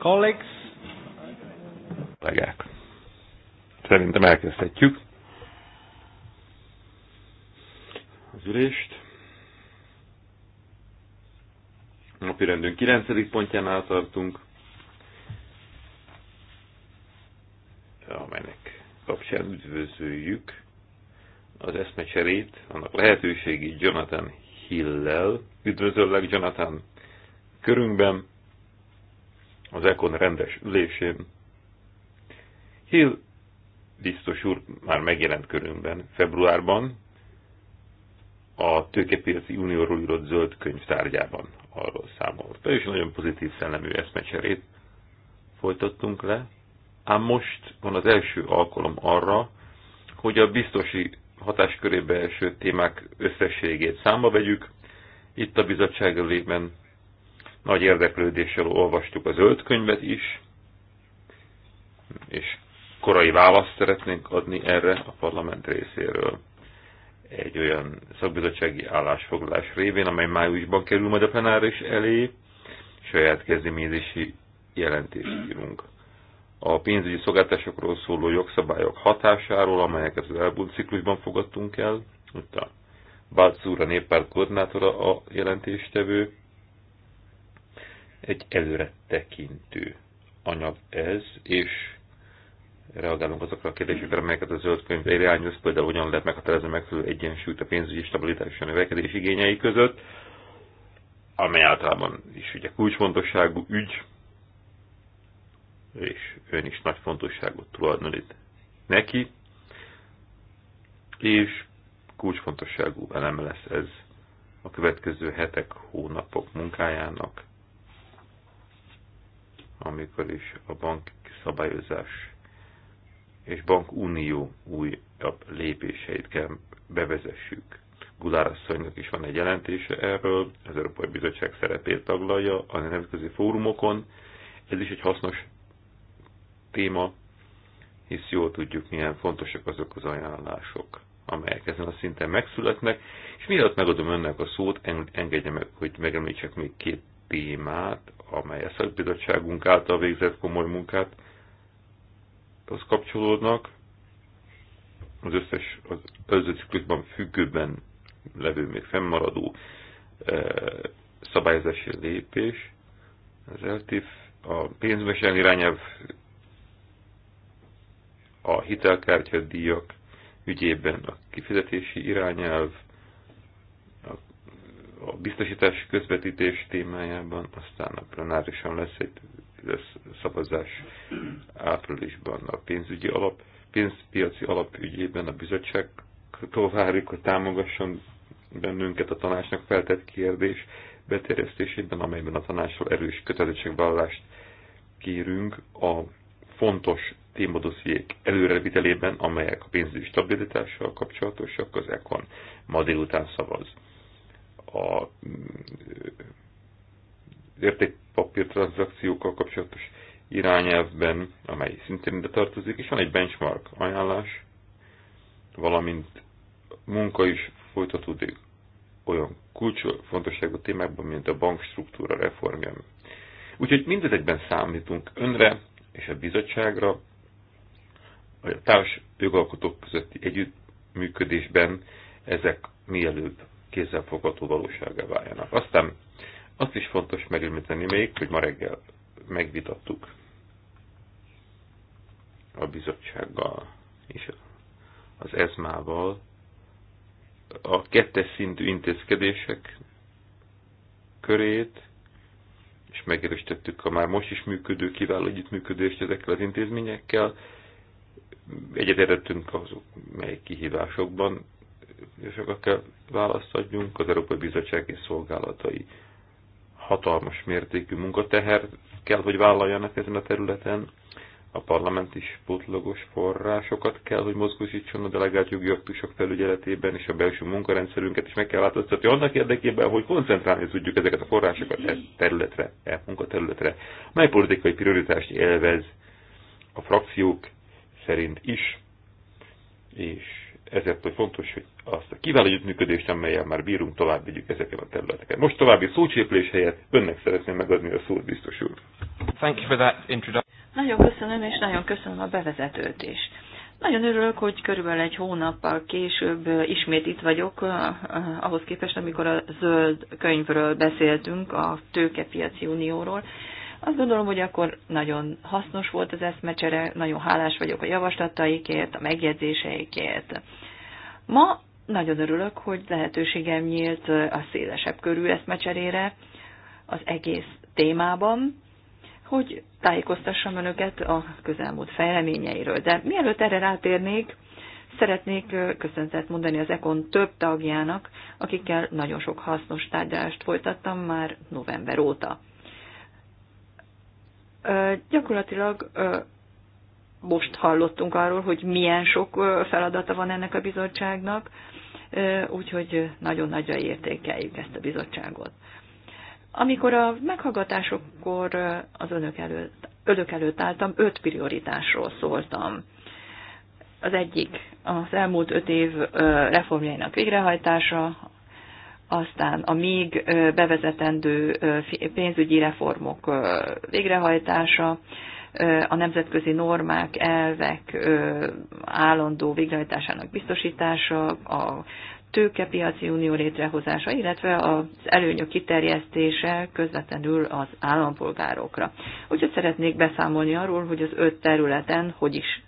Colleagues. Legák. Szerintem elkezdhetjük az ülést. Napi rendünk 9. pontjánál tartunk, amelynek kapcsán üdvözöljük az eszmecserét, annak lehetőségi Jonathan Hillel. Üdvözöllek, Jonathan, körünkben az Ekon rendes ülésén. Hill biztos úr már megjelent körünkben februárban a tőkepiaci unióról írott zöld könyvtárgyában arról számolt. És nagyon pozitív szellemű eszmecserét folytattunk le. Ám most van az első alkalom arra, hogy a biztosi hatáskörébe első témák összességét számba vegyük. Itt a bizottság elében nagy érdeklődéssel olvastuk a zöld könyvet is, és korai választ szeretnénk adni erre a parlament részéről egy olyan szakbizottsági állásfoglalás révén, amely májusban kerül majd a plenáris elé, saját kezdeményezési jelentést írunk. A pénzügyi szolgáltásokról szóló jogszabályok hatásáról, amelyeket az elmúlt ciklusban fogadtunk el, ott a Balc úr, a néppárt koordinátora a jelentéstevő, egy előre tekintő anyag ez, és reagálunk azokra a kérdésekre, amelyeket a zöld könyv irányoz, például hogyan lehet meghatározni megfelelő egyensúlyt a pénzügyi stabilitás és a növekedés igényei között, amely általában is ugye kulcsfontosságú ügy, és ön is nagy fontosságot tulajdonít neki, és kulcsfontosságú eleme lesz ez a következő hetek, hónapok munkájának, amikor is a bank szabályozás és bankunió újabb lépéseit kell bevezessük. Gulárasszonynak is van egy jelentése erről, az Európai Bizottság szerepét taglalja a nemzetközi fórumokon. Ez is egy hasznos téma, hisz jól tudjuk, milyen fontosak azok az ajánlások, amelyek ezen a szinten megszületnek, és mielőtt megadom önnek a szót, engedje meg, hogy megemlítsek még két témát, amely a szakbizottságunk által végzett komoly munkát, az kapcsolódnak. Az összes az előző ciklusban függőben levő, még fennmaradó e, szabályozási lépés. Az LTIF, a pénzmesen irányelv, a hitelkártya díjak ügyében a kifizetési irányelv, a biztosítási közvetítés témájában, aztán a plenárisan lesz egy lesz szavazás áprilisban a pénzügyi alap, pénzpiaci alapügyében a bizottságtól várjuk, hogy támogasson bennünket a tanácsnak feltett kérdés beterjesztésében, amelyben a tanácsról erős kötelezettségvállalást kérünk a fontos témadosziék előrevitelében, amelyek a pénzügyi stabilitással kapcsolatosak, az ECON ma délután szavaz a mm, értékpapír tranzakciókkal kapcsolatos irányelvben, amely szintén ide tartozik, és van egy benchmark ajánlás, valamint munka is folytatódik olyan kulcsfontosságú témákban, mint a bankstruktúra reformja. Úgyhogy mindezekben számítunk önre és a bizottságra, a társ jogalkotók közötti együttműködésben ezek mielőbb kézzelfogható valósága váljanak. Aztán azt is fontos megemlíteni még, hogy ma reggel megvitattuk a bizottsággal és az ezmával a kettes szintű intézkedések körét, és megerősítettük a már most is működő kiváló együttműködést ezekkel az intézményekkel. egyetértettünk azok, melyik kihívásokban akkor kell választ adjunk, az Európai Bizottsági Szolgálatai hatalmas mértékű munkateher kell, hogy vállaljanak ezen a területen, a parlament is potlogos forrásokat kell, hogy mozgósítson a delegált jogi aktusok felügyeletében, és a belső munkarendszerünket is meg kell változtatni annak érdekében, hogy koncentrálni tudjuk ezeket a forrásokat e területre, e munkaterületre, mely politikai prioritást élvez a frakciók szerint is, és ezért hogy fontos, hogy azt a kiváló együttműködést, amelyel már bírunk, tovább vigyük ezeken a területeken. Most további szócséplés helyett önnek szeretném megadni a szót, biztos úr. Thank you for that introduction. Nagyon köszönöm, és nagyon köszönöm a bevezetőt is. Nagyon örülök, hogy körülbelül egy hónappal később ismét itt vagyok, eh, eh, ahhoz képest, amikor a zöld könyvről beszéltünk, a tőkepiaci unióról, azt gondolom, hogy akkor nagyon hasznos volt az eszmecsere, nagyon hálás vagyok a javaslataikért, a megjegyzéseikért. Ma nagyon örülök, hogy lehetőségem nyílt a szélesebb körű eszmecserére az egész témában, hogy tájékoztassam önöket a közelmúlt fejleményeiről. De mielőtt erre rátérnék, szeretnék köszöntet mondani az EKON több tagjának, akikkel nagyon sok hasznos tárgyalást folytattam már november óta. Gyakorlatilag most hallottunk arról, hogy milyen sok feladata van ennek a bizottságnak, úgyhogy nagyon nagyra értékeljük ezt a bizottságot. Amikor a meghallgatásokkor az önök előtt, önök előtt álltam, öt prioritásról szóltam. Az egyik az elmúlt öt év reformjainak végrehajtása, aztán a még bevezetendő pénzügyi reformok végrehajtása, a nemzetközi normák, elvek állandó végrehajtásának biztosítása, a tőkepiaci unió létrehozása, illetve az előnyök kiterjesztése közvetlenül az állampolgárokra. Úgyhogy szeretnék beszámolni arról, hogy az öt területen hogy is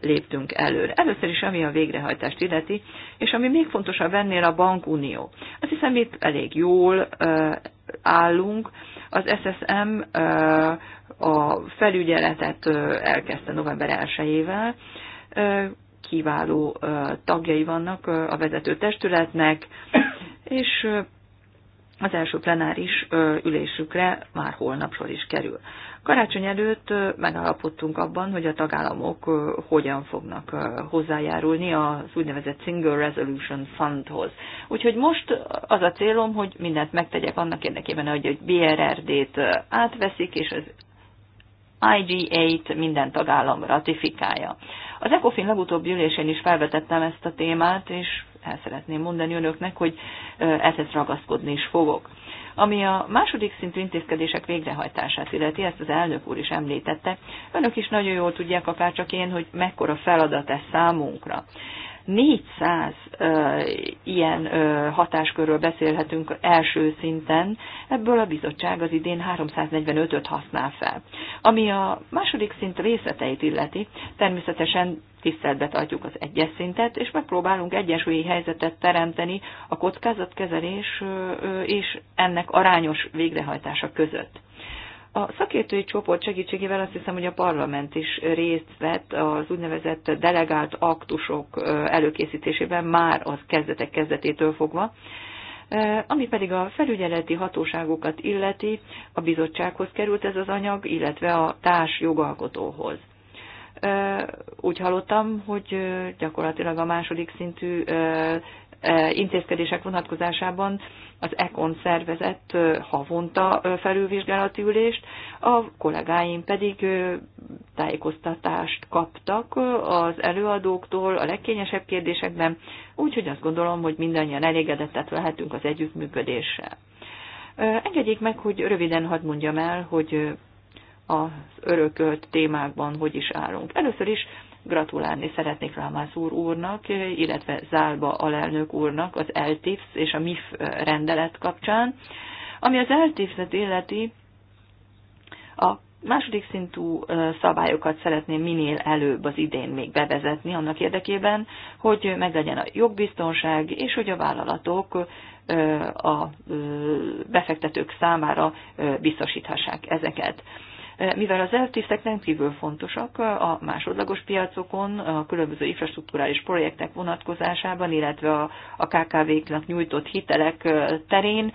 léptünk előre. Először is, ami a végrehajtást illeti, és ami még fontosabb ennél a bankunió. Azt hiszem, itt elég jól állunk. Az SSM a felügyeletet elkezdte november 1-ével. Kiváló tagjai vannak a vezető testületnek, és az első plenáris ülésükre már holnap sor is kerül. Karácsony előtt megállapodtunk abban, hogy a tagállamok hogyan fognak hozzájárulni az úgynevezett Single Resolution Fundhoz. Úgyhogy most az a célom, hogy mindent megtegyek annak érdekében, hogy egy BRRD-t átveszik, és az IG8 minden tagállam ratifikálja. Az ECOFIN legutóbbi ülésén is felvetettem ezt a témát, és el szeretném mondani önöknek, hogy ehhez ragaszkodni is fogok. Ami a második szintű intézkedések végrehajtását illeti, ezt az elnök úr is említette, önök is nagyon jól tudják, akár csak én, hogy mekkora feladat ez számunkra. 400 ilyen hatáskörről beszélhetünk első szinten, ebből a bizottság az idén 345-öt használ fel. Ami a második szint részleteit illeti, természetesen tiszteletbe tartjuk az egyes szintet, és megpróbálunk egyensúlyi helyzetet teremteni a kockázatkezelés és ennek arányos végrehajtása között. A szakértői csoport segítségével azt hiszem, hogy a parlament is részt vett az úgynevezett delegált aktusok előkészítésében már az kezdetek kezdetétől fogva, ami pedig a felügyeleti hatóságokat illeti, a bizottsághoz került ez az anyag, illetve a társ jogalkotóhoz. Úgy hallottam, hogy gyakorlatilag a második szintű intézkedések vonatkozásában az ECON szervezett havonta felülvizsgálati ülést, a kollégáim pedig tájékoztatást kaptak az előadóktól a legkényesebb kérdésekben, úgyhogy azt gondolom, hogy mindannyian elégedettet lehetünk az együttműködéssel. Engedjék meg, hogy röviden hadd mondjam el, hogy az örökölt témákban hogy is állunk. Először is Gratulálni szeretnék Rámász úr úrnak, illetve Zálba alelnök úrnak az LTIFS és a MIF rendelet kapcsán. Ami az LTIFS-et illeti, a második szintű szabályokat szeretném minél előbb az idén még bevezetni annak érdekében, hogy meglegyen a jogbiztonság, és hogy a vállalatok a befektetők számára biztosíthassák ezeket. Eh, mivel az eltisztek kívül fontosak eh, a másodlagos piacokon, a különböző infrastruktúrális projektek vonatkozásában, illetve a, a KKV-knak nyújtott hitelek eh, terén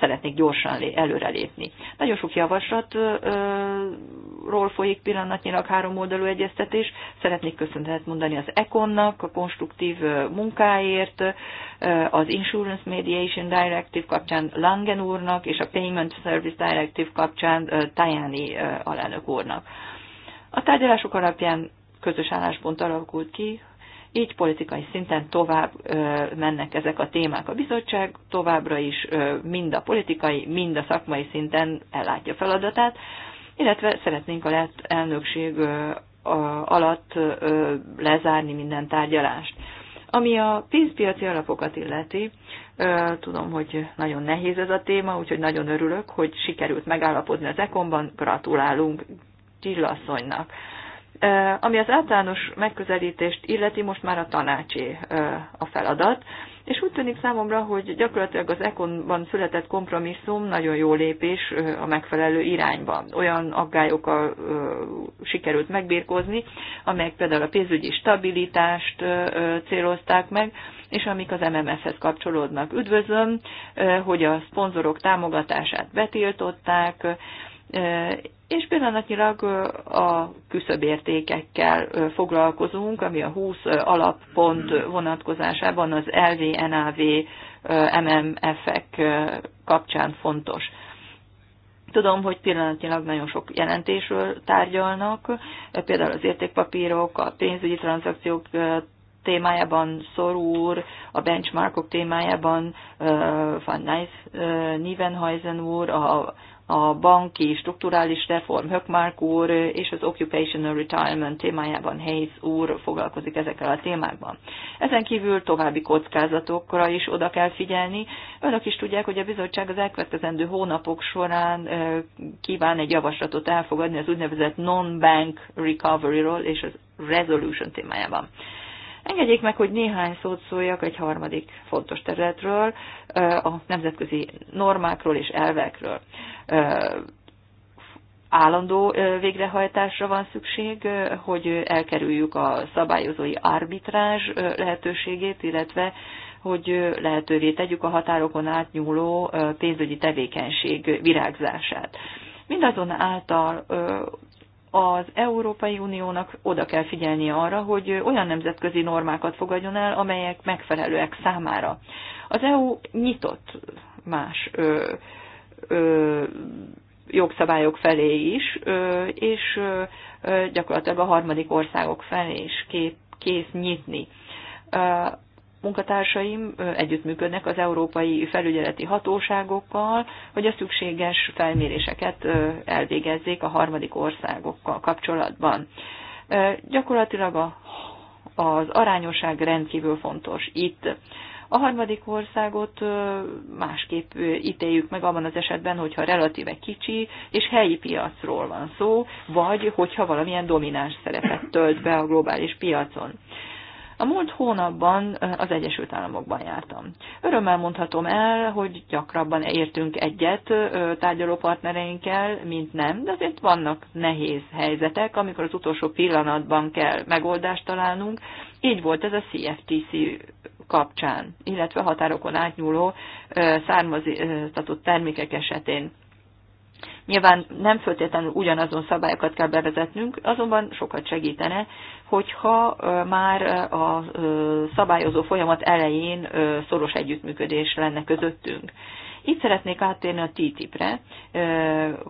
szeretnék gyorsan előrelépni. Nagyon sok javaslatról folyik pillanatnyilag három oldalú egyeztetés. Szeretnék köszönetet mondani az Econnak a konstruktív munkáért, az Insurance Mediation Directive kapcsán Langen úrnak és a Payment Service Directive kapcsán Tajani alelnök úrnak. A tárgyalások alapján közös álláspont alakult ki, így politikai szinten tovább ö, mennek ezek a témák. A bizottság továbbra is ö, mind a politikai, mind a szakmai szinten ellátja feladatát, illetve szeretnénk a lett elnökség ö, a, alatt ö, lezárni minden tárgyalást. Ami a pénzpiaci alapokat illeti, tudom, hogy nagyon nehéz ez a téma, úgyhogy nagyon örülök, hogy sikerült megállapodni az ekonban. Gratulálunk Csillasszonynak. Ami az általános megközelítést illeti, most már a tanácsi a feladat és úgy tűnik számomra, hogy gyakorlatilag az Econban született kompromisszum nagyon jó lépés a megfelelő irányba. Olyan aggályokkal sikerült megbírkozni, amelyek például a pénzügyi stabilitást célozták meg, és amik az mms hez kapcsolódnak. Üdvözlöm, hogy a szponzorok támogatását betiltották, és pillanatnyilag a küszöbértékekkel foglalkozunk, ami a 20 alappont vonatkozásában az LV, NAV, MMF-ek kapcsán fontos. Tudom, hogy pillanatnyilag nagyon sok jelentésről tárgyalnak, például az értékpapírok, a pénzügyi tranzakciók témájában szorúr, a benchmarkok témájában Van Nice Nivenhuizen úr, a a banki strukturális reform Hökmark úr és az Occupational Retirement témájában Hayes úr foglalkozik ezekkel a témákban. Ezen kívül további kockázatokra is oda kell figyelni. Önök is tudják, hogy a bizottság az elkövetkezendő hónapok során kíván egy javaslatot elfogadni az úgynevezett non-bank recovery-ról és az resolution témájában. Engedjék meg, hogy néhány szót szóljak egy harmadik fontos területről, a nemzetközi normákról és elvekről. Állandó végrehajtásra van szükség, hogy elkerüljük a szabályozói arbitrázs lehetőségét, illetve hogy lehetővé tegyük a határokon átnyúló pénzügyi tevékenység virágzását. Mindazonáltal által az Európai Uniónak oda kell figyelnie arra, hogy olyan nemzetközi normákat fogadjon el, amelyek megfelelőek számára. Az EU nyitott más ö, ö, jogszabályok felé is, ö, és ö, gyakorlatilag a harmadik országok felé is kép, kész nyitni munkatársaim együttműködnek az európai felügyeleti hatóságokkal, hogy a szükséges felméréseket elvégezzék a harmadik országokkal kapcsolatban. Gyakorlatilag a, az arányosság rendkívül fontos itt. A harmadik országot másképp ítéljük meg abban az esetben, hogyha relatíve kicsi és helyi piacról van szó, vagy hogyha valamilyen domináns szerepet tölt be a globális piacon. A múlt hónapban az Egyesült Államokban jártam. Örömmel mondhatom el, hogy gyakrabban értünk egyet tárgyaló partnereinkkel, mint nem, de azért vannak nehéz helyzetek, amikor az utolsó pillanatban kell megoldást találnunk. Így volt ez a CFTC kapcsán, illetve határokon átnyúló származtatott termékek esetén. Nyilván nem föltétlenül ugyanazon szabályokat kell bevezetnünk, azonban sokat segítene, hogyha már a szabályozó folyamat elején szoros együttműködés lenne közöttünk. Itt szeretnék áttérni a TTIP-re.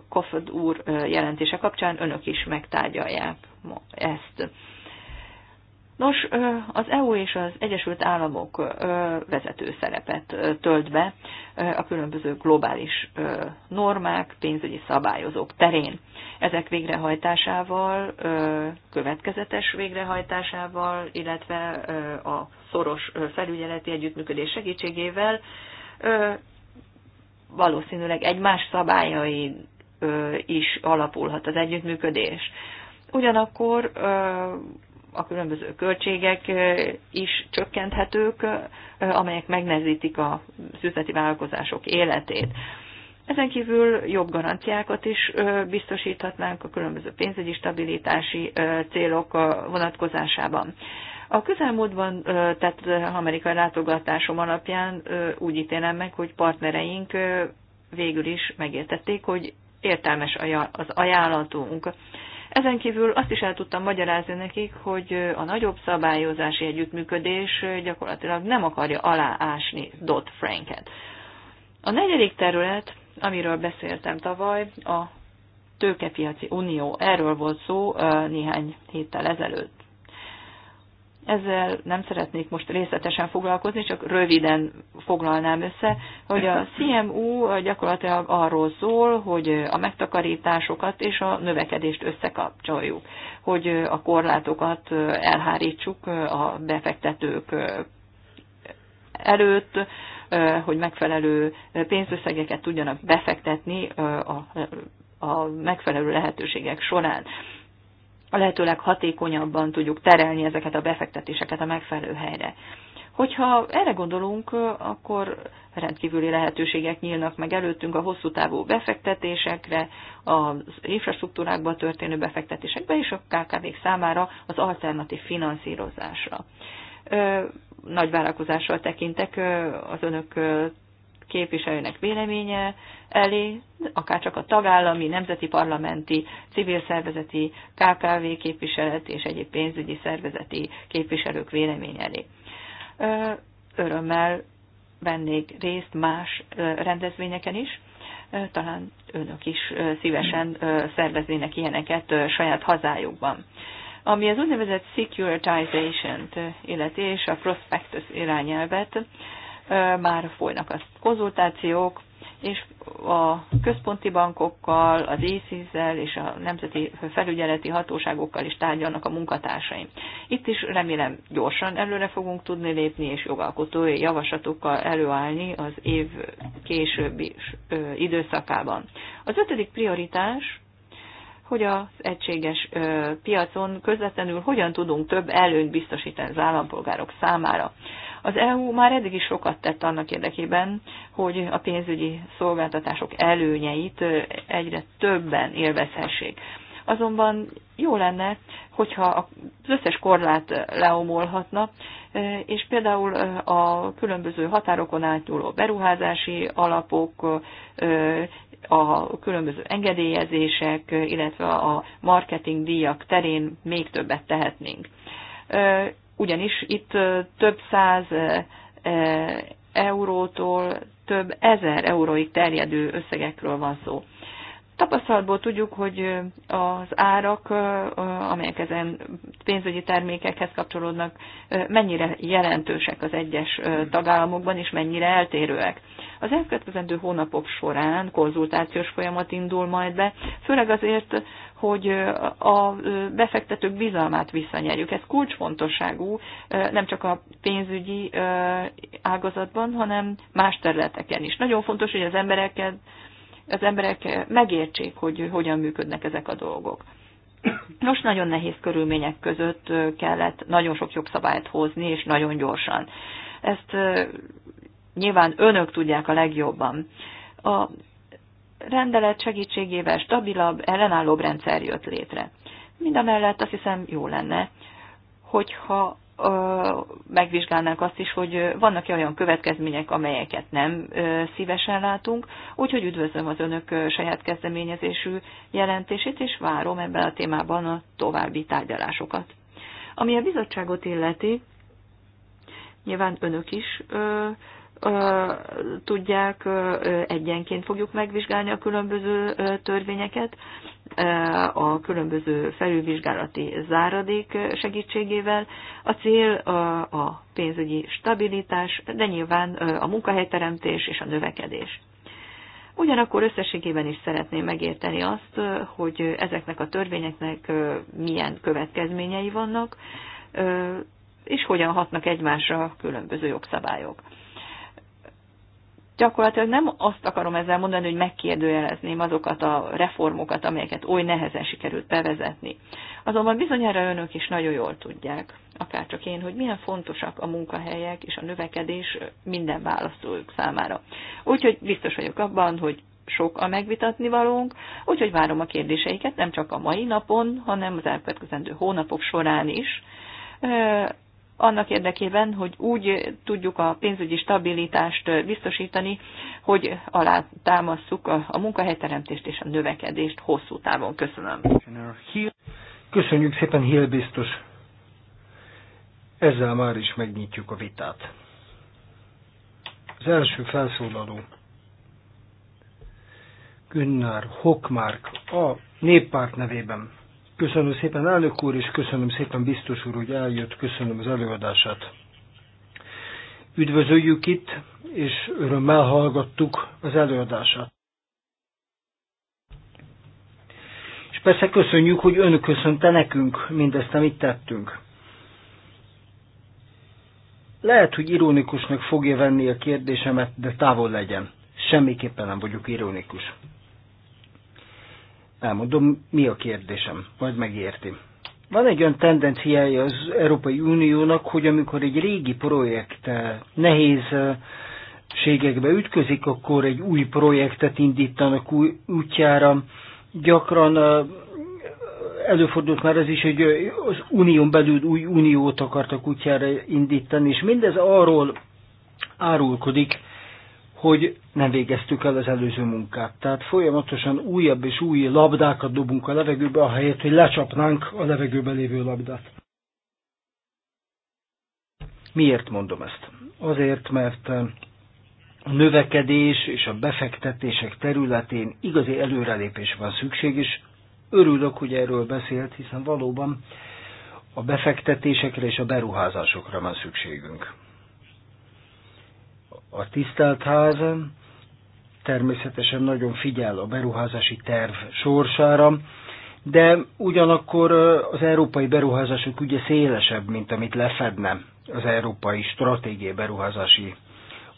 Kofod úr jelentése kapcsán önök is megtárgyalják ezt. Nos, az EU és az Egyesült Államok vezető szerepet tölt be a különböző globális normák, pénzügyi szabályozók terén. Ezek végrehajtásával, következetes végrehajtásával, illetve a szoros felügyeleti együttműködés segítségével valószínűleg egymás szabályai is alapulhat az együttműködés. Ugyanakkor a különböző költségek is csökkenthetők, amelyek megnehezítik a üzleti vállalkozások életét. Ezen kívül jobb garanciákat is biztosíthatnánk a különböző pénzügyi stabilitási célok vonatkozásában. A közelmúltban tehát amerikai látogatásom alapján úgy ítélem meg, hogy partnereink végül is megértették, hogy értelmes az ajánlatunk. Ezen kívül azt is el tudtam magyarázni nekik, hogy a nagyobb szabályozási együttműködés gyakorlatilag nem akarja aláásni Dodd-Franket. A negyedik terület, amiről beszéltem tavaly, a tőkepiaci unió. Erről volt szó néhány héttel ezelőtt. Ezzel nem szeretnék most részletesen foglalkozni, csak röviden foglalnám össze, hogy a CMU gyakorlatilag arról szól, hogy a megtakarításokat és a növekedést összekapcsoljuk, hogy a korlátokat elhárítsuk a befektetők előtt, hogy megfelelő pénzösszegeket tudjanak befektetni a, a megfelelő lehetőségek során a lehetőleg hatékonyabban tudjuk terelni ezeket a befektetéseket a megfelelő helyre. Hogyha erre gondolunk, akkor rendkívüli lehetőségek nyílnak meg előttünk a hosszú távú befektetésekre, az infrastruktúrákba történő befektetésekbe és a kkv számára az alternatív finanszírozásra. Nagy vállalkozással tekintek az önök képviselőnek véleménye elé, csak a tagállami, nemzeti parlamenti, civil szervezeti, KKV képviselet és egyéb pénzügyi szervezeti képviselők véleménye elé. Örömmel vennék részt más rendezvényeken is, talán önök is szívesen szerveznének ilyeneket saját hazájukban. Ami az úgynevezett securitization-t illeti és a prospectus irányelvet, már folynak a konzultációk, és a központi bankokkal, az ISIS-zel és a nemzeti felügyeleti hatóságokkal is tárgyalnak a munkatársaim. Itt is remélem gyorsan előre fogunk tudni lépni, és jogalkotói javaslatokkal előállni az év későbbi időszakában. Az ötödik prioritás, hogy az egységes piacon közvetlenül hogyan tudunk több előnyt biztosítani az állampolgárok számára. Az EU már eddig is sokat tett annak érdekében, hogy a pénzügyi szolgáltatások előnyeit egyre többen élvezhessék. Azonban jó lenne, hogyha az összes korlát leomolhatna, és például a különböző határokon átnyúló beruházási alapok, a különböző engedélyezések, illetve a marketing díjak terén még többet tehetnénk ugyanis itt több száz eurótól több ezer euróig terjedő összegekről van szó. Tapasztalatból tudjuk, hogy az árak, amelyek ezen pénzügyi termékekhez kapcsolódnak, mennyire jelentősek az egyes tagállamokban, és mennyire eltérőek. Az elkövetkezendő hónapok során konzultációs folyamat indul majd be, főleg azért, hogy a befektetők bizalmát visszanyerjük. Ez kulcsfontosságú, nem csak a pénzügyi ágazatban, hanem más területeken is. Nagyon fontos, hogy az embereket az emberek megértsék, hogy hogyan működnek ezek a dolgok. Most nagyon nehéz körülmények között kellett nagyon sok jobb szabályt hozni, és nagyon gyorsan. Ezt nyilván önök tudják a legjobban. A rendelet segítségével stabilabb, ellenállóbb rendszer jött létre. Mind a mellett azt hiszem jó lenne, hogyha ö, megvizsgálnánk azt is, hogy vannak-e olyan következmények, amelyeket nem ö, szívesen látunk, úgyhogy üdvözlöm az önök ö, saját kezdeményezésű jelentését, és várom ebben a témában a további tárgyalásokat. Ami a bizottságot illeti, nyilván önök is ö, tudják, egyenként fogjuk megvizsgálni a különböző törvényeket, a különböző felülvizsgálati záradék segítségével. A cél a pénzügyi stabilitás, de nyilván a munkahelyteremtés és a növekedés. Ugyanakkor összességében is szeretném megérteni azt, hogy ezeknek a törvényeknek milyen következményei vannak, és hogyan hatnak egymásra különböző jogszabályok gyakorlatilag nem azt akarom ezzel mondani, hogy megkérdőjelezném azokat a reformokat, amelyeket oly nehezen sikerült bevezetni. Azonban bizonyára önök is nagyon jól tudják, akár csak én, hogy milyen fontosak a munkahelyek és a növekedés minden választójuk számára. Úgyhogy biztos vagyok abban, hogy sok a megvitatni valónk, úgyhogy várom a kérdéseiket nem csak a mai napon, hanem az elkövetkezendő hónapok során is annak érdekében, hogy úgy tudjuk a pénzügyi stabilitást biztosítani, hogy alá támasszuk a, a munkahelyteremtést és a növekedést hosszú távon. Köszönöm. Köszönjük szépen, Hill biztos. Ezzel már is megnyitjuk a vitát. Az első felszólaló Günnár Hokmárk a néppárt nevében Köszönöm szépen elnök úr, és köszönöm szépen biztos úr, hogy eljött, köszönöm az előadását. Üdvözöljük itt, és örömmel hallgattuk az előadását. És persze köszönjük, hogy ön köszönte nekünk mindezt, amit tettünk. Lehet, hogy ironikusnak fogja venni a kérdésemet, de távol legyen. Semmiképpen nem vagyok ironikus. Elmondom, mi a kérdésem, majd megérti. Van egy olyan tendenciája az Európai Uniónak, hogy amikor egy régi projekt eh, nehézségekbe eh, ütközik, akkor egy új projektet indítanak új útjára. Gyakran eh, előfordult már az is, hogy az unión belül új uniót akartak útjára indítani, és mindez arról árulkodik, hogy nem végeztük el az előző munkát. Tehát folyamatosan újabb és új labdákat dobunk a levegőbe, ahelyett, hogy lecsapnánk a levegőbe lévő labdát. Miért mondom ezt? Azért, mert a növekedés és a befektetések területén igazi előrelépés van szükség, és örülök, hogy erről beszélt, hiszen valóban a befektetésekre és a beruházásokra van szükségünk. A tisztelt ház természetesen nagyon figyel a beruházási terv sorsára, de ugyanakkor az európai beruházások ugye szélesebb, mint amit lefedne az európai stratégiai beruházási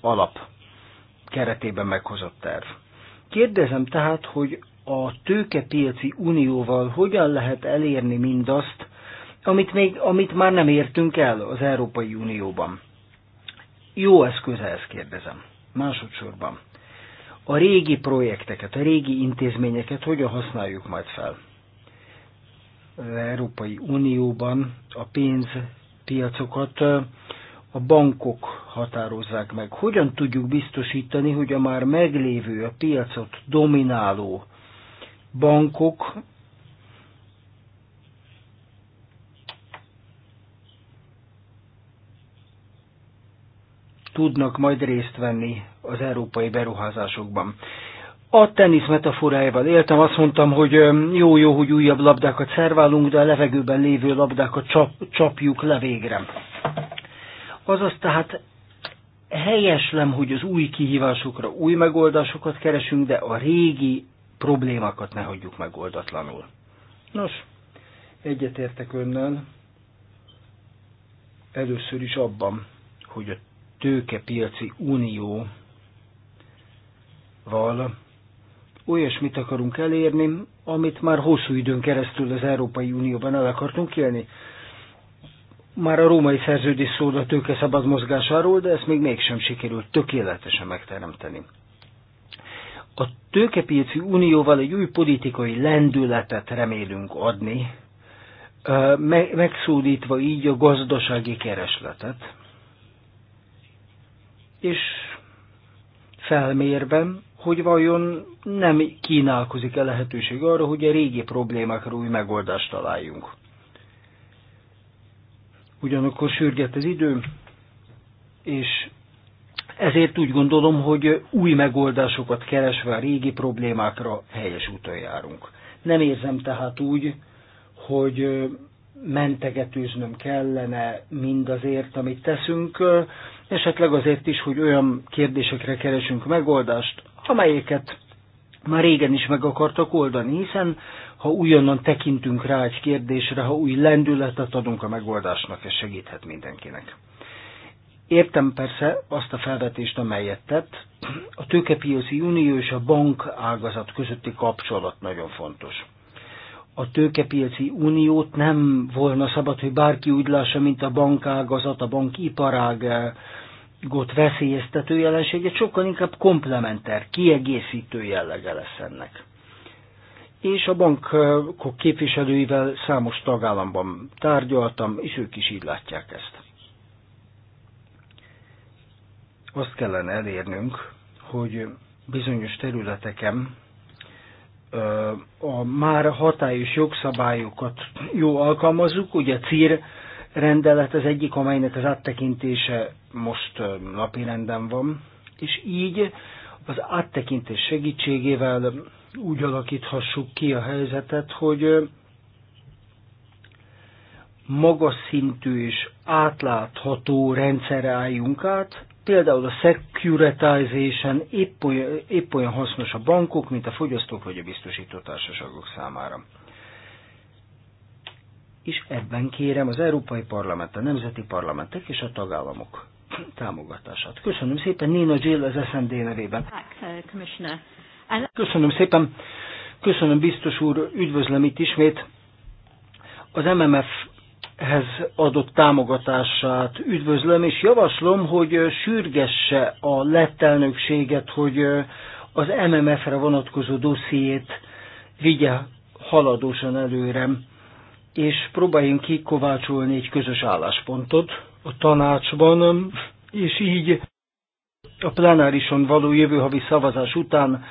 alap keretében meghozott terv. Kérdezem tehát, hogy a tőkepiaci unióval hogyan lehet elérni mindazt, amit, még, amit már nem értünk el az Európai Unióban jó eszköz kérdezem. Másodszorban. A régi projekteket, a régi intézményeket hogyan használjuk majd fel? Az Európai Unióban a pénzpiacokat a bankok határozzák meg. Hogyan tudjuk biztosítani, hogy a már meglévő, a piacot domináló bankok tudnak majd részt venni az európai beruházásokban. A tenisz metaforájával éltem, azt mondtam, hogy jó-jó, hogy újabb labdákat szerválunk, de a levegőben lévő labdákat csap, csapjuk le végre. Azaz tehát helyeslem, hogy az új kihívásokra új megoldásokat keresünk, de a régi problémákat ne hagyjuk megoldatlanul. Nos, egyetértek önnel először is abban, hogy a tőkepiaci unióval olyasmit akarunk elérni, amit már hosszú időn keresztül az Európai Unióban el akartunk élni. Már a római szerződés szól a tőke szabad mozgásáról, de ezt még mégsem sikerült tökéletesen megteremteni. A tőkepiaci unióval egy új politikai lendületet remélünk adni, megszólítva így a gazdasági keresletet, és felmérve, hogy vajon nem kínálkozik-e lehetőség arra, hogy a régi problémákra új megoldást találjunk. Ugyanakkor sürget az idő, és ezért úgy gondolom, hogy új megoldásokat keresve a régi problémákra helyes úton járunk. Nem érzem tehát úgy, hogy mentegetőznöm kellene mindazért, amit teszünk esetleg azért is, hogy olyan kérdésekre keresünk megoldást, amelyeket már régen is meg akartak oldani, hiszen ha újonnan tekintünk rá egy kérdésre, ha új lendületet adunk a megoldásnak, ez segíthet mindenkinek. Értem persze azt a felvetést, amelyet tett. A tőkepiaci unió és a bank ágazat közötti kapcsolat nagyon fontos a tőkepiaci uniót nem volna szabad, hogy bárki úgy lássa, mint a bankágazat, a bankiparágot veszélyeztető jelenséget, sokkal inkább komplementer, kiegészítő jellege lesz ennek. És a bankok képviselőivel számos tagállamban tárgyaltam, és ők is így látják ezt. Azt kellene elérnünk, hogy bizonyos területeken a már hatályos jogszabályokat jó alkalmazzuk, ugye a CIR rendelet az egyik, amelynek az áttekintése most napi renden van, és így az áttekintés segítségével úgy alakíthassuk ki a helyzetet, hogy magas szintű és átlátható rendszerre álljunk át, például a securitization épp olyan, épp olyan hasznos a bankok, mint a fogyasztók vagy a biztosító társaságok számára. És ebben kérem az Európai Parlament, a Nemzeti Parlamentek és a tagállamok támogatását. Köszönöm szépen Nina Jill az SND nevében. Uh, Köszönöm szépen. Köszönöm biztos úr, üdvözlöm itt ismét. Az MMF hez adott támogatását üdvözlöm, és javaslom, hogy sürgesse a lettelnökséget, hogy az MMF-re vonatkozó dossziét vigye haladósan előre, és próbáljunk kikovácsolni egy közös álláspontot a tanácsban, és így a plenárison való jövő havi szavazás után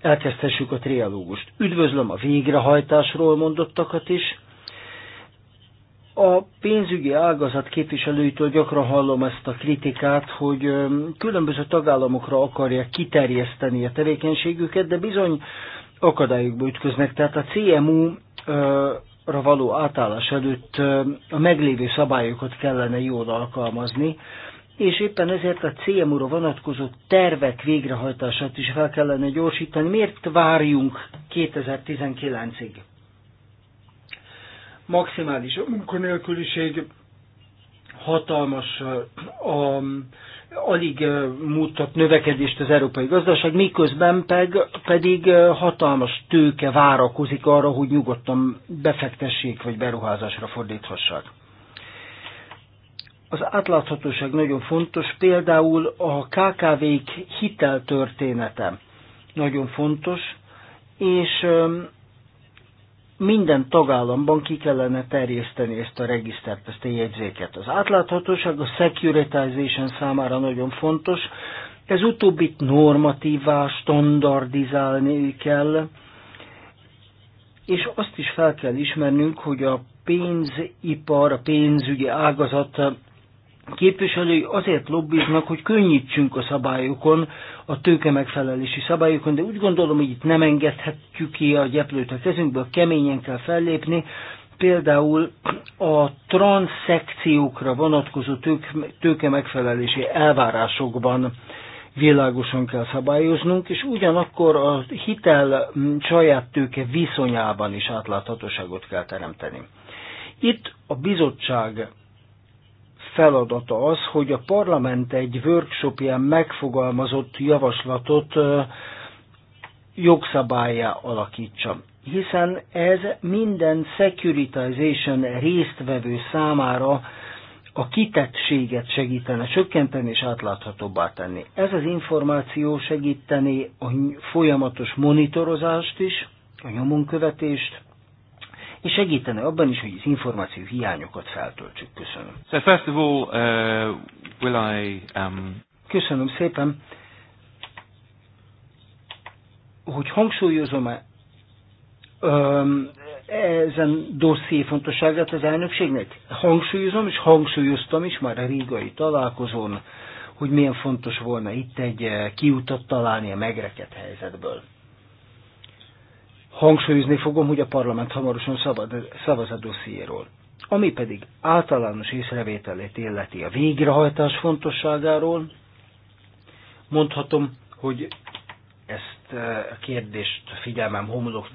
elkezdhessük a triálógust. Üdvözlöm a végrehajtásról mondottakat is, a pénzügyi ágazat képviselőitől gyakran hallom ezt a kritikát, hogy különböző tagállamokra akarják kiterjeszteni a tevékenységüket, de bizony akadályokba ütköznek. Tehát a CMU-ra való átállás előtt a meglévő szabályokat kellene jól alkalmazni, és éppen ezért a CMU-ra vonatkozó tervek végrehajtását is fel kellene gyorsítani. Miért várjunk 2019-ig? maximális a munkanélküliség, hatalmas a, alig mutat növekedést az európai gazdaság, miközben peg, pedig hatalmas tőke várakozik arra, hogy nyugodtan befektessék vagy beruházásra fordíthassák. Az átláthatóság nagyon fontos, például a KKV-k hiteltörténete nagyon fontos, és minden tagállamban ki kellene terjeszteni ezt a regisztert, ezt a jegyzéket. Az átláthatóság a securitization számára nagyon fontos, ez utóbbit normatívá, standardizálni kell, és azt is fel kell ismernünk, hogy a pénzipar, a pénzügyi ágazat képviselői azért lobbiznak, hogy könnyítsünk a szabályokon, a tőke megfelelési szabályokon, de úgy gondolom, hogy itt nem engedhetjük ki a gyeplőt a kezünkből, keményen kell fellépni, például a transzekciókra vonatkozó tőke megfelelési elvárásokban világosan kell szabályoznunk, és ugyanakkor a hitel saját tőke viszonyában is átláthatóságot kell teremteni. Itt a bizottság feladata az, hogy a parlament egy workshopján megfogalmazott javaslatot jogszabályá alakítsa. Hiszen ez minden securitization résztvevő számára a kitettséget segítene csökkenteni és átláthatóbbá tenni. Ez az információ segíteni a folyamatos monitorozást is, a nyomonkövetést, és segítene abban is, hogy az információ hiányokat feltöltsük. Köszönöm. So first of all, uh, will I, um... Köszönöm szépen. Hogy hangsúlyozom-e um, ezen dosszié fontosságát az elnökségnek? Hangsúlyozom, és hangsúlyoztam is már a rigai találkozón, hogy milyen fontos volna itt egy eh, kiutat találni a megreket helyzetből hangsúlyozni fogom, hogy a parlament hamarosan szabad, szavaz a dossziéról. Ami pedig általános észrevételét illeti a végrehajtás fontosságáról, mondhatom, hogy ezt e, a kérdést figyelmem homlok.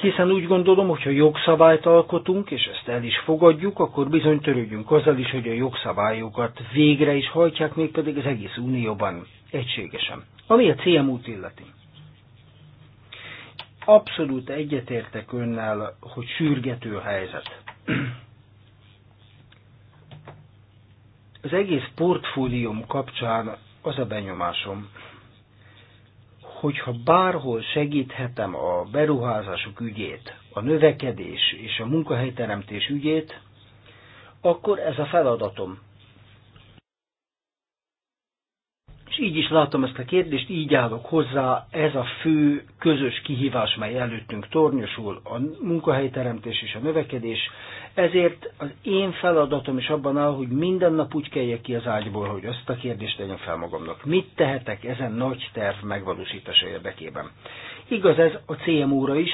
Hiszen úgy gondolom, hogyha jogszabályt alkotunk, és ezt el is fogadjuk, akkor bizony törődjünk azzal is, hogy a jogszabályokat végre is hajtják, mégpedig az egész Unióban egységesen. Ami a CMU-t illeti. Abszolút egyetértek önnel, hogy sürgető a helyzet. Az egész portfólióm kapcsán az a benyomásom, hogyha bárhol segíthetem a beruházások ügyét, a növekedés és a munkahelyteremtés ügyét, akkor ez a feladatom. És így is látom ezt a kérdést, így állok hozzá, ez a fő közös kihívás, mely előttünk tornyosul, a munkahelyteremtés és a növekedés. Ezért az én feladatom is abban áll, hogy minden nap úgy keljek ki az ágyból, hogy azt a kérdést tegyem fel magamnak. Mit tehetek ezen nagy terv megvalósítása érdekében? Igaz ez a CMU-ra is,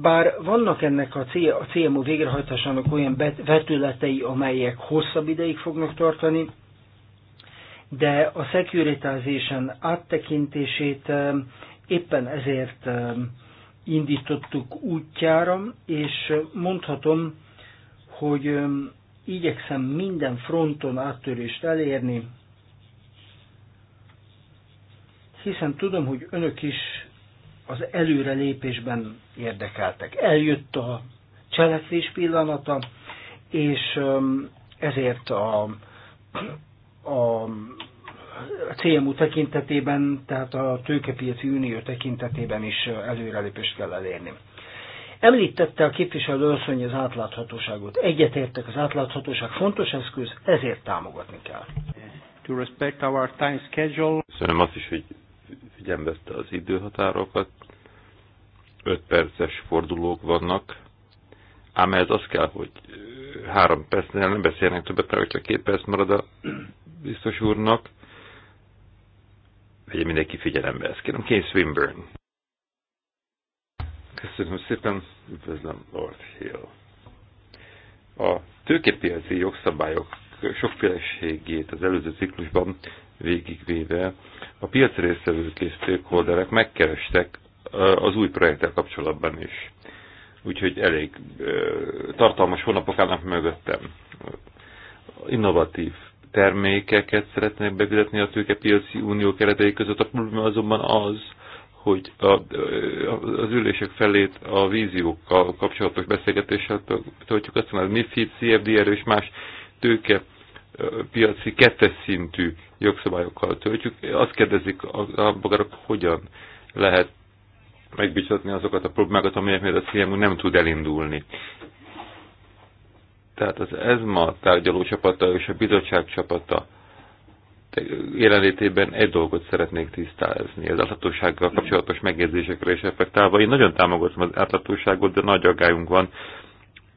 bár vannak ennek a CMU végrehajtásának olyan vetületei, amelyek hosszabb ideig fognak tartani, de a securitization áttekintését um, éppen ezért um, indítottuk útjára, és mondhatom, hogy um, igyekszem minden fronton áttörést elérni, hiszen tudom, hogy önök is az előrelépésben érdekeltek. Eljött a cselekvés pillanata, és ezért a a CMU tekintetében, tehát a tőkepiaci unió tekintetében is előrelépést kell elérni. Említette a képviselő asszony az átláthatóságot. Egyetértek, az átláthatóság fontos eszköz, ezért támogatni kell. To respect our time schedule. Köszönöm azt is, hogy figyelmezte az időhatárokat. 5 perces fordulók vannak, ám ez az kell, hogy három percnél nem beszélnek többet, mert csak két perc marad a biztos úrnak. Vegye mindenki figyelembe ezt. Kérem, Kény Swinburne. Köszönöm szépen, üdvözlöm Lord Hill. A tőkepiaci jogszabályok sokféleségét az előző ciklusban végigvéve a piac résztvevők és stakeholderek megkerestek az új projekttel kapcsolatban is. Úgyhogy elég tartalmas hónapok állnak mögöttem. Innovatív termékeket szeretnek bevezetni a tőkepiaci unió keretei között. A probléma azonban az, hogy a, az ülések felét a víziókkal kapcsolatos beszélgetéssel töltjük, aztán az MIFID, CFDR és más tőke piaci kettes szintű jogszabályokkal töltjük. Azt kérdezik a, a bogarok, hogyan lehet megbicsatni azokat a problémákat, amelyek miatt a CMU nem tud elindulni. Tehát az ESMA tárgyaló csapata és a bizottság csapata jelenlétében egy dolgot szeretnék tisztázni, az átlatósággal kapcsolatos megjegyzésekre és effektálva. Én nagyon támogatom az átlatóságot, de nagy aggályunk van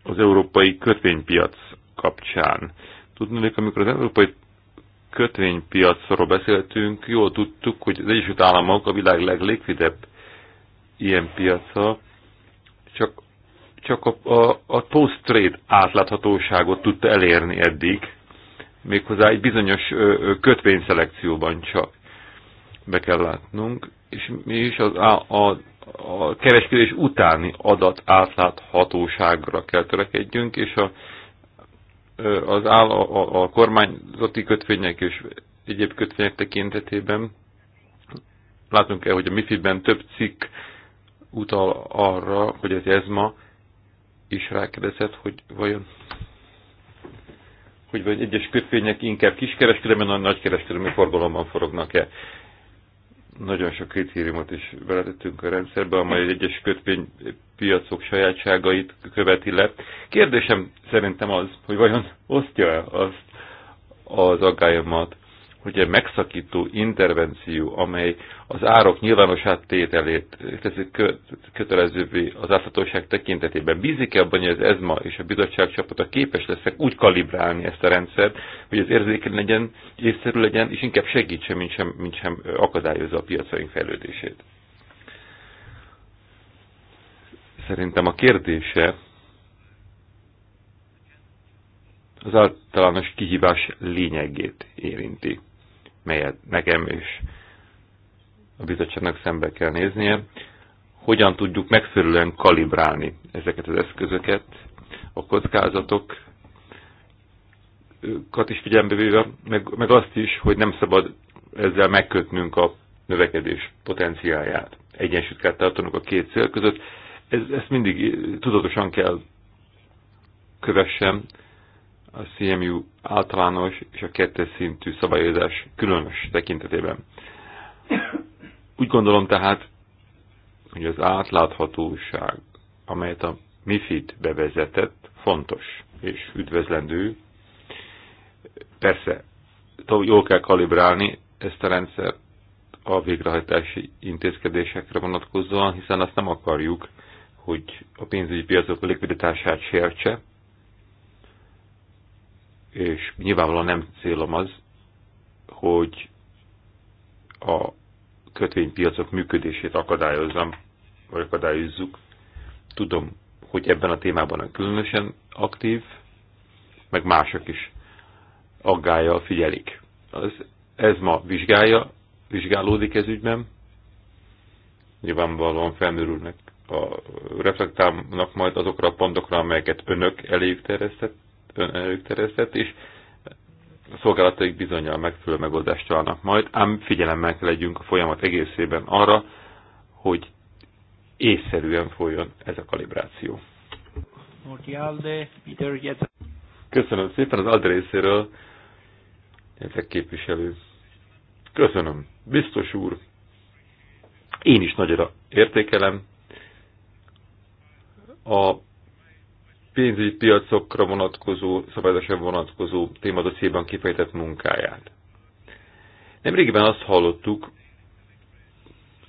az európai kötvénypiac kapcsán. Tudnék, amikor az európai kötvénypiacról beszéltünk, jól tudtuk, hogy az Egyesült Államok a világ leglikvidebb ilyen piaca, csak csak a, a, a post-trade átláthatóságot tudta elérni eddig, méghozzá egy bizonyos kötvényszelekcióban csak be kell látnunk, és mi is az, a, a, a kereskedés utáni adat átláthatóságra kell törekedjünk, és a, az áll, a, a kormányzati kötvények és egyéb kötvények tekintetében látunk el, hogy a MIFI-ben több cikk utal arra, hogy az ESMA is rákérdezett, hogy vajon hogy vagy egyes kötvények inkább kiskereskedelmi, nagy nagykereskedelmi forgalomban forognak-e. Nagyon sok kritériumot is beletettünk a rendszerbe, amely egyes kötvénypiacok sajátságait követi le. Kérdésem szerintem az, hogy vajon osztja-e azt az aggályomat, hogy egy megszakító intervenció, amely az árok nyilvános áttételét teszi kötelezővé az áthatóság tekintetében, bízik-e abban, hogy az ESMA és a bizottság csapata képes leszek úgy kalibrálni ezt a rendszert, hogy az érzékeny legyen, észszerű legyen, és inkább segítse, mint sem, mint sem akadályozza a piacaink fejlődését. Szerintem a kérdése az általános kihívás lényegét érinti melyet nekem is a bizottságnak szembe kell néznie, hogyan tudjuk megfelelően kalibrálni ezeket az eszközöket, a kockázatokat is figyelembe véve, meg, meg azt is, hogy nem szabad ezzel megkötnünk a növekedés potenciáját. Egyensúlyt kell tartanunk a két cél között. Ez, ezt mindig tudatosan kell kövessem, a CMU általános és a kettes szintű szabályozás különös tekintetében. Úgy gondolom tehát, hogy az átláthatóság, amelyet a MIFID bevezetett, fontos és üdvözlendő. Persze, jól kell kalibrálni ezt a rendszert a végrehajtási intézkedésekre vonatkozóan, hiszen azt nem akarjuk, hogy a pénzügyi piacok likviditását sértse, és nyilvánvalóan nem célom az, hogy a kötvénypiacok működését akadályozzam, vagy akadályozzuk. Tudom, hogy ebben a témában különösen aktív, meg mások is aggája figyelik. Az, ez ma vizsgálja, vizsgálódik ez ügyben. Nyilvánvalóan felmerülnek, a, reflektálnak majd azokra a pontokra, amelyeket önök elég terjesztett, ön előterjesztett, és a szolgálataik bizonyal megfelelő megoldást találnak majd, ám figyelemmel kell legyünk a folyamat egészében arra, hogy észszerűen folyjon ez a kalibráció. Köszönöm szépen az ad részéről, ezek képviselő. Köszönöm, biztos úr. Én is nagyra értékelem a pénzügyi piacokra vonatkozó, szabályozásra vonatkozó témadosszéban kifejtett munkáját. Nemrégiben azt hallottuk,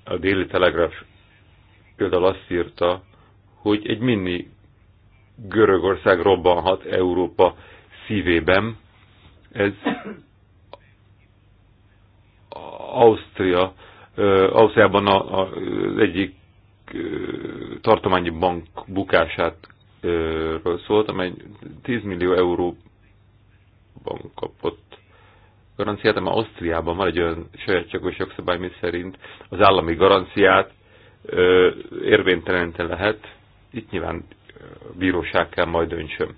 a déli Telegraph például azt írta, hogy egy mini Görögország robbanhat Európa szívében. Ez Ausztria, Ausztriában az egyik tartományi bank bukását ről szólt, amely 10 millió euróban kapott garanciát, már Ausztriában van egy olyan csakos jogszabály, mi szerint az állami garanciát érvénytelenten lehet. Itt nyilván bíróság kell majd döntsön.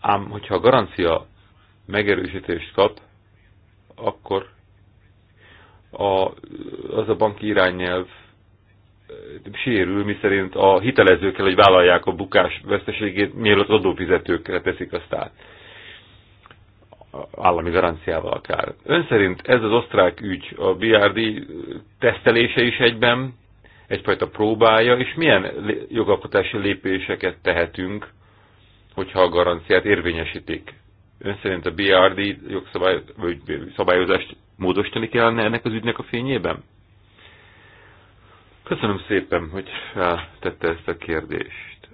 Ám, hogyha a garancia megerősítést kap, akkor a, az a banki irányelv sérül, miszerint a hitelezők kell, hogy vállalják a bukás veszteségét, mielőtt adófizetőkre teszik azt át. Állami garanciával akár. Ön szerint ez az osztrák ügy, a BRD tesztelése is egyben, egyfajta próbája, és milyen jogalkotási lépéseket tehetünk, hogyha a garanciát érvényesítik? Ön szerint a BRD jogszabály, vagy szabályozást módosítani kellene ennek az ügynek a fényében? Köszönöm szépen, hogy feltette ezt a kérdést.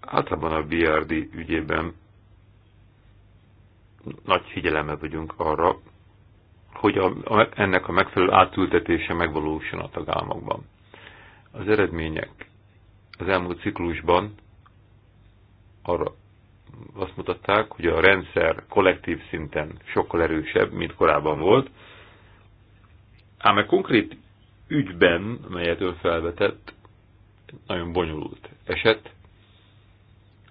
Általában a BRD ügyében nagy figyelemmel vagyunk arra, hogy a, a, ennek a megfelelő átültetése megvalósuljon a tagállamokban. Az eredmények az elmúlt ciklusban arra azt mutatták, hogy a rendszer kollektív szinten sokkal erősebb, mint korábban volt, ám a konkrét ügyben, melyet ön felvetett, nagyon bonyolult eset.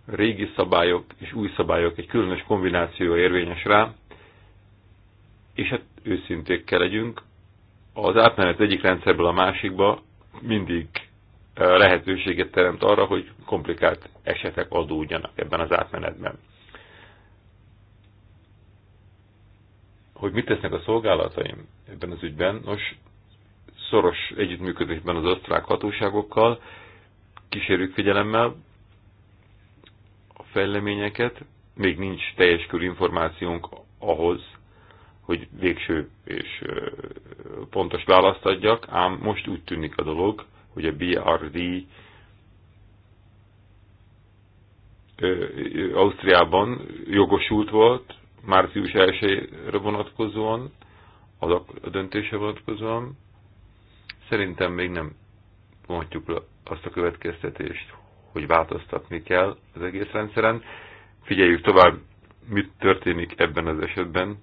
Régi szabályok és új szabályok egy különös kombináció érvényes rá, és hát őszintékkel kell legyünk, az átmenet egyik rendszerből a másikba mindig lehetőséget teremt arra, hogy komplikált esetek adódjanak ebben az átmenetben. Hogy mit tesznek a szolgálataim ebben az ügyben? Nos, szoros együttműködésben az osztrák hatóságokkal, kísérjük figyelemmel a fejleményeket, még nincs teljes körű információnk ahhoz, hogy végső és pontos választ adjak, ám most úgy tűnik a dolog, hogy a BRD Ausztriában jogosult volt, március 1-re vonatkozóan, az a döntése vonatkozóan, Szerintem még nem mondjuk le azt a következtetést, hogy változtatni kell az egész rendszeren. Figyeljük tovább, mit történik ebben az esetben.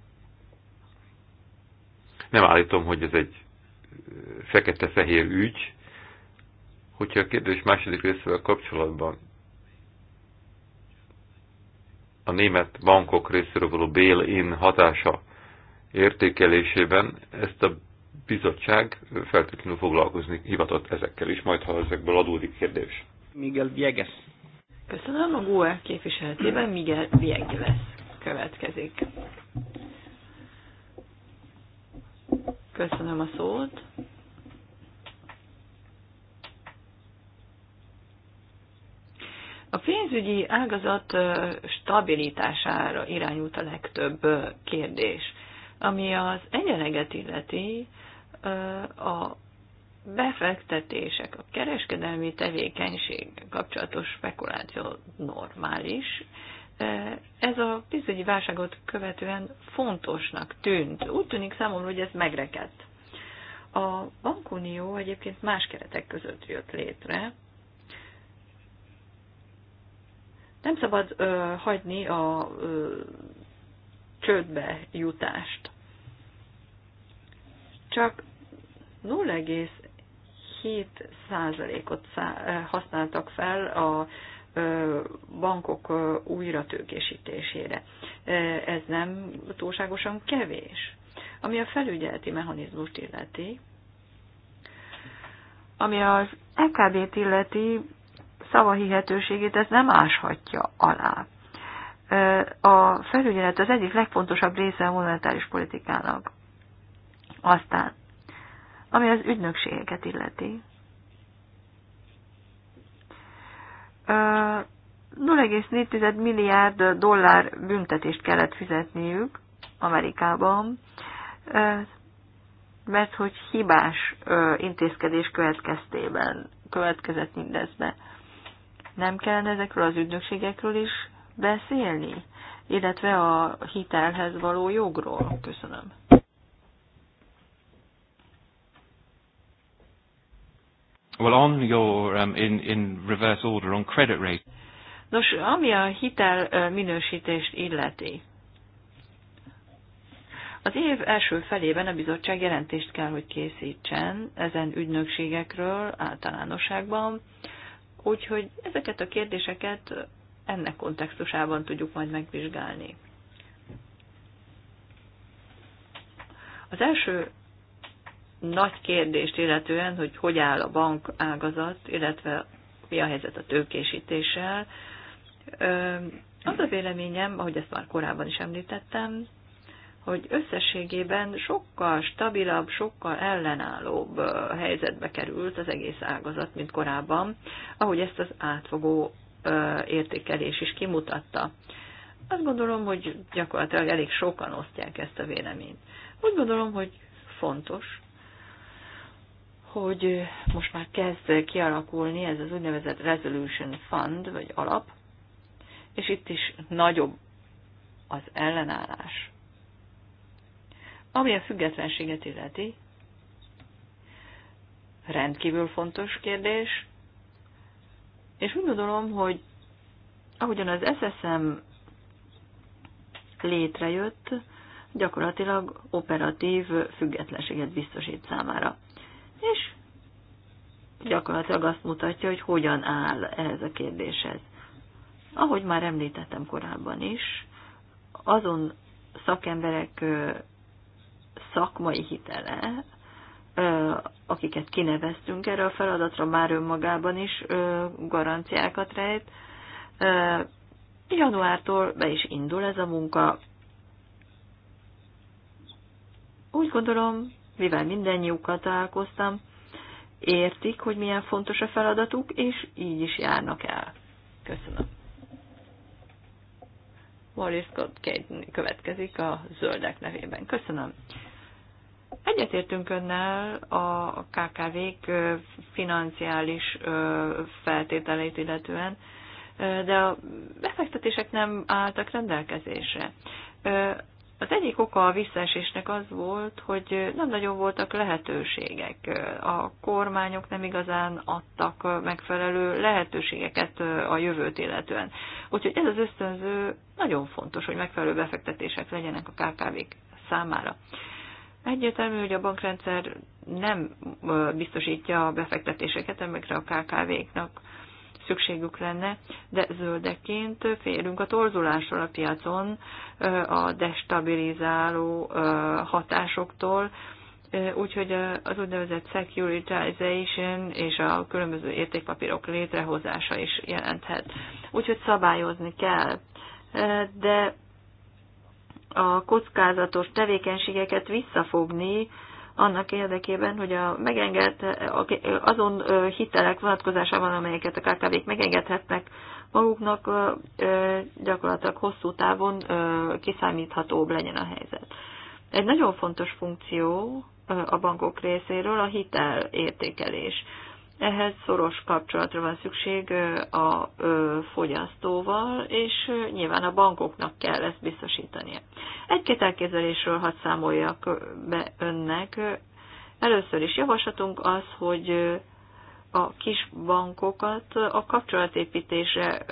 Nem állítom, hogy ez egy eh, fekete-fehér ügy. Hogyha a kérdés második részével kapcsolatban a német bankok részéről való bail-in hatása értékelésében ezt a bizottság feltétlenül foglalkozni hivatott ezekkel is, majd ha ezekből adódik kérdés. Miguel Vieges. Köszönöm a GUE képviseletében, Miguel Vieges következik. Köszönöm a szót. A pénzügyi ágazat stabilitására irányult a legtöbb kérdés. Ami az egyeneget illeti, a befektetések, a kereskedelmi tevékenység kapcsolatos spekuláció normális. Ez a pénzügyi válságot követően fontosnak tűnt. Úgy tűnik számomra, hogy ez megrekedt. A bankunió egyébként más keretek között jött létre. Nem szabad ö, hagyni a ö, csődbe jutást. Csak 0,7%-ot használtak fel a bankok újra tőkésítésére. Ez nem túlságosan kevés. Ami a felügyeleti mechanizmust illeti, ami az EKB-t illeti szavahihetőségét, ez nem áshatja alá. A felügyelet az egyik legfontosabb része a monetáris politikának. Aztán ami az ügynökségeket illeti. 0,4 milliárd dollár büntetést kellett fizetniük Amerikában, mert hogy hibás intézkedés következtében következett mindezbe. Nem kellene ezekről az ügynökségekről is beszélni, illetve a hitelhez való jogról. Köszönöm. Well, on your, um, in, in reverse order, on credit rate. Nos, ami a hitel minősítést illeti. Az év első felében a bizottság jelentést kell, hogy készítsen ezen ügynökségekről általánosságban, úgyhogy ezeket a kérdéseket ennek kontextusában tudjuk majd megvizsgálni. Az első nagy kérdést illetően, hogy hogy áll a bank ágazat, illetve mi a helyzet a tőkésítéssel. Az a véleményem, ahogy ezt már korábban is említettem, hogy összességében sokkal stabilabb, sokkal ellenállóbb helyzetbe került az egész ágazat, mint korábban, ahogy ezt az átfogó értékelés is kimutatta. Azt gondolom, hogy gyakorlatilag elég sokan osztják ezt a véleményt. Úgy gondolom, hogy fontos, hogy most már kezd kialakulni ez az úgynevezett Resolution Fund, vagy alap, és itt is nagyobb az ellenállás. Ami a függetlenséget illeti, rendkívül fontos kérdés, és úgy gondolom, hogy ahogyan az SSM létrejött, gyakorlatilag operatív függetlenséget biztosít számára és gyakorlatilag azt mutatja, hogy hogyan áll ez a kérdéshez. Ahogy már említettem korábban is, azon szakemberek szakmai hitele, akiket kineveztünk erre a feladatra, már önmagában is garanciákat rejt. Januártól be is indul ez a munka. Úgy gondolom, mivel mindennyiukkal találkoztam, értik, hogy milyen fontos a feladatuk, és így is járnak el. Köszönöm. Morris Scott következik a zöldek nevében. Köszönöm. Egyetértünk önnel a KKV-k financiális feltételeit illetően, de a befektetések nem álltak rendelkezésre. Az egyik oka a visszaesésnek az volt, hogy nem nagyon voltak lehetőségek. A kormányok nem igazán adtak megfelelő lehetőségeket a jövőt illetően. Úgyhogy ez az ösztönző nagyon fontos, hogy megfelelő befektetések legyenek a KKV-k számára. Egyértelmű, hogy a bankrendszer nem biztosítja a befektetéseket, amikre a KKV-knak szükségük lenne, de zöldeként félünk a torzulásról a piacon, a destabilizáló hatásoktól, úgyhogy az úgynevezett securitization és a különböző értékpapírok létrehozása is jelenthet. Úgyhogy szabályozni kell. De a kockázatos tevékenységeket visszafogni, annak érdekében, hogy a megengedt, azon hitelek vonatkozásában, amelyeket a KKV-k megengedhetnek maguknak, gyakorlatilag hosszú távon kiszámíthatóbb legyen a helyzet. Egy nagyon fontos funkció a bankok részéről a hitel értékelés. Ehhez szoros kapcsolatra van szükség a fogyasztóval, és nyilván a bankoknak kell ezt biztosítania. Egy-két elképzelésről hadd számoljak be önnek. Először is javaslatunk az, hogy a kis bankokat a kapcsolatépítésre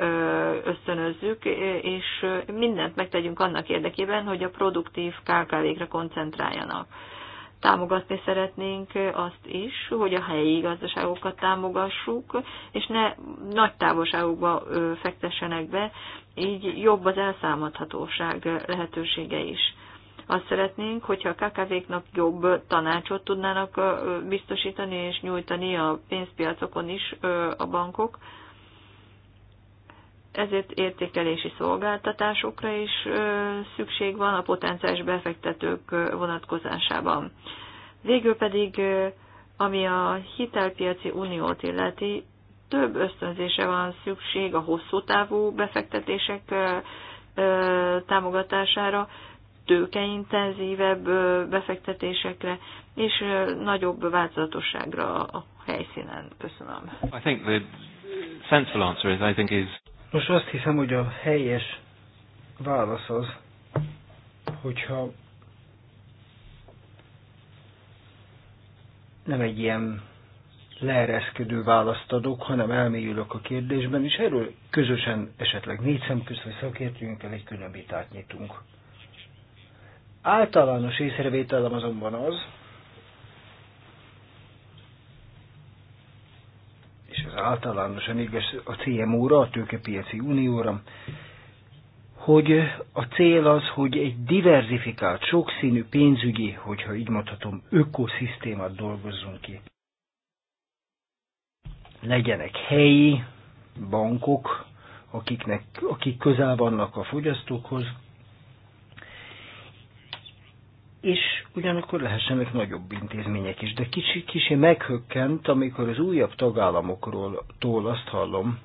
ösztönözzük, és mindent megtegyünk annak érdekében, hogy a produktív kkv koncentráljanak támogatni szeretnénk azt is, hogy a helyi gazdaságokat támogassuk, és ne nagy távolságokba fektessenek be, így jobb az elszámadhatóság lehetősége is. Azt szeretnénk, hogyha a KKV-knak jobb tanácsot tudnának biztosítani és nyújtani a pénzpiacokon is a bankok, ezért értékelési szolgáltatásokra is szükség van a potenciális befektetők vonatkozásában. Végül pedig, ami a hitelpiaci uniót illeti, több ösztönzése van szükség a hosszú távú befektetések támogatására, tőkeintenzívebb befektetésekre és nagyobb változatosságra a helyszínen. Köszönöm. I think the sensible answer is I think is most azt hiszem, hogy a helyes válasz az, hogyha nem egy ilyen leereszkedő választ adok, hanem elmélyülök a kérdésben, és erről közösen esetleg négy szemköz, vagy szakértőnkkel egy külön vitát nyitunk. Általános észrevételem azonban az, általánosan igaz a CMO-ra, a Tőkepiaci Unióra, hogy a cél az, hogy egy diverzifikált, sokszínű pénzügyi, hogyha így mondhatom, ökoszisztémát dolgozzunk ki. Legyenek helyi bankok, akiknek, akik közel vannak a fogyasztókhoz, és ugyanakkor lehessenek nagyobb intézmények is. De kicsi, kicsi meghökkent, amikor az újabb tagállamokról tól azt hallom,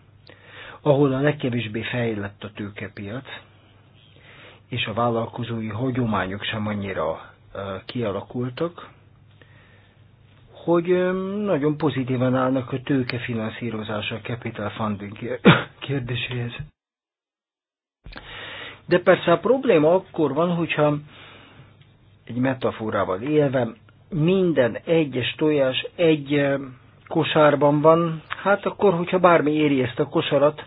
ahol a legkevésbé fejlett a tőkepiac, és a vállalkozói hagyományok sem annyira kialakultak, hogy nagyon pozitívan állnak a tőkefinanszírozása a capital funding kérdéséhez. De persze a probléma akkor van, hogyha egy metaforával élve, minden egyes tojás egy eh, kosárban van, hát akkor, hogyha bármi éri ezt a kosarat,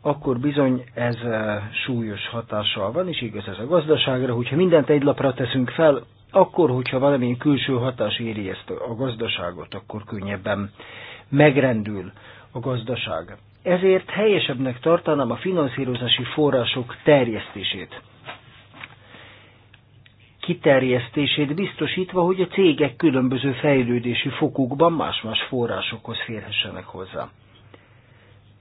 akkor bizony ez eh, súlyos hatással van, és igaz ez a gazdaságra, hogyha mindent egy lapra teszünk fel, akkor, hogyha valamilyen külső hatás éri ezt a gazdaságot, akkor könnyebben megrendül a gazdaság. Ezért helyesebbnek tartanám a finanszírozási források terjesztését kiterjesztését biztosítva, hogy a cégek különböző fejlődési fokukban más-más forrásokhoz férhessenek hozzá.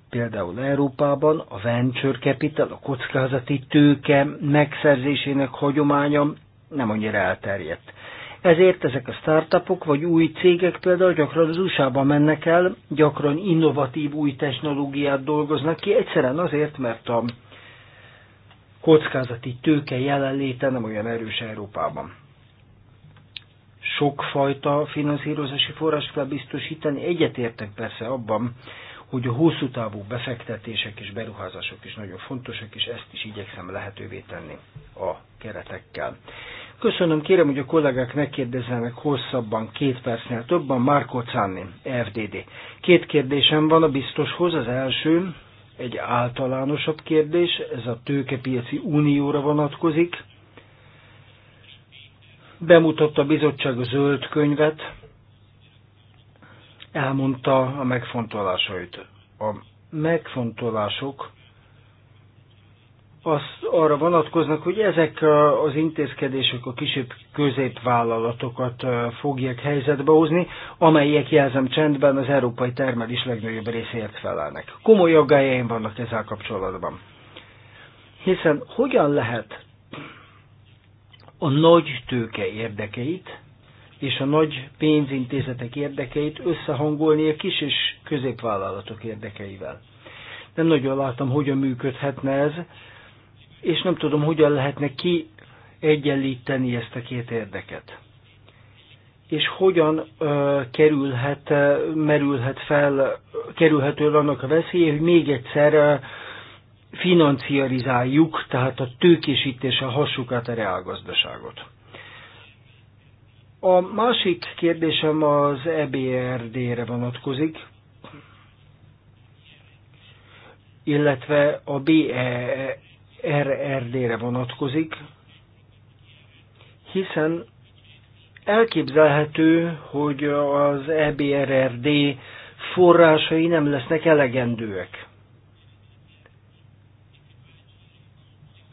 Például Európában a venture capital, a kockázati tőke megszerzésének hagyománya nem annyira elterjedt. Ezért ezek a startupok vagy új cégek például gyakran az USA-ba mennek el, gyakran innovatív új technológiát dolgoznak ki, egyszerűen azért, mert a kockázati tőke jelenléte nem olyan erős Európában. Sokfajta finanszírozási forrás kell biztosítani, egyetértek persze abban, hogy a hosszú távú befektetések és beruházások is nagyon fontosak, és ezt is igyekszem lehetővé tenni a keretekkel. Köszönöm, kérem, hogy a kollégák megkérdezzenek hosszabban, két percnél többen. Márko Czanni, FDD. Két kérdésem van a biztoshoz. Az első, egy általánosabb kérdés, ez a tőkepiaci unióra vonatkozik. Bemutatta a bizottság a zöld könyvet, elmondta a megfontolásait. A megfontolások azt arra vonatkoznak, hogy ezek az intézkedések a kisebb középvállalatokat fogják helyzetbe hozni, amelyek jelzem csendben az európai termelés legnagyobb részéért felelnek. Komoly aggájaim vannak ezzel kapcsolatban. Hiszen hogyan lehet a nagy tőke érdekeit és a nagy pénzintézetek érdekeit összehangolni a kis és középvállalatok érdekeivel? Nem nagyon látom, hogyan működhetne ez, és nem tudom, hogyan lehetne ki egyenlíteni ezt a két érdeket. És hogyan ö, kerülhet, merülhet fel, kerülhető annak a veszélye, hogy még egyszer ö, financiarizáljuk, tehát a tőkésítése hassuk át a reálgazdaságot. A másik kérdésem az EBRD-re vonatkozik, illetve a BE e RRD-re vonatkozik, hiszen elképzelhető, hogy az EBRRD forrásai nem lesznek elegendőek.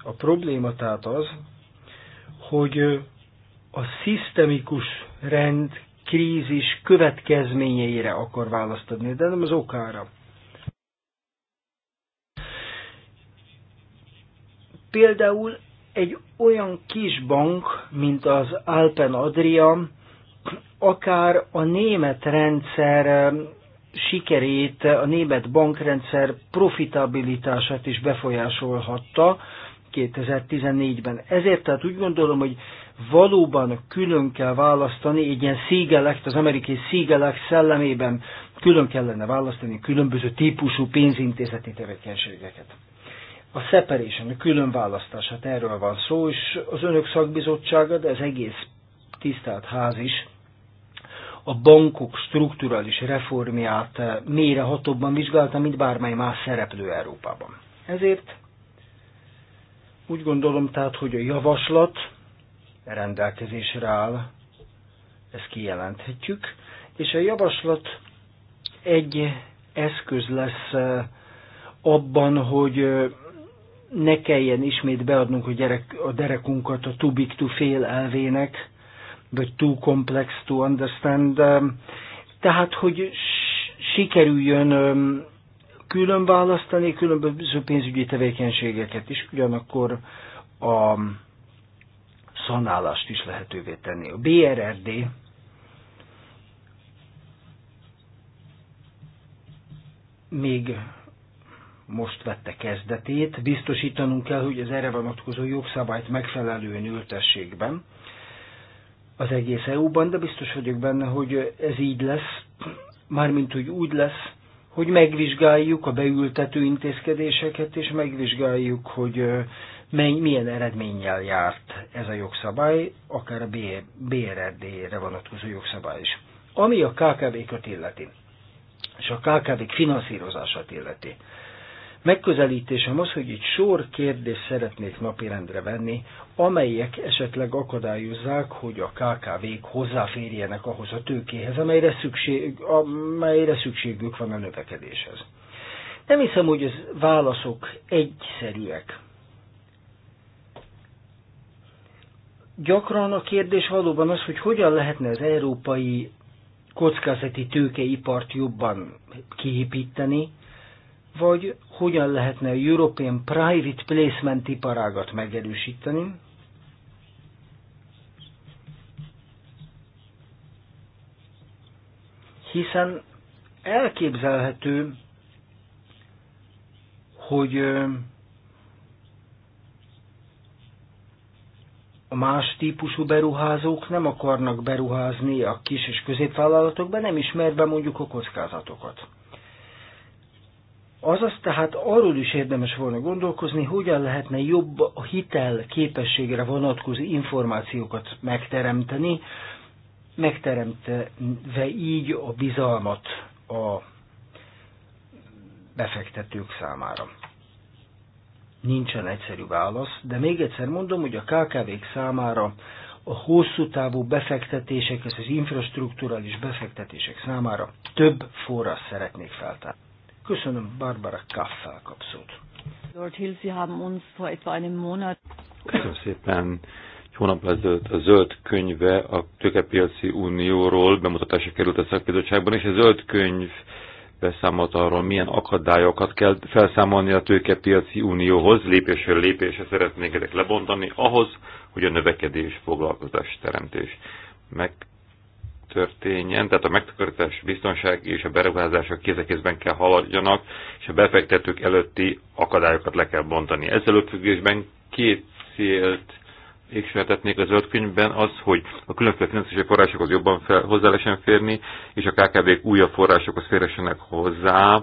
A probléma tehát az, hogy a szisztemikus rend krízis következményeire akar választ adni, de nem az okára. Például egy olyan kis bank, mint az Alpen Adria, akár a német rendszer sikerét, a német bankrendszer profitabilitását is befolyásolhatta 2014-ben. Ezért tehát úgy gondolom, hogy valóban külön kell választani, egy ilyen szigelekt, az amerikai szígelek szellemében külön kellene választani különböző típusú pénzintézeti tevékenységeket a separation, a hát erről van szó, és az önök szakbizottsága, de az egész tisztelt ház is a bankok strukturális reformját eh, mélyrehatóbban vizsgálta, mint bármely más szereplő Európában. Ezért úgy gondolom tehát, hogy a javaslat rendelkezésre áll, ezt kijelenthetjük, és a javaslat egy eszköz lesz eh, abban, hogy eh, ne kelljen ismét beadnunk a, gyerek, a derekunkat a too big to fail elvének, vagy too complex to understand. Um, tehát, hogy sikerüljön um, külön választani különböző pénzügyi tevékenységeket is, ugyanakkor a szanálást is lehetővé tenni. A BRRD még most vette kezdetét. Biztosítanunk kell, hogy az erre vonatkozó jogszabályt megfelelően ültessék be az egész EU-ban, de biztos vagyok benne, hogy ez így lesz, mármint hogy úgy lesz, hogy megvizsgáljuk a beültető intézkedéseket, és megvizsgáljuk, hogy mely, milyen eredménnyel járt ez a jogszabály, akár a BRD-re vonatkozó jogszabály is. Ami a KKV-kat illeti, és a KKV-k finanszírozását illeti. Megközelítésem az, hogy egy sor kérdést szeretnék napirendre venni, amelyek esetleg akadályozzák, hogy a KKV-k hozzáférjenek ahhoz a tőkéhez, amelyre, szükség, amelyre szükségük van a növekedéshez. Nem hiszem, hogy az válaszok egyszerűek. Gyakran a kérdés valóban az, hogy hogyan lehetne az európai kockázati tőkeipart jobban kiépíteni, vagy hogyan lehetne a European Private Placement iparágat megerősíteni, hiszen elképzelhető, hogy a más típusú beruházók nem akarnak beruházni a kis és középvállalatokba, nem ismerve mondjuk a kockázatokat. Azaz tehát arról is érdemes volna gondolkozni, hogyan lehetne jobb a hitel képességre vonatkozó információkat megteremteni, megteremtve így a bizalmat a befektetők számára. Nincsen egyszerű válasz, de még egyszer mondom, hogy a KKV-k számára a hosszú távú befektetések, ez az infrastruktúrális befektetések számára több forrás szeretnék feltárni. Köszönöm, Barbara Kaffel kapszót. Lord Hill, Sie haben uns vor etwa einem Monat... Köszönöm szépen. Egy hónap ezelőtt a zöld könyve a tőkepiaci unióról bemutatásra került a szakbizottságban, és a zöld könyv beszámolt arról, milyen akadályokat kell felszámolni a tőkepiaci unióhoz, lépésről lépésre szeretnék ezek lebontani, ahhoz, hogy a növekedés, foglalkozás, teremtés meg történjen, tehát a megtakarítás biztonság és a beruházások kézekézben kell haladjanak, és a befektetők előtti akadályokat le kell bontani. Ezzel összefüggésben két célt ékseltetnék a zöld könyvben az, hogy a különféle finanszírozási forrásokhoz jobban fel, hozzá lehessen férni, és a KKV-k újabb forrásokhoz férhessenek hozzá.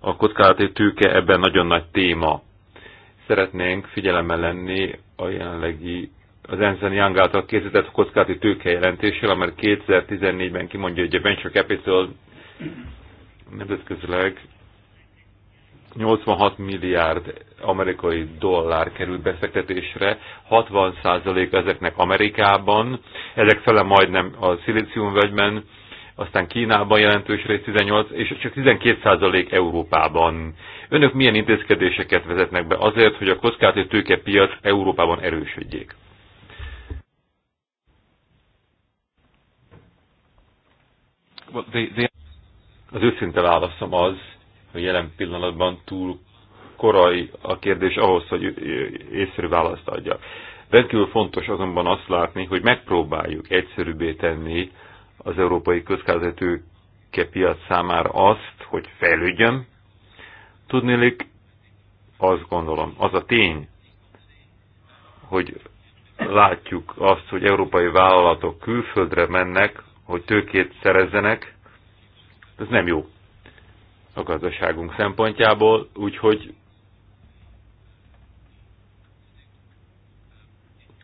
A kockázati tőke ebben nagyon nagy téma. Szeretnénk figyelemmel lenni a jelenlegi az Ernst Young által készített kockázati tőkejelentéssel, amely 2014-ben kimondja, hogy a Venture Capital nemzetközileg 86 milliárd amerikai dollár kerül befektetésre, 60% ezeknek Amerikában, ezek fele majdnem a szilíciumvölgyben, aztán Kínában jelentős rész 18, és csak 12% Európában. Önök milyen intézkedéseket vezetnek be azért, hogy a kockázati tőkepiac Európában erősödjék? Az őszinte válaszom az, hogy jelen pillanatban túl korai a kérdés ahhoz, hogy észszerű választ adjak. Rendkívül fontos azonban azt látni, hogy megpróbáljuk egyszerűbbé tenni az európai közkázatőke piac számára azt, hogy fejlődjön. Tudnélik, azt gondolom, az a tény, hogy látjuk azt, hogy európai vállalatok külföldre mennek, hogy tőkét szerezzenek, ez nem jó a gazdaságunk szempontjából, úgyhogy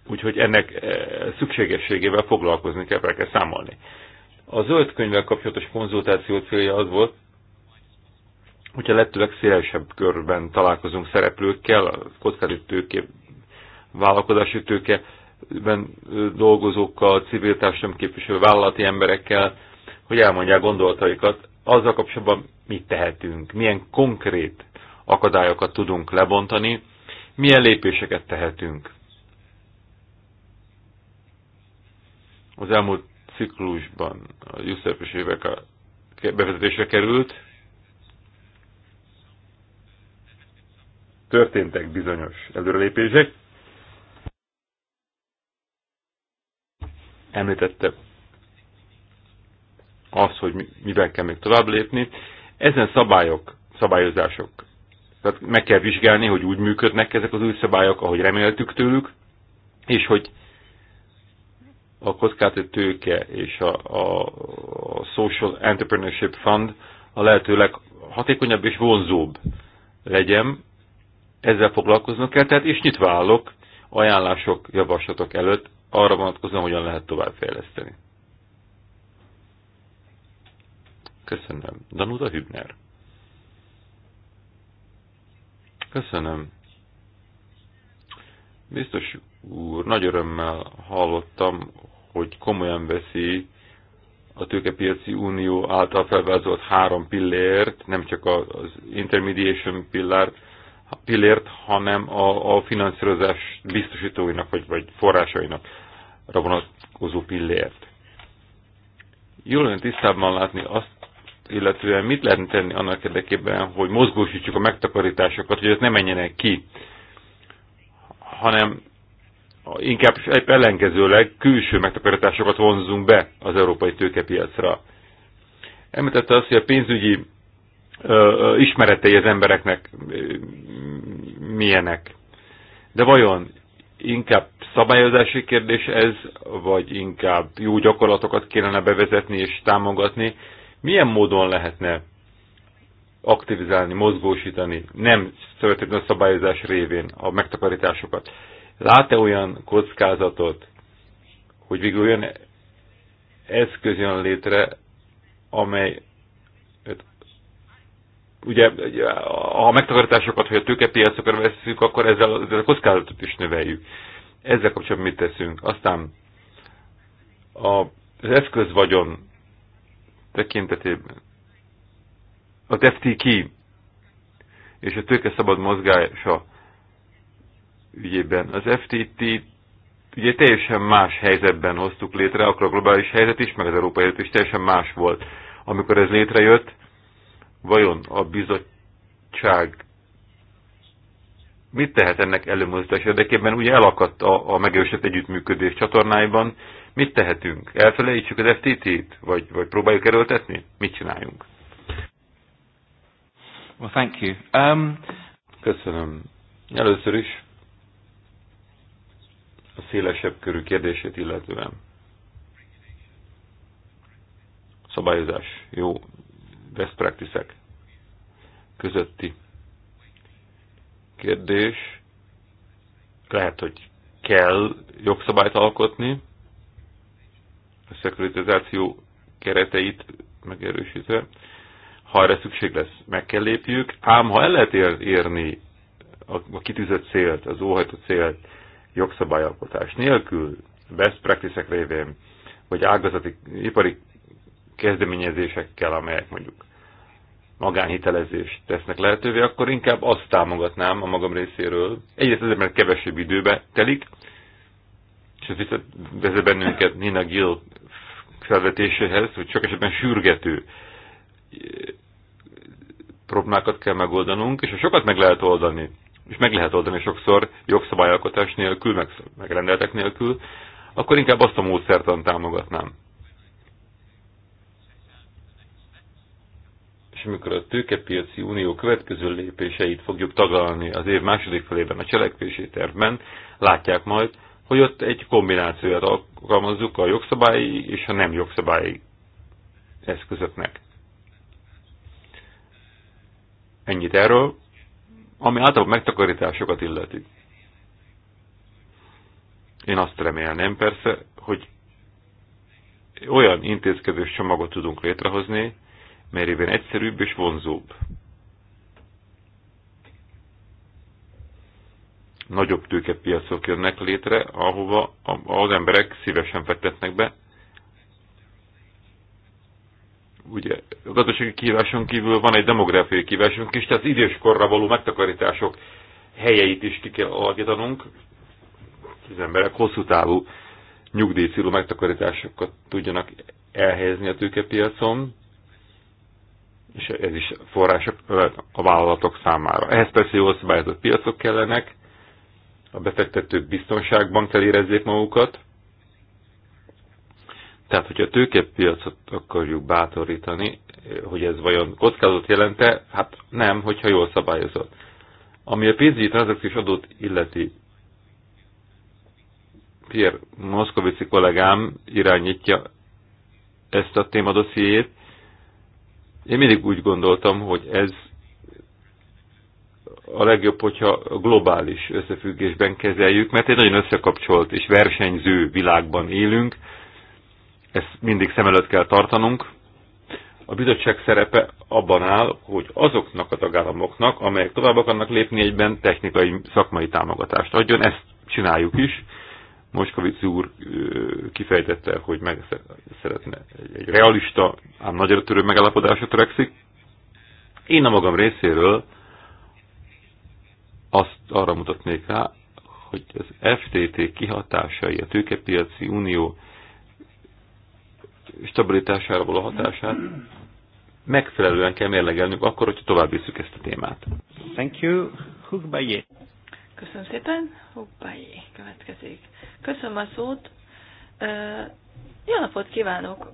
Úgyhogy ennek e, szükségességével foglalkozni kell, kell számolni. A zöld könyvvel kapcsolatos konzultáció célja az volt, hogyha lettőleg szélesebb körben találkozunk szereplőkkel, a kockázati tőke, vállalkozási tőke ben dolgozókkal, civil társadalom képviselő vállalati emberekkel, hogy elmondják gondolataikat, azzal kapcsolatban mit tehetünk, milyen konkrét akadályokat tudunk lebontani, milyen lépéseket tehetünk. Az elmúlt ciklusban a Jusszepes évek a bevezetésre került, történtek bizonyos előrelépések, említette az, hogy mivel kell még tovább lépni. Ezen szabályok, szabályozások, tehát meg kell vizsgálni, hogy úgy működnek ezek az új szabályok, ahogy reméltük tőlük, és hogy a kockázati tőke és a, a, a Social Entrepreneurship Fund a lehetőleg hatékonyabb és vonzóbb legyen, ezzel foglalkoznak kell, tehát és nyitva állok ajánlások, javaslatok előtt arra vonatkozóan hogyan lehet továbbfejleszteni. Köszönöm. Danuta Hübner. Köszönöm. Biztos úr, nagy örömmel hallottam, hogy komolyan veszi a tőkepiaci unió által felvázolt három pillért, nem csak az intermediation pillárt, pillért, hanem a, a finanszírozás biztosítóinak vagy, vagy forrásainak vonatkozó pillért. Jól lenne tisztában látni azt, illetően mit lehetne tenni annak érdekében, hogy mozgósítsuk a megtakarításokat, hogy ők ne menjenek ki, hanem inkább egy ellenkezőleg külső megtakarításokat vonzunk be az európai tőkepiacra. Említette azt, hogy a pénzügyi ö, ismeretei az embereknek ö, milyenek. De vajon inkább szabályozási kérdés ez, vagy inkább jó gyakorlatokat kellene bevezetni és támogatni. Milyen módon lehetne aktivizálni, mozgósítani, nem szövetetlen szabályozás révén a megtakarításokat? Lát-e olyan kockázatot, hogy végül olyan eszköz jön létre, amely ugye a megtakarításokat, hogy a tőkepiacokra veszünk, akkor ezzel, ezzel a kockázatot is növeljük. Ezzel kapcsolatban mit teszünk? Aztán a, az eszközvagyon tekintetében a FTK és a tőke szabad mozgása ügyében. Az FTT ugye teljesen más helyzetben hoztuk létre, akkor a globális helyzet is, meg az európai helyzet is teljesen más volt. Amikor ez létrejött, Vajon a bizottság mit tehet ennek előmozdítás érdekében? Ugye elakadt a, a megerősített együttműködés csatornáiban. Mit tehetünk? Elfelejtsük az FTT-t? Vagy, vagy próbáljuk erőltetni? Mit csináljunk? Well, thank you. Um... Köszönöm. Először is a szélesebb körű kérdését illetően. Szabályozás. Jó, best practice közötti kérdés. Lehet, hogy kell jogszabályt alkotni, a szekuritizáció kereteit megerősítve. Ha erre szükség lesz, meg kell lépjük, ám ha el lehet érni a kitűzött célt, az Óhajtó célt jogszabályalkotás nélkül, best practice-ek révén, vagy ágazati, ipari kezdeményezésekkel, amelyek mondjuk magánhitelezést tesznek lehetővé, akkor inkább azt támogatnám a magam részéről. Egyrészt ezért, mert kevesebb időbe telik, és ez vezet bennünket Nina Gill felvetéséhez, hogy sok esetben sürgető eh, problémákat kell megoldanunk, és ha sokat meg lehet oldani, és meg lehet oldani sokszor jogszabályalkotás nélkül, meg, meg rendeltek nélkül, akkor inkább azt a módszertan támogatnám. és amikor a tőkepiaci unió következő lépéseit fogjuk tagalni az év második felében a cselekvési tervben, látják majd, hogy ott egy kombinációját alkalmazzuk a jogszabályi és a nem jogszabályi eszközöknek. Ennyit erről, ami általában megtakarításokat illeti. Én azt remélném persze, hogy olyan intézkedős csomagot tudunk létrehozni, merőben egyszerűbb és vonzóbb. Nagyobb tőkepiacok jönnek létre, ahova az emberek szívesen fektetnek be. Ugye a gazdasági kíváson kívül van egy demográfiai kívásunk is, tehát időskorra való megtakarítások helyeit is ki kell alakítanunk, az emberek hosszú távú nyugdíj megtakarításokat tudjanak elhelyezni a tőkepiacon és ez is források a vállalatok számára. Ehhez persze jól szabályozott piacok kellenek, a befektetők biztonságban kell érezzék magukat, tehát, hogyha a tőkepiacot akarjuk bátorítani, hogy ez vajon kockázatot jelente, hát nem, hogyha jól szabályozott. Ami a pénzügyi tranzakciós adót illeti, Pierre Moszkovici kollégám irányítja ezt a témadossziét, én mindig úgy gondoltam, hogy ez a legjobb, hogyha globális összefüggésben kezeljük, mert egy nagyon összekapcsolt és versenyző világban élünk, ezt mindig szem előtt kell tartanunk. A bizottság szerepe abban áll, hogy azoknak a tagállamoknak, amelyek tovább akarnak lépni egyben, technikai szakmai támogatást adjon, ezt csináljuk is, Moskovic úr kifejtette, hogy meg szeretne egy realista, ám nagyra törő megállapodásra törekszik. Én a magam részéről azt arra mutatnék rá, hogy az FTT kihatásai, a tőkepiaci unió stabilitására való hatását megfelelően kell mérlegelnünk akkor, hogyha tovább visszük ezt a témát. Thank you. Köszönöm szépen. Hoppá, következik. Köszönöm a szót. Jó napot kívánok,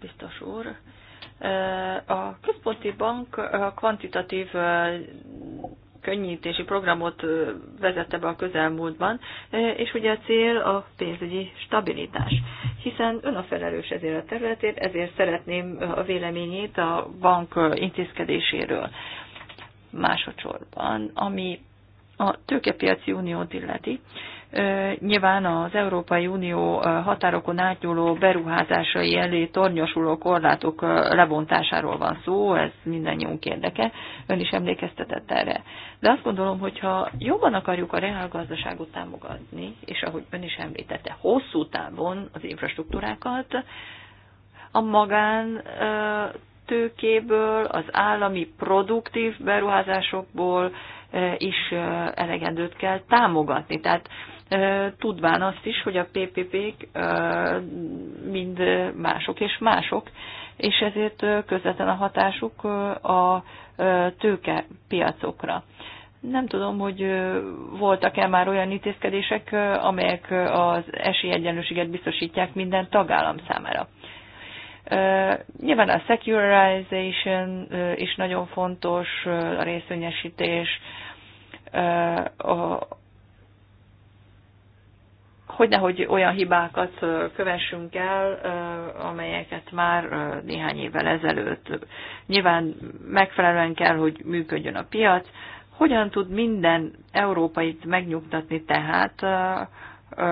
biztos úr. A központi bank a kvantitatív könnyítési programot vezette be a közelmúltban, és ugye a cél a pénzügyi stabilitás. Hiszen ön a felelős ezért a területért, ezért szeretném a véleményét a bank intézkedéséről másodszorban, ami a tőkepiaci uniót illeti. Nyilván az Európai Unió határokon átnyúló beruházásai elé tornyosuló korlátok lebontásáról van szó, ez mindannyiunk érdeke, ön is emlékeztetett erre. De azt gondolom, hogy ha jobban akarjuk a reálgazdaságot támogatni, és ahogy ön is említette, hosszú távon az infrastruktúrákat, a magán tőkéből, az állami produktív beruházásokból is elegendőt kell támogatni. Tehát tudván azt is, hogy a PPP-k mind mások és mások, és ezért közvetlen a hatásuk a tőkepiacokra. Nem tudom, hogy voltak-e már olyan intézkedések, amelyek az esélyegyenlőséget biztosítják minden tagállam számára. Nyilván a securization is nagyon fontos, a részvényesítés, hogy nehogy olyan hibákat kövessünk el, amelyeket már néhány évvel ezelőtt. Nyilván megfelelően kell, hogy működjön a piac. Hogyan tud minden európait megnyugtatni tehát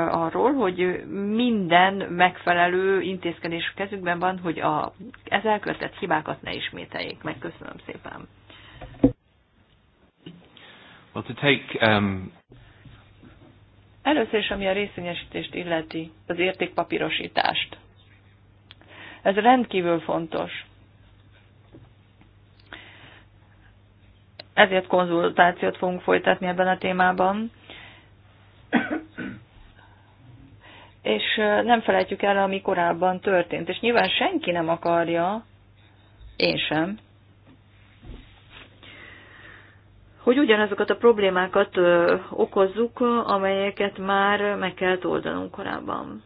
arról, hogy minden megfelelő intézkedés kezükben van, hogy a, ez elkövetett hibákat ne ismételjék meg. Köszönöm szépen. Well, to take, um... Először is, ami a részvényesítést illeti, az értékpapírosítást. Ez rendkívül fontos. Ezért konzultációt fogunk folytatni ebben a témában és nem felejtjük el, ami korábban történt. És nyilván senki nem akarja, én sem, hogy ugyanazokat a problémákat okozzuk, amelyeket már meg kell oldanunk korábban.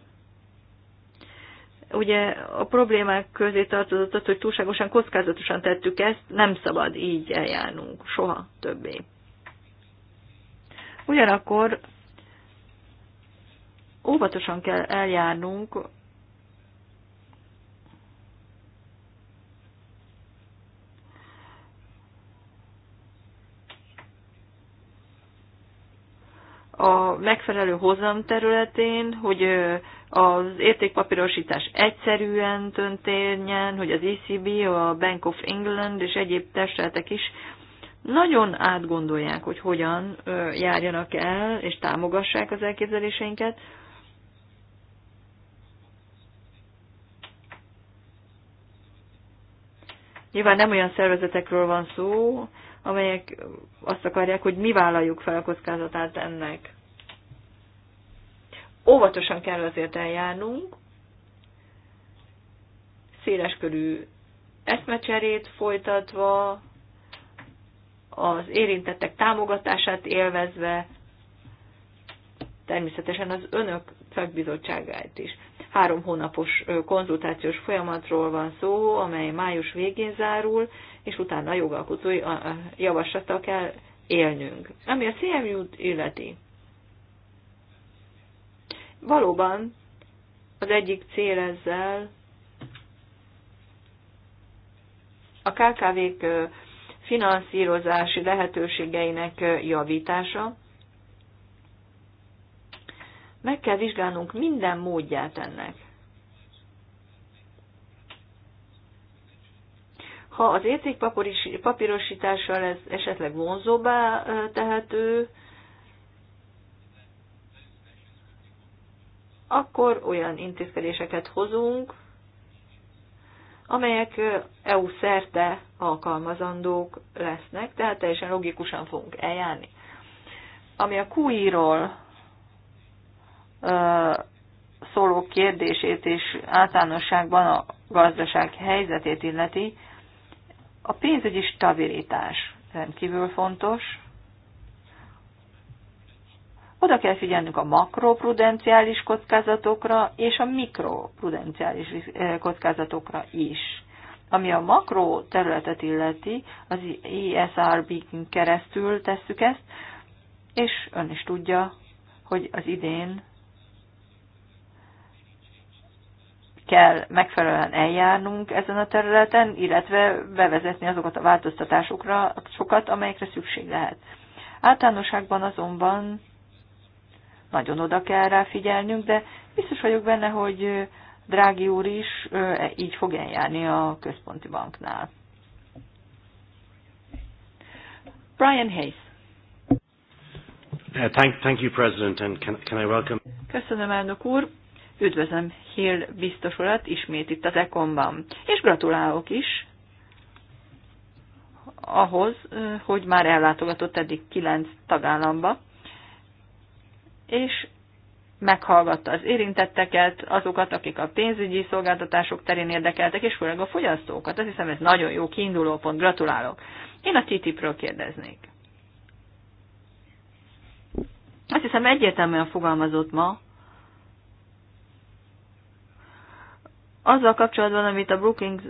Ugye a problémák közé tartozott az, hogy túlságosan kockázatosan tettük ezt, nem szabad így eljárnunk soha többé. Ugyanakkor óvatosan kell eljárnunk, a megfelelő hozam területén, hogy az értékpapírosítás egyszerűen történjen, hogy az ECB, a Bank of England és egyéb testületek is nagyon átgondolják, hogy hogyan járjanak el, és támogassák az elképzeléseinket. Nyilván nem olyan szervezetekről van szó, amelyek azt akarják, hogy mi vállaljuk fel a kockázatát ennek. Óvatosan kell azért eljárnunk, széleskörű eszmecserét folytatva, az érintettek támogatását élvezve, természetesen az önök szakbizottságát is. Három hónapos konzultációs folyamatról van szó, amely május végén zárul, és utána a jogalkotói javaslata kell élnünk. Ami a CMU-t illeti. Valóban az egyik cél ezzel a KKV-k finanszírozási lehetőségeinek javítása, meg kell vizsgálnunk minden módját ennek. Ha az értékpapírosítással ez esetleg vonzóbbá tehető, akkor olyan intézkedéseket hozunk, amelyek EU szerte alkalmazandók lesznek, tehát teljesen logikusan fogunk eljárni. Ami a QI-ról szóló kérdését és általánosságban a gazdaság helyzetét illeti, a pénzügyi stabilitás rendkívül fontos. Oda kell figyelnünk a makroprudenciális kockázatokra és a mikroprudenciális kockázatokra is. Ami a makro területet illeti, az esrb keresztül tesszük ezt, és ön is tudja, hogy az idén kell megfelelően eljárnunk ezen a területen, illetve bevezetni azokat a változtatásokra, sokat, amelyekre szükség lehet. Általánosságban azonban nagyon oda kell rá figyelnünk, de biztos vagyok benne, hogy Drági úr is e, így fog eljárni a központi banknál. Brian Hayes. Uh, thank, thank you, President, and can, can I welcome... Köszönöm, elnök úr. Üdvözlöm Hill biztos urat ismét itt az Ekonban, és gratulálok is ahhoz, hogy már ellátogatott eddig kilenc tagállamba, és meghallgatta az érintetteket, azokat, akik a pénzügyi szolgáltatások terén érdekeltek, és főleg a fogyasztókat. Azt hiszem, ez nagyon jó kiinduló pont, gratulálok. Én a TTIP-ről kérdeznék. Azt hiszem, egyértelműen fogalmazott ma, azzal kapcsolatban, amit a Brookings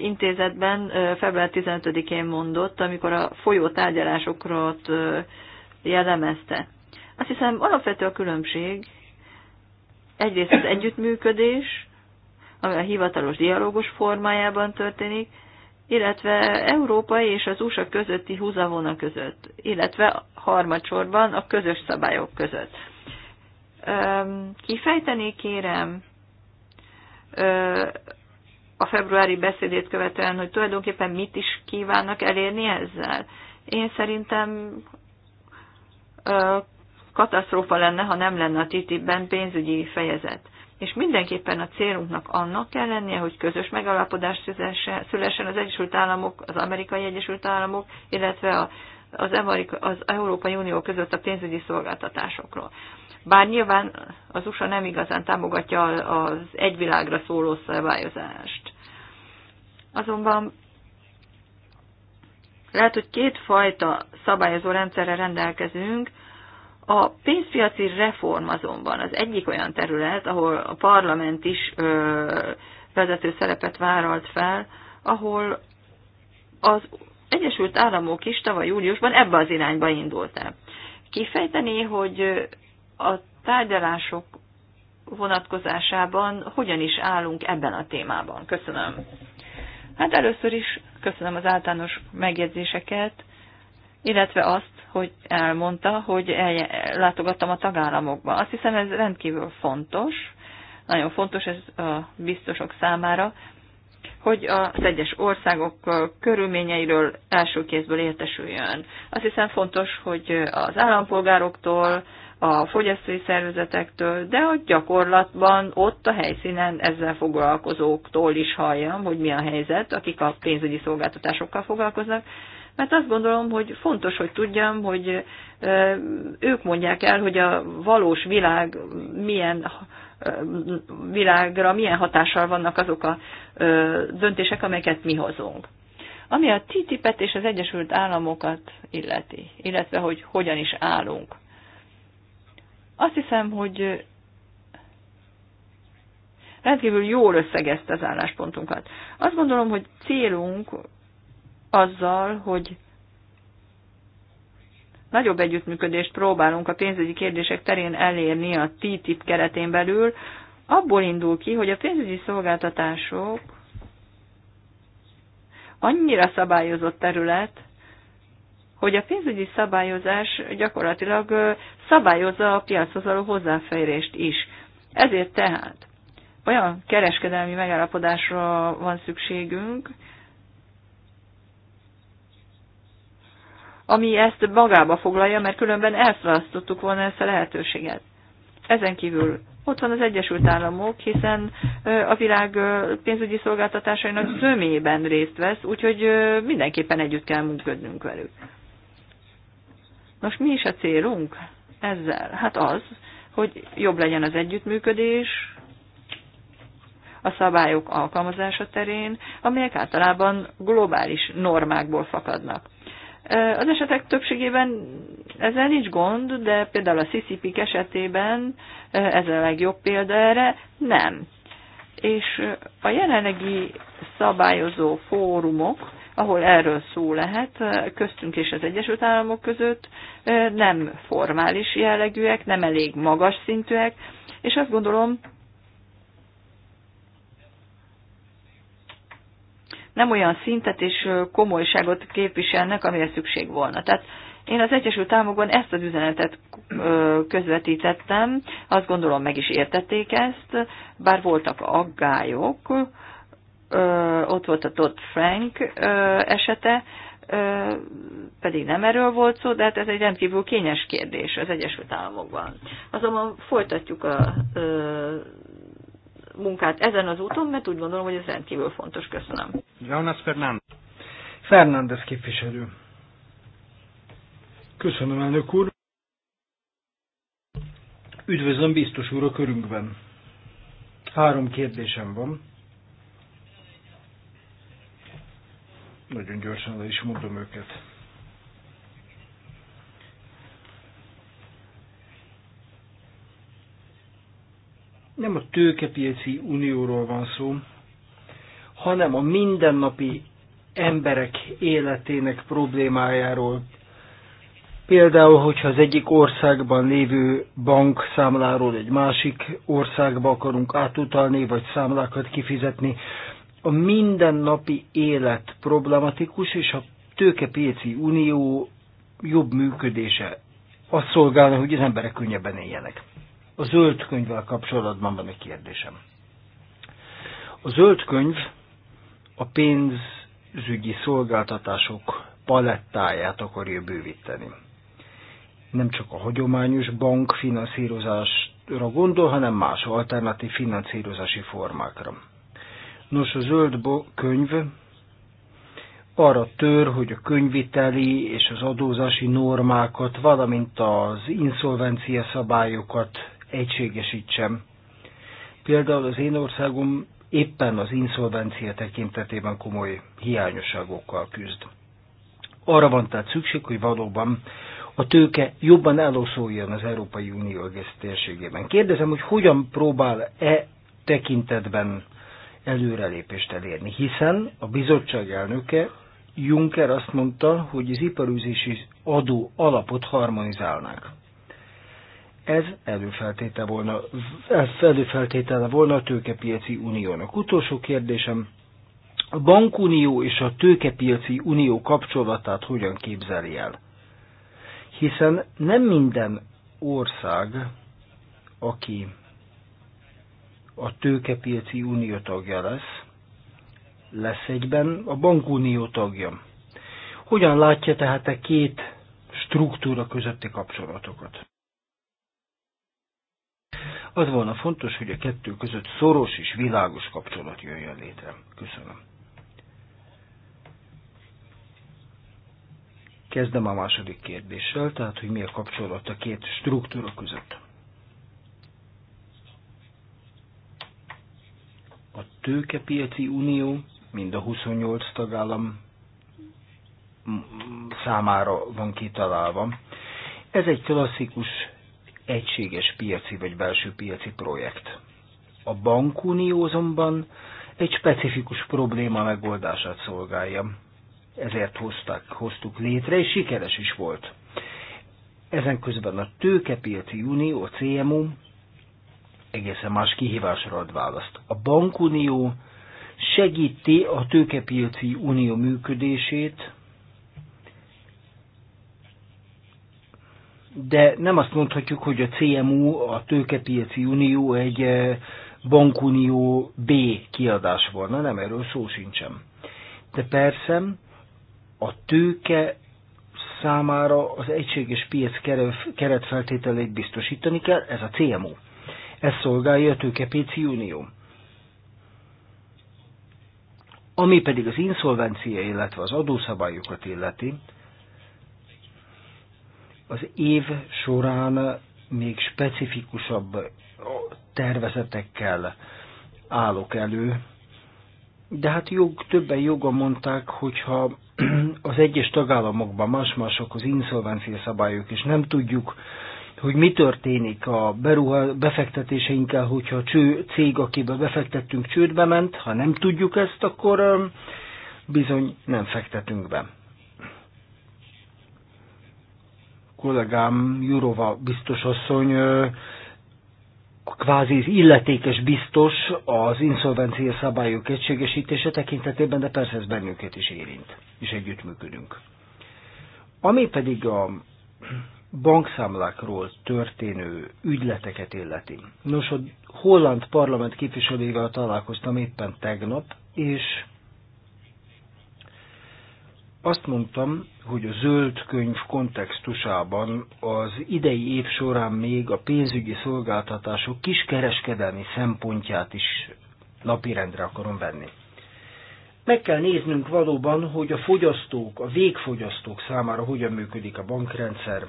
intézetben február 15-én mondott, amikor a folyó tárgyalásokról jellemezte. Azt hiszem, alapvető a különbség. Egyrészt az együttműködés, ami a hivatalos dialógus formájában történik, illetve Európa és az USA közötti húzavona között, illetve harmadsorban a közös szabályok között. Kifejteni kérem, a februári beszédét követően, hogy tulajdonképpen mit is kívánnak elérni ezzel. Én szerintem katasztrófa lenne, ha nem lenne a TTIP-ben pénzügyi fejezet. És mindenképpen a célunknak annak kell lennie, hogy közös megállapodást szülessen az Egyesült Államok, az Amerikai Egyesült Államok, illetve az, Amerika, az Európai Unió között a pénzügyi szolgáltatásokról. Bár nyilván az USA nem igazán támogatja az egyvilágra szóló szabályozást. Azonban lehet, hogy kétfajta szabályozó rendszerre rendelkezünk, a pénzpiaci reform azonban az egyik olyan terület, ahol a parlament is ö, vezető szerepet vállalt fel, ahol az Egyesült Államok is tavaly júliusban ebbe az irányba indult el. Kifejteni, hogy a tárgyalások vonatkozásában hogyan is állunk ebben a témában. Köszönöm. Hát először is köszönöm az általános megjegyzéseket, illetve azt, hogy elmondta, hogy látogattam a tagállamokba. Azt hiszem ez rendkívül fontos, nagyon fontos ez a biztosok számára, hogy az egyes országok körülményeiről első kézből értesüljön. Azt hiszem fontos, hogy az állampolgároktól, a fogyasztói szervezetektől, de a gyakorlatban ott a helyszínen ezzel foglalkozóktól is halljam, hogy mi a helyzet, akik a pénzügyi szolgáltatásokkal foglalkoznak, mert azt gondolom, hogy fontos, hogy tudjam, hogy ők mondják el, hogy a valós világ milyen világra milyen hatással vannak azok a döntések, amelyeket mi hozunk. Ami a TTIP-et és az Egyesült Államokat illeti, illetve hogy hogyan is állunk. Azt hiszem, hogy rendkívül jól összegezte az álláspontunkat. Azt gondolom, hogy célunk azzal, hogy nagyobb együttműködést próbálunk a pénzügyi kérdések terén elérni a TTIP keretén belül, abból indul ki, hogy a pénzügyi szolgáltatások annyira szabályozott terület, hogy a pénzügyi szabályozás gyakorlatilag szabályozza a piachoz való hozzáférést is. Ezért tehát olyan kereskedelmi megállapodásra van szükségünk, ami ezt magába foglalja, mert különben elszalasztottuk volna ezt a lehetőséget. Ezen kívül ott van az Egyesült Államok, hiszen a világ pénzügyi szolgáltatásainak zömében részt vesz, úgyhogy mindenképpen együtt kell működnünk velük. Most mi is a célunk ezzel? Hát az, hogy jobb legyen az együttműködés a szabályok alkalmazása terén, amelyek általában globális normákból fakadnak. Az esetek többségében ezzel nincs gond, de például a ccp esetében ez a legjobb példa erre, nem. És a jelenlegi szabályozó fórumok ahol erről szó lehet, köztünk és az Egyesült Államok között, nem formális jellegűek, nem elég magas szintűek, és azt gondolom, nem olyan szintet és komolyságot képviselnek, amire szükség volna. Tehát én az Egyesült Államokban ezt az üzenetet közvetítettem, azt gondolom meg is értették ezt, bár voltak aggályok, ott volt a Todd Frank esete, pedig nem erről volt szó, de hát ez egy rendkívül kényes kérdés az Egyesült Államokban. Azonban folytatjuk a munkát ezen az úton, mert úgy gondolom, hogy ez rendkívül fontos. Köszönöm. Jonas Fernández. Fernández képviselő. Köszönöm, elnök úr. Üdvözlöm biztos úr a körünkben. Három kérdésem van. Nagyon gyorsan le is mondom őket. Nem a tőkepiaci unióról van szó, hanem a mindennapi emberek életének problémájáról. Például, hogyha az egyik országban lévő bank számláról egy másik országba akarunk átutalni, vagy számlákat kifizetni, a mindennapi élet problematikus, és a tőkepiaci unió jobb működése azt szolgálna, hogy az emberek könnyebben éljenek. A zöld könyvvel kapcsolatban van egy kérdésem. A zöld könyv a pénzügyi szolgáltatások palettáját akarja bővíteni. Nem csak a hagyományos bankfinanszírozásra gondol, hanem más alternatív finanszírozási formákra Nos, a zöld könyv arra tör, hogy a könyviteli és az adózási normákat, valamint az inszolvencia szabályokat egységesítsem. Például az én országom éppen az inszolvencia tekintetében komoly hiányosságokkal küzd. Arra van tehát szükség, hogy valóban a tőke jobban eloszoljon az Európai Unió egész térségében. Kérdezem, hogy hogyan próbál e tekintetben előrelépést elérni, hiszen a bizottság elnöke Juncker azt mondta, hogy az iparűzési adó alapot harmonizálnák. Ez előfeltétele volna, előfeltétele volna a tőkepiaci uniónak. Utolsó kérdésem, a bankunió és a tőkepiaci unió kapcsolatát hogyan képzeli el? Hiszen nem minden ország, aki a tőkepiaci unió tagja lesz, lesz egyben a bankunió tagja. Hogyan látja tehát a két struktúra közötti kapcsolatokat? Az volna fontos, hogy a kettő között szoros és világos kapcsolat jöjjön létre. Köszönöm. Kezdem a második kérdéssel, tehát hogy mi a kapcsolat a két struktúra között. a tőkepiaci unió, mind a 28 tagállam számára van kitalálva. Ez egy klasszikus egységes piaci vagy belső piaci projekt. A bankunió azonban egy specifikus probléma megoldását szolgálja. Ezért hozták, hoztuk létre, és sikeres is volt. Ezen közben a tőkepiaci unió, a CMU egészen más kihívásra ad választ. A bankunió segíti a tőkepiaci unió működését, de nem azt mondhatjuk, hogy a CMU, a tőkepiaci unió egy eh, bankunió B kiadás volna, nem erről szó sincsen. De persze a tőke számára az egységes piac keretfeltételeit biztosítani kell, ez a CMU. Ez szolgálja a tőkepéci unió. Ami pedig az inszolvencia, illetve az adószabályokat illeti, az év során még specifikusabb tervezetekkel állok elő, de hát jog, többen joga mondták, hogyha az egyes tagállamokban más-mások az inszolvencia szabályok, és nem tudjuk hogy mi történik a beruha, befektetéseinkkel, hogyha a cső, cég, akibe befektettünk, csődbe ment. Ha nem tudjuk ezt, akkor um, bizony nem fektetünk be. Kollégám Jurova biztos asszony a kvázi illetékes biztos az inszolvencia szabályok egységesítése tekintetében, de persze ez bennünket is érint, és együttműködünk. Ami pedig a bankszámlákról történő ügyleteket illeti. Nos, a holland parlament képviselőivel találkoztam éppen tegnap, és azt mondtam, hogy a zöld könyv kontextusában az idei év során még a pénzügyi szolgáltatások kiskereskedelmi szempontját is napirendre akarom venni. Meg kell néznünk valóban, hogy a fogyasztók, a végfogyasztók számára hogyan működik a bankrendszer,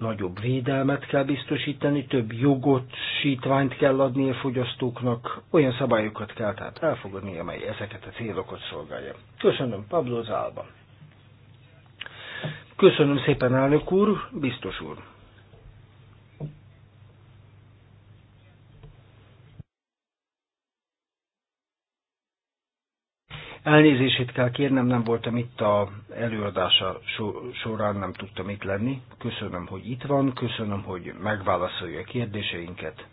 nagyobb védelmet kell biztosítani, több jogot, sítványt kell adni a fogyasztóknak, olyan szabályokat kell tehát elfogadni, amely ezeket a célokat szolgálja. Köszönöm, Pablo Zálba. Köszönöm szépen, elnök úr, biztos úr. Elnézését kell kérnem, nem voltam itt a előadása során, nem tudtam itt lenni. Köszönöm, hogy itt van, köszönöm, hogy megválaszolja a kérdéseinket.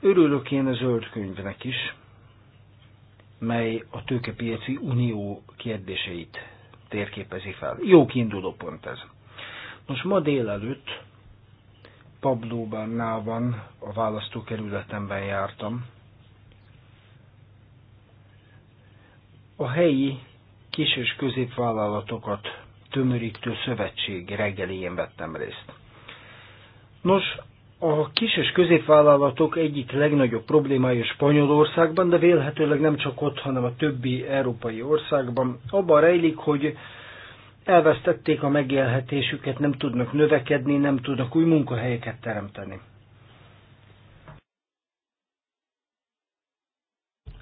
Örülök én a zöld könyvnek is, mely a tőkepiaci unió kérdéseit térképezi fel. Jó kiinduló pont ez. Most ma délelőtt Pablo Nában, a választókerületemben jártam, a helyi kis- és középvállalatokat tömörítő szövetség reggelén vettem részt. Nos, a kis és középvállalatok egyik legnagyobb problémája Spanyolországban, de vélhetőleg nem csak ott, hanem a többi európai országban, abban rejlik, hogy elvesztették a megélhetésüket, nem tudnak növekedni, nem tudnak új munkahelyeket teremteni.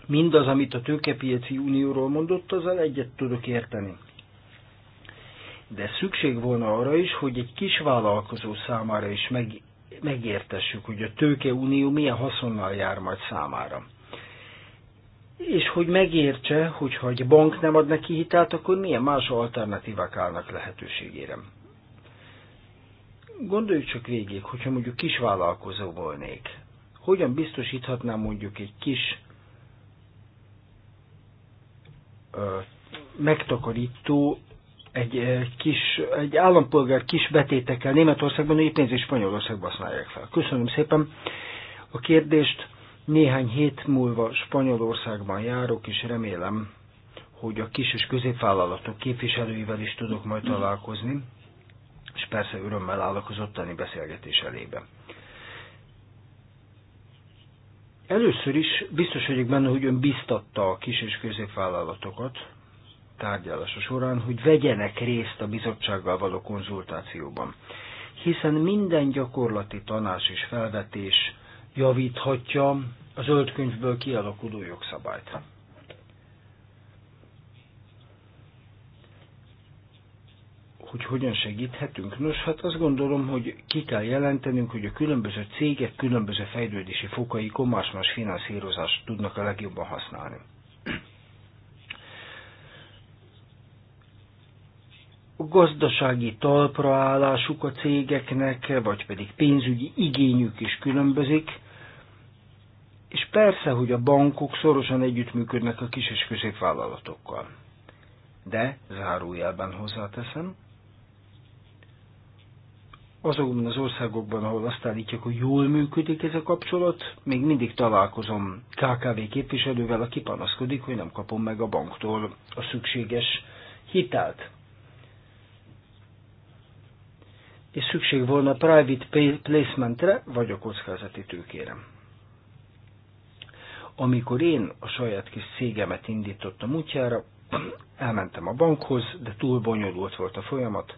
Mindaz, amit a tőkepiaci unióról mondott, azzal egyet tudok érteni. De szükség volna arra is, hogy egy kis vállalkozó számára is meg, megértessük, hogy a tőkeunió milyen haszonnal jár majd számára. És hogy megértse, hogyha egy bank nem ad neki hitelt, akkor milyen más alternatívák állnak lehetőségére gondoljuk csak végig, hogyha mondjuk kis vállalkozó volnék, hogyan biztosíthatnám mondjuk egy kis megtakarító egy, kis, egy állampolgár kis betétekkel Németországban, hogy pénz és Spanyolországban használják fel. Köszönöm szépen a kérdést. Néhány hét múlva Spanyolországban járok, és remélem, hogy a kis és középvállalatok képviselőivel is tudok majd találkozni, és persze örömmel állok az ottani beszélgetés elébe. Először is biztos vagyok benne, hogy ön biztatta a kis és középvállalatokat tárgyalása során, hogy vegyenek részt a bizottsággal való konzultációban. Hiszen minden gyakorlati tanás és felvetés javíthatja a zöldkönyvből kialakuló jogszabályt. hogy hogyan segíthetünk? Nos, hát azt gondolom, hogy ki kell jelentenünk, hogy a különböző cégek különböző fejlődési fokai más-más finanszírozást tudnak a legjobban használni. A gazdasági talpraállásuk a cégeknek, vagy pedig pénzügyi igényük is különbözik, és persze, hogy a bankok szorosan együttműködnek a kis és középvállalatokkal. De, zárójelben hozzáteszem, azokban az országokban, ahol azt állítják, hogy jól működik ez a kapcsolat, még mindig találkozom KKV képviselővel, aki panaszkodik, hogy nem kapom meg a banktól a szükséges hitelt. És szükség volna private placementre, vagy a kockázati tőkére. Amikor én a saját kis cégemet indítottam útjára, elmentem a bankhoz, de túl bonyolult volt a folyamat,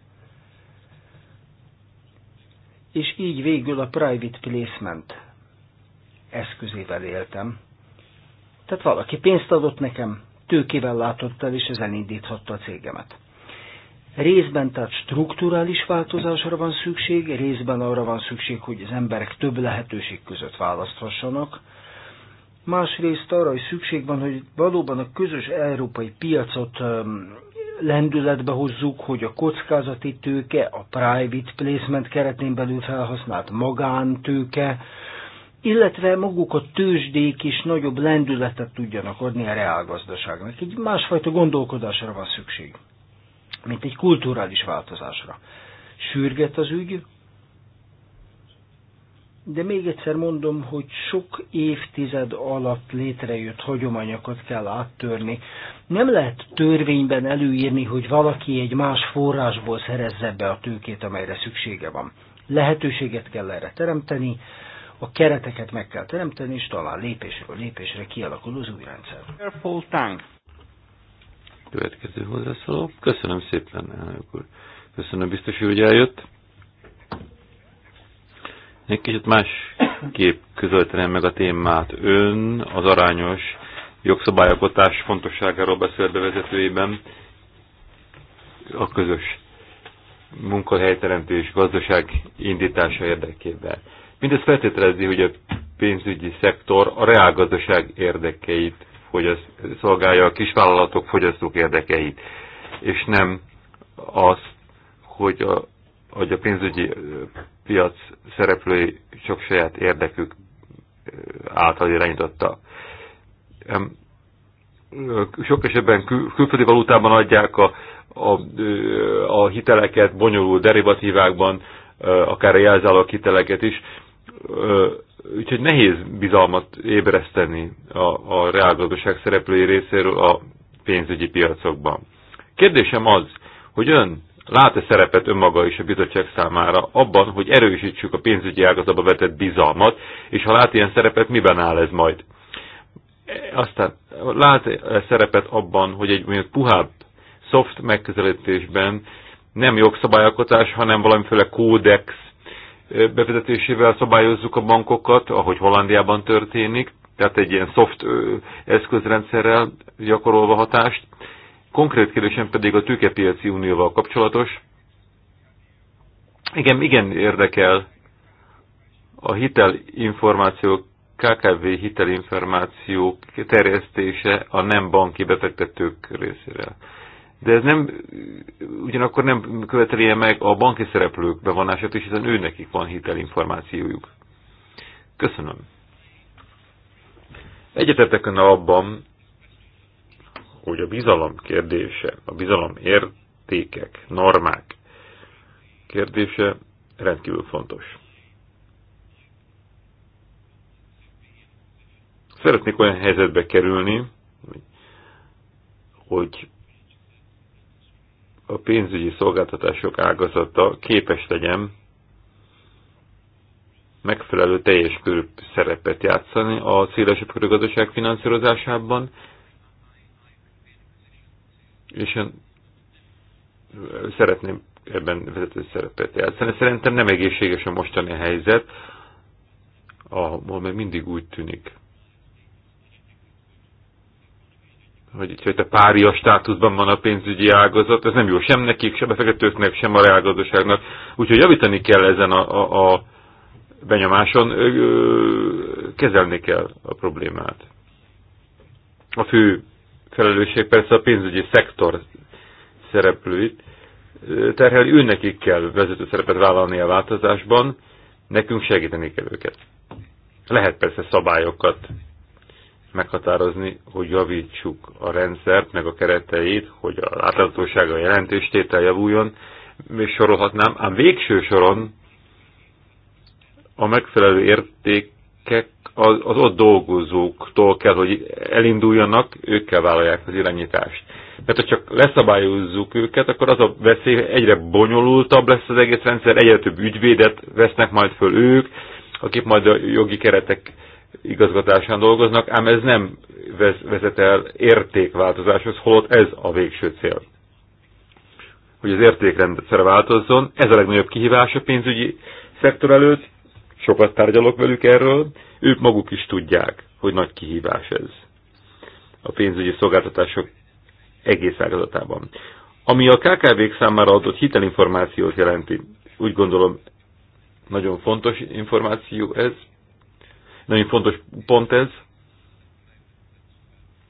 és így végül a private placement eszközével éltem. Tehát valaki pénzt adott nekem, tőkével látott el, és ez elindíthatta a cégemet. Részben tehát strukturális változásra van szükség, részben arra van szükség, hogy az emberek több lehetőség között választhassanak, másrészt arra is szükség van, hogy valóban a közös európai piacot lendületbe hozzuk, hogy a kockázati tőke, a private placement keretén belül felhasznált magántőke, illetve maguk a tőzsdék is nagyobb lendületet tudjanak adni a reálgazdaságnak. Egy másfajta gondolkodásra van szükség, mint egy kulturális változásra. Sürget az ügy, de még egyszer mondom, hogy sok évtized alatt létrejött hagyományokat kell áttörni. Nem lehet törvényben előírni, hogy valaki egy más forrásból szerezze be a tőkét, amelyre szüksége van. Lehetőséget kell erre teremteni, a kereteket meg kell teremteni, és talán lépésről lépésre kialakul az új rendszer. Következő hozzászóló. Köszönöm szépen, elnök úr. Köszönöm biztos, hogy eljött egy kicsit másképp közölteném meg a témát. Ön az arányos jogszabályalkotás fontosságáról beszélt bevezetőjében a közös munkahelyteremtés gazdaság indítása érdekében. Mindez feltételezi, hogy a pénzügyi szektor a reálgazdaság érdekeit hogy az szolgálja a kisvállalatok fogyasztók érdekeit, és nem az, hogy a hogy a pénzügyi piac szereplői sok saját érdekük által irányította. Sok esetben kül, külföldi valutában adják a, a, a hiteleket, bonyolult derivatívákban, akár a jelzáló hiteleket is, úgyhogy nehéz bizalmat ébreszteni a, a reálgazdaság szereplői részéről a pénzügyi piacokban. Kérdésem az, hogy ön lát-e szerepet önmaga is a bizottság számára abban, hogy erősítsük a pénzügyi ágazatba vetett bizalmat, és ha lát ilyen szerepet, miben áll ez majd? Aztán lát -e szerepet abban, hogy egy mondjuk puhább, soft megközelítésben nem jogszabályalkotás, hanem valamiféle kódex bevezetésével szabályozzuk a bankokat, ahogy Hollandiában történik, tehát egy ilyen soft eszközrendszerrel gyakorolva hatást, Konkrét kérdésem pedig a tőkepiaci unióval kapcsolatos. Igen, igen érdekel a hitelinformációk, KKV hitelinformációk terjesztése a nem banki befektetők részére. De ez nem, ugyanakkor nem követelje meg a banki szereplők bevonását is, hiszen őnekik van hitelinformációjuk. Köszönöm. Egyetetek abban, hogy a bizalom kérdése, a bizalom értékek, normák kérdése rendkívül fontos. Szeretnék olyan helyzetbe kerülni, hogy a pénzügyi szolgáltatások ágazata képes legyen megfelelő teljes körű szerepet játszani a szélesebb körű gazdaság finanszírozásában, és én szeretném ebben vezető szerepet játszani. Szerintem nem egészséges a mostani helyzet, ahol még mindig úgy tűnik, hogy a pária státuszban van a pénzügyi ágazat, ez nem jó sem nekik, sem befektetőknek, sem a reálgazdaságnak. Úgyhogy javítani kell ezen a, a, a benyomáson, ö, ö, kezelni kell a problémát. A fő felelősség persze a pénzügyi szektor szereplőit terheli, nekik kell vezető szerepet vállalni a változásban, nekünk segíteni kell őket. Lehet persze szabályokat meghatározni, hogy javítsuk a rendszert, meg a kereteit, hogy a láthatósága a jelentéstétel javuljon, és sorolhatnám, ám végső soron a megfelelő érték gyerekek az, az ott dolgozóktól kell, hogy elinduljanak, ők kell vállalják az irányítást. Mert ha csak leszabályozzuk őket, akkor az a veszély egyre bonyolultabb lesz az egész rendszer, egyre több ügyvédet vesznek majd föl ők, akik majd a jogi keretek igazgatásán dolgoznak, ám ez nem vezet el értékváltozáshoz, holott ez a végső cél. Hogy az értékrendszer változzon, ez a legnagyobb kihívás a pénzügyi szektor előtt, sokat tárgyalok velük erről, ők maguk is tudják, hogy nagy kihívás ez a pénzügyi szolgáltatások egész ágazatában. Ami a KKV-k számára adott hitelinformációt jelenti, úgy gondolom nagyon fontos információ ez, nagyon fontos pont ez.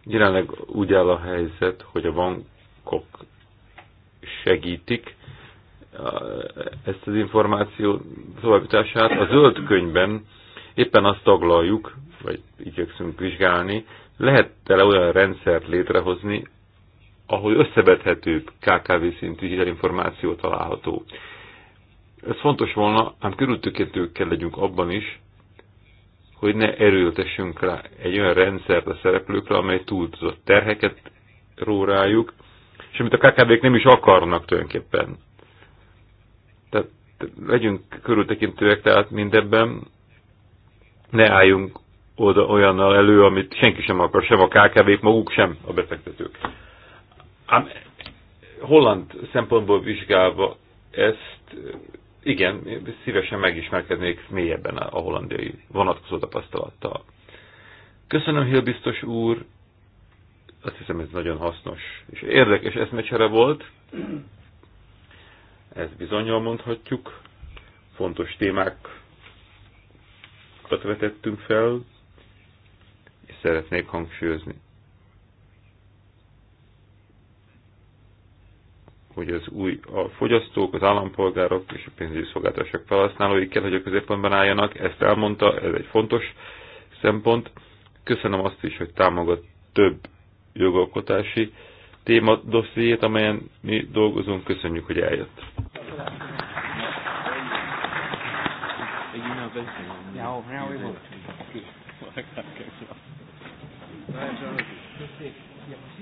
Jelenleg úgy áll a helyzet, hogy a bankok segítik ezt az információ továbbítását. A zöld könyvben éppen azt taglaljuk, vagy igyekszünk vizsgálni, lehet-e olyan rendszert létrehozni, ahol összevethető KKV szintű információ található. Ez fontos volna, ám körültökétők kell legyünk abban is, hogy ne erőltessünk rá egy olyan rendszert a szereplőkre, amely túlzott terheket rórájuk, és amit a KKV-k nem is akarnak tulajdonképpen. Tehát legyünk körültekintőek tehát mindebben, ne álljunk oda olyannal elő, amit senki sem akar, sem a KKV-k maguk, sem a befektetők. Ám holland szempontból vizsgálva ezt, igen, szívesen megismerkednék mélyebben a hollandiai vonatkozó tapasztalattal. Köszönöm, Hill biztos úr, azt hiszem ez nagyon hasznos és érdekes eszmecsere volt. Ezt bizonyal mondhatjuk. Fontos témákat vetettünk fel, és szeretnék hangsúlyozni, hogy az új, a fogyasztók, az állampolgárok és a pénzügyi szolgáltatások felhasználói kell, hogy a középpontban álljanak. Ezt elmondta, ez egy fontos szempont. Köszönöm azt is, hogy támogat több jogalkotási téma dossziét, amelyen mi dolgozunk. Köszönjük, hogy eljött. Now, now we will. Thank you.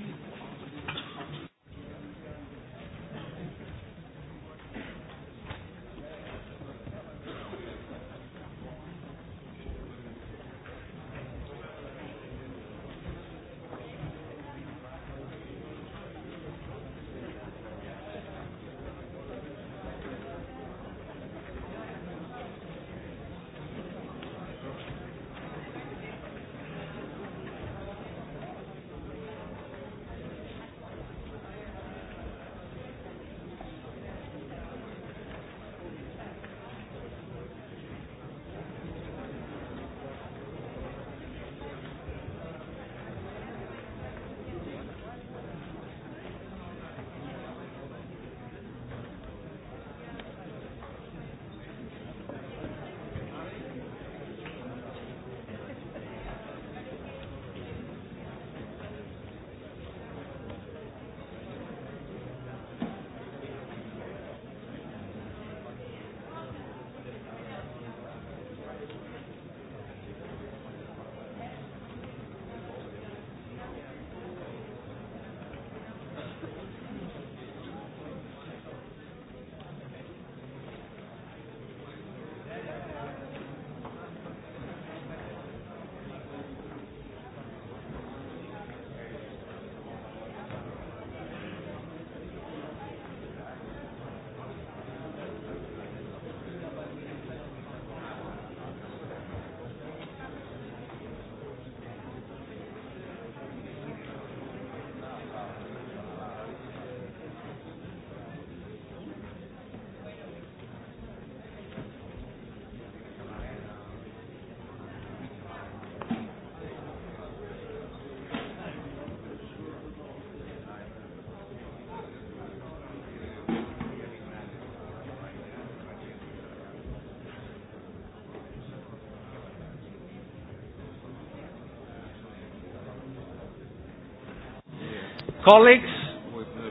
Colleagues,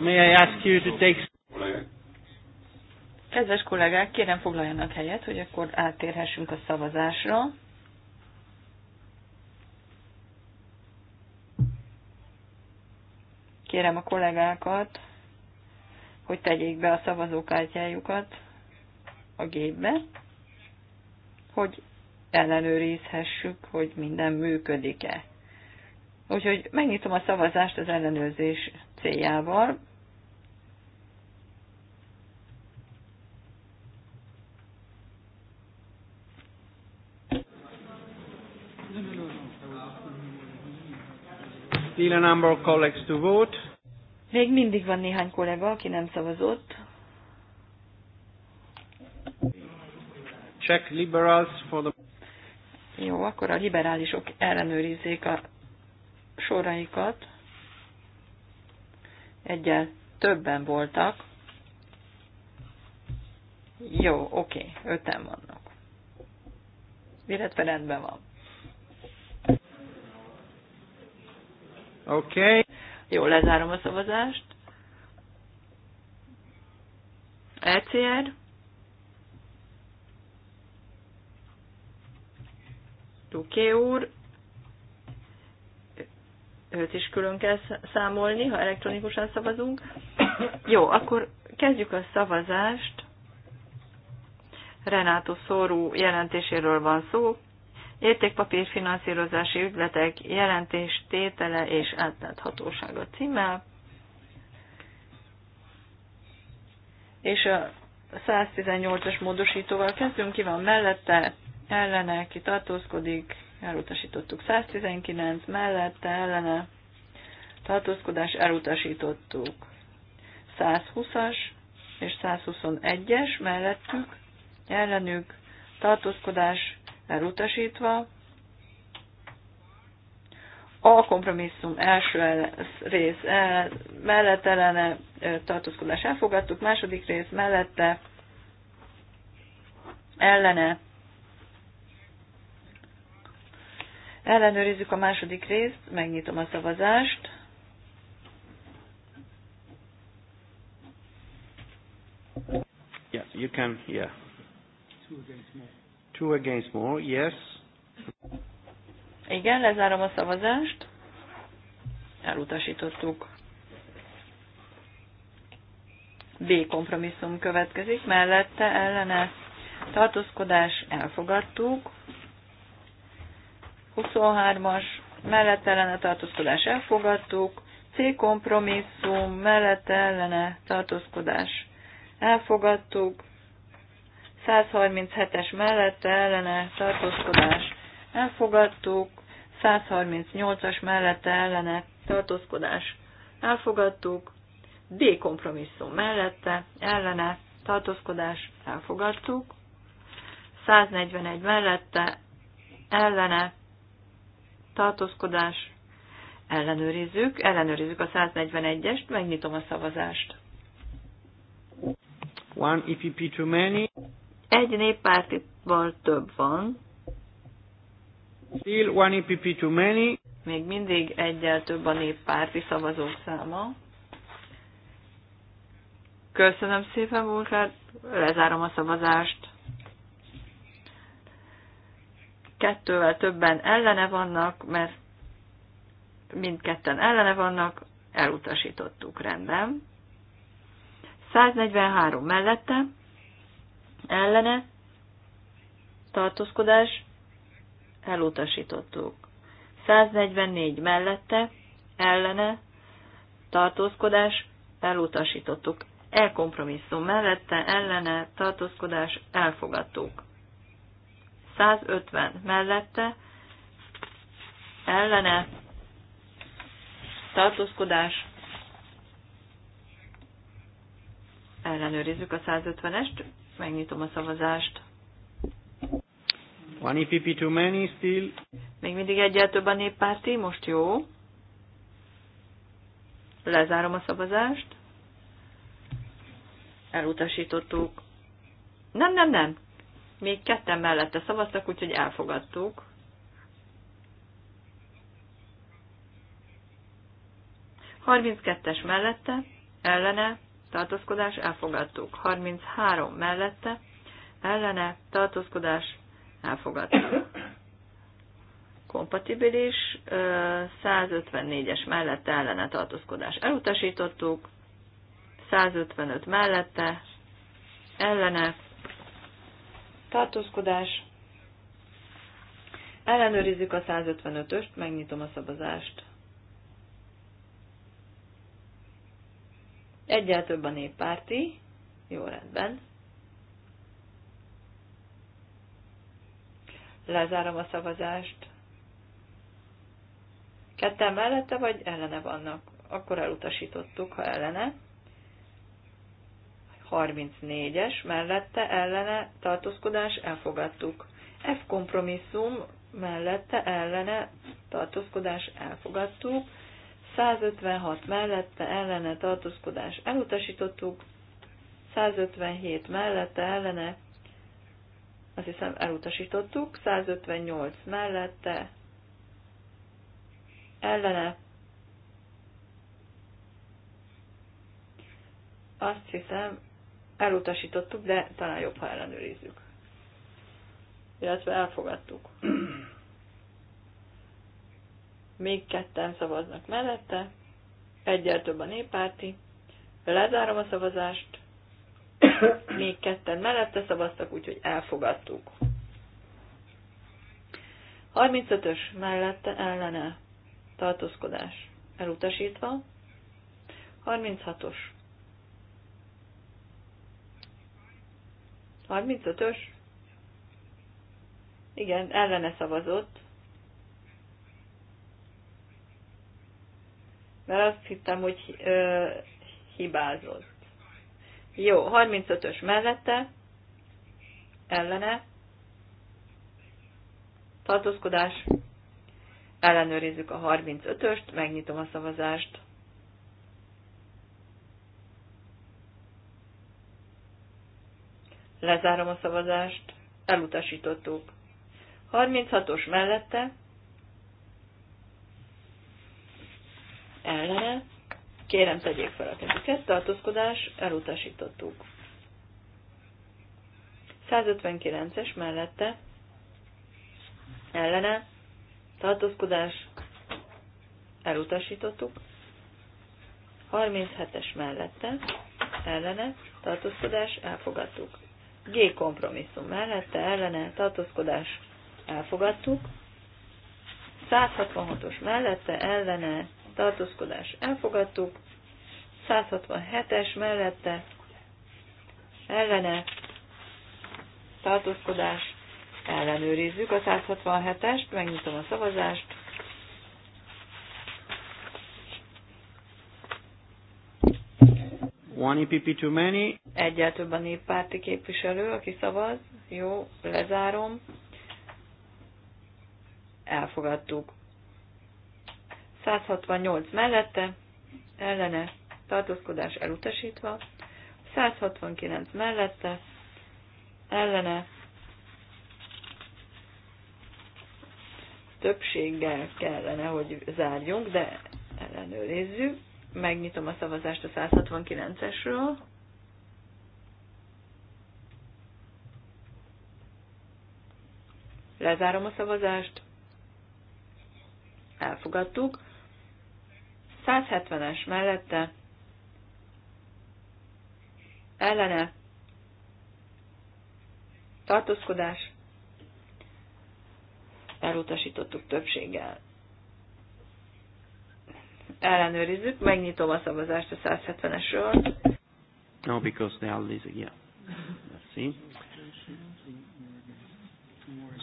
may I ask you to take... Kedves kollégák, kérem foglaljanak helyet, hogy akkor áttérhessünk a szavazásra. Kérem a kollégákat, hogy tegyék be a szavazókártyájukat a gépbe, hogy ellenőrizhessük, hogy minden működik-e. Úgyhogy megnyitom a szavazást az ellenőrzés céljával. Still a number of colleagues to vote. Még mindig van néhány kollega, aki nem szavazott. Check liberals for the... Jó, akkor a liberálisok ellenőrizzék a soraikat, egyel többen voltak. Jó, oké, öten vannak. Illetve rendben van. Oké. Okay. Jó, lezárom a szavazást. ECR. Tuké úr őt is külön kell számolni, ha elektronikusan szavazunk. Jó, akkor kezdjük a szavazást. Renátó Szórú jelentéséről van szó. Értékpapírfinanszírozási ügyletek jelentés tétele és átláthatósága címmel. És a 118-as módosítóval kezdünk, ki van mellette, ellene, ki tartózkodik, elutasítottuk. 119 mellette ellene tartózkodás elutasítottuk. 120-as és 121-es mellettük ellenük tartózkodás elutasítva. A kompromisszum első rész e, mellett ellene e, tartózkodás elfogadtuk, második rész mellette ellene Ellenőrizzük a második részt, megnyitom a szavazást. Yeah, you can, yeah. Two against more. Two against more, yes. Igen, lezárom a szavazást. Elutasítottuk. B kompromisszum következik, mellette ellene tartózkodás elfogadtuk. 23-as mellett ellene tartózkodás elfogadtuk, C kompromisszum mellett ellene tartózkodás elfogadtuk, 137-es mellette ellene tartózkodás elfogadtuk, 138-as mellette ellene tartózkodás elfogadtuk, D kompromisszum mellette ellene tartózkodás elfogadtuk, 141 mellette ellene tartózkodás, ellenőrizzük, ellenőrizzük a 141-est, megnyitom a szavazást. One EPP too many. Egy néppártival több van. Still one EPP too many. Még mindig egyel több a néppárti szavazók száma. Köszönöm szépen, Vulkár. Lezárom a szavazást kettővel többen ellene vannak, mert mindketten ellene vannak, elutasítottuk rendben. 143 mellette, ellene, tartózkodás, elutasítottuk. 144 mellette, ellene, tartózkodás, elutasítottuk. E kompromisszum mellette, ellene, tartózkodás, elfogadtuk. 150 mellette ellene tartózkodás ellenőrizzük a 150-est, megnyitom a szavazást. One EPP too many still. Még mindig egyel több a néppárti, most jó. Lezárom a szavazást. Elutasítottuk. Nem, nem, nem még ketten mellette szavaztak, úgyhogy elfogadtuk. Harminckettes mellette, ellene, tartózkodás, elfogadtuk. három mellette, ellene, tartózkodás, elfogadtuk. Kompatibilis, 154-es mellette, ellene, tartózkodás, elutasítottuk. 155 mellette, ellene, tartózkodás. Ellenőrizzük a 155-öst, megnyitom a szavazást. Egyel több a néppárti. Jó rendben. Lezárom a szavazást. Ketten mellette vagy ellene vannak? Akkor elutasítottuk, ha ellene. 34-es, mellette ellene tartózkodás elfogadtuk. F kompromisszum, mellette ellene tartózkodás elfogadtuk. 156 mellette ellene tartózkodás elutasítottuk. 157 mellette ellene, azt hiszem elutasítottuk. 158 mellette ellene azt hiszem elutasítottuk, de talán jobb, ha ellenőrizzük. Illetve elfogadtuk. Még ketten szavaznak mellette, egyel több a néppárti, lezárom a szavazást, még ketten mellette szavaztak, úgyhogy elfogadtuk. 35-ös mellette ellene tartózkodás elutasítva, 36-os 35-ös? Igen, ellene szavazott. Mert azt hittem, hogy ö, hibázott. Jó, 35-ös mellette, ellene, tartózkodás, ellenőrizzük a 35-öst, megnyitom a szavazást. Lezárom a szavazást. Elutasítottuk. 36-os mellette. Ellene. Kérem, tegyék fel a kezüket. Tartózkodás. Elutasítottuk. 159-es mellette. Ellene. Tartózkodás. Elutasítottuk. 37-es mellette. Ellene. Tartózkodás. Elfogadtuk. G kompromisszum mellette ellene tartózkodás elfogadtuk. 166-os mellette ellene tartózkodás elfogadtuk. 167-es mellette ellene tartózkodás ellenőrizzük a 167-est, megnyitom a szavazást. One EPP too many. Egyel több a néppárti képviselő, aki szavaz. Jó, lezárom. Elfogadtuk. 168 mellette, ellene, tartózkodás elutasítva. 169 mellette, ellene, többséggel kellene, hogy zárjunk, de ellenőrizzük. Megnyitom a szavazást a 169-esről. Lezárom a szavazást. Elfogadtuk. 170-es mellette. Ellene. Tartózkodás. Elutasítottuk többséggel ellenőrizzük, megnyitom a szavazást a 170-esről. No, because they are losing, yeah. see.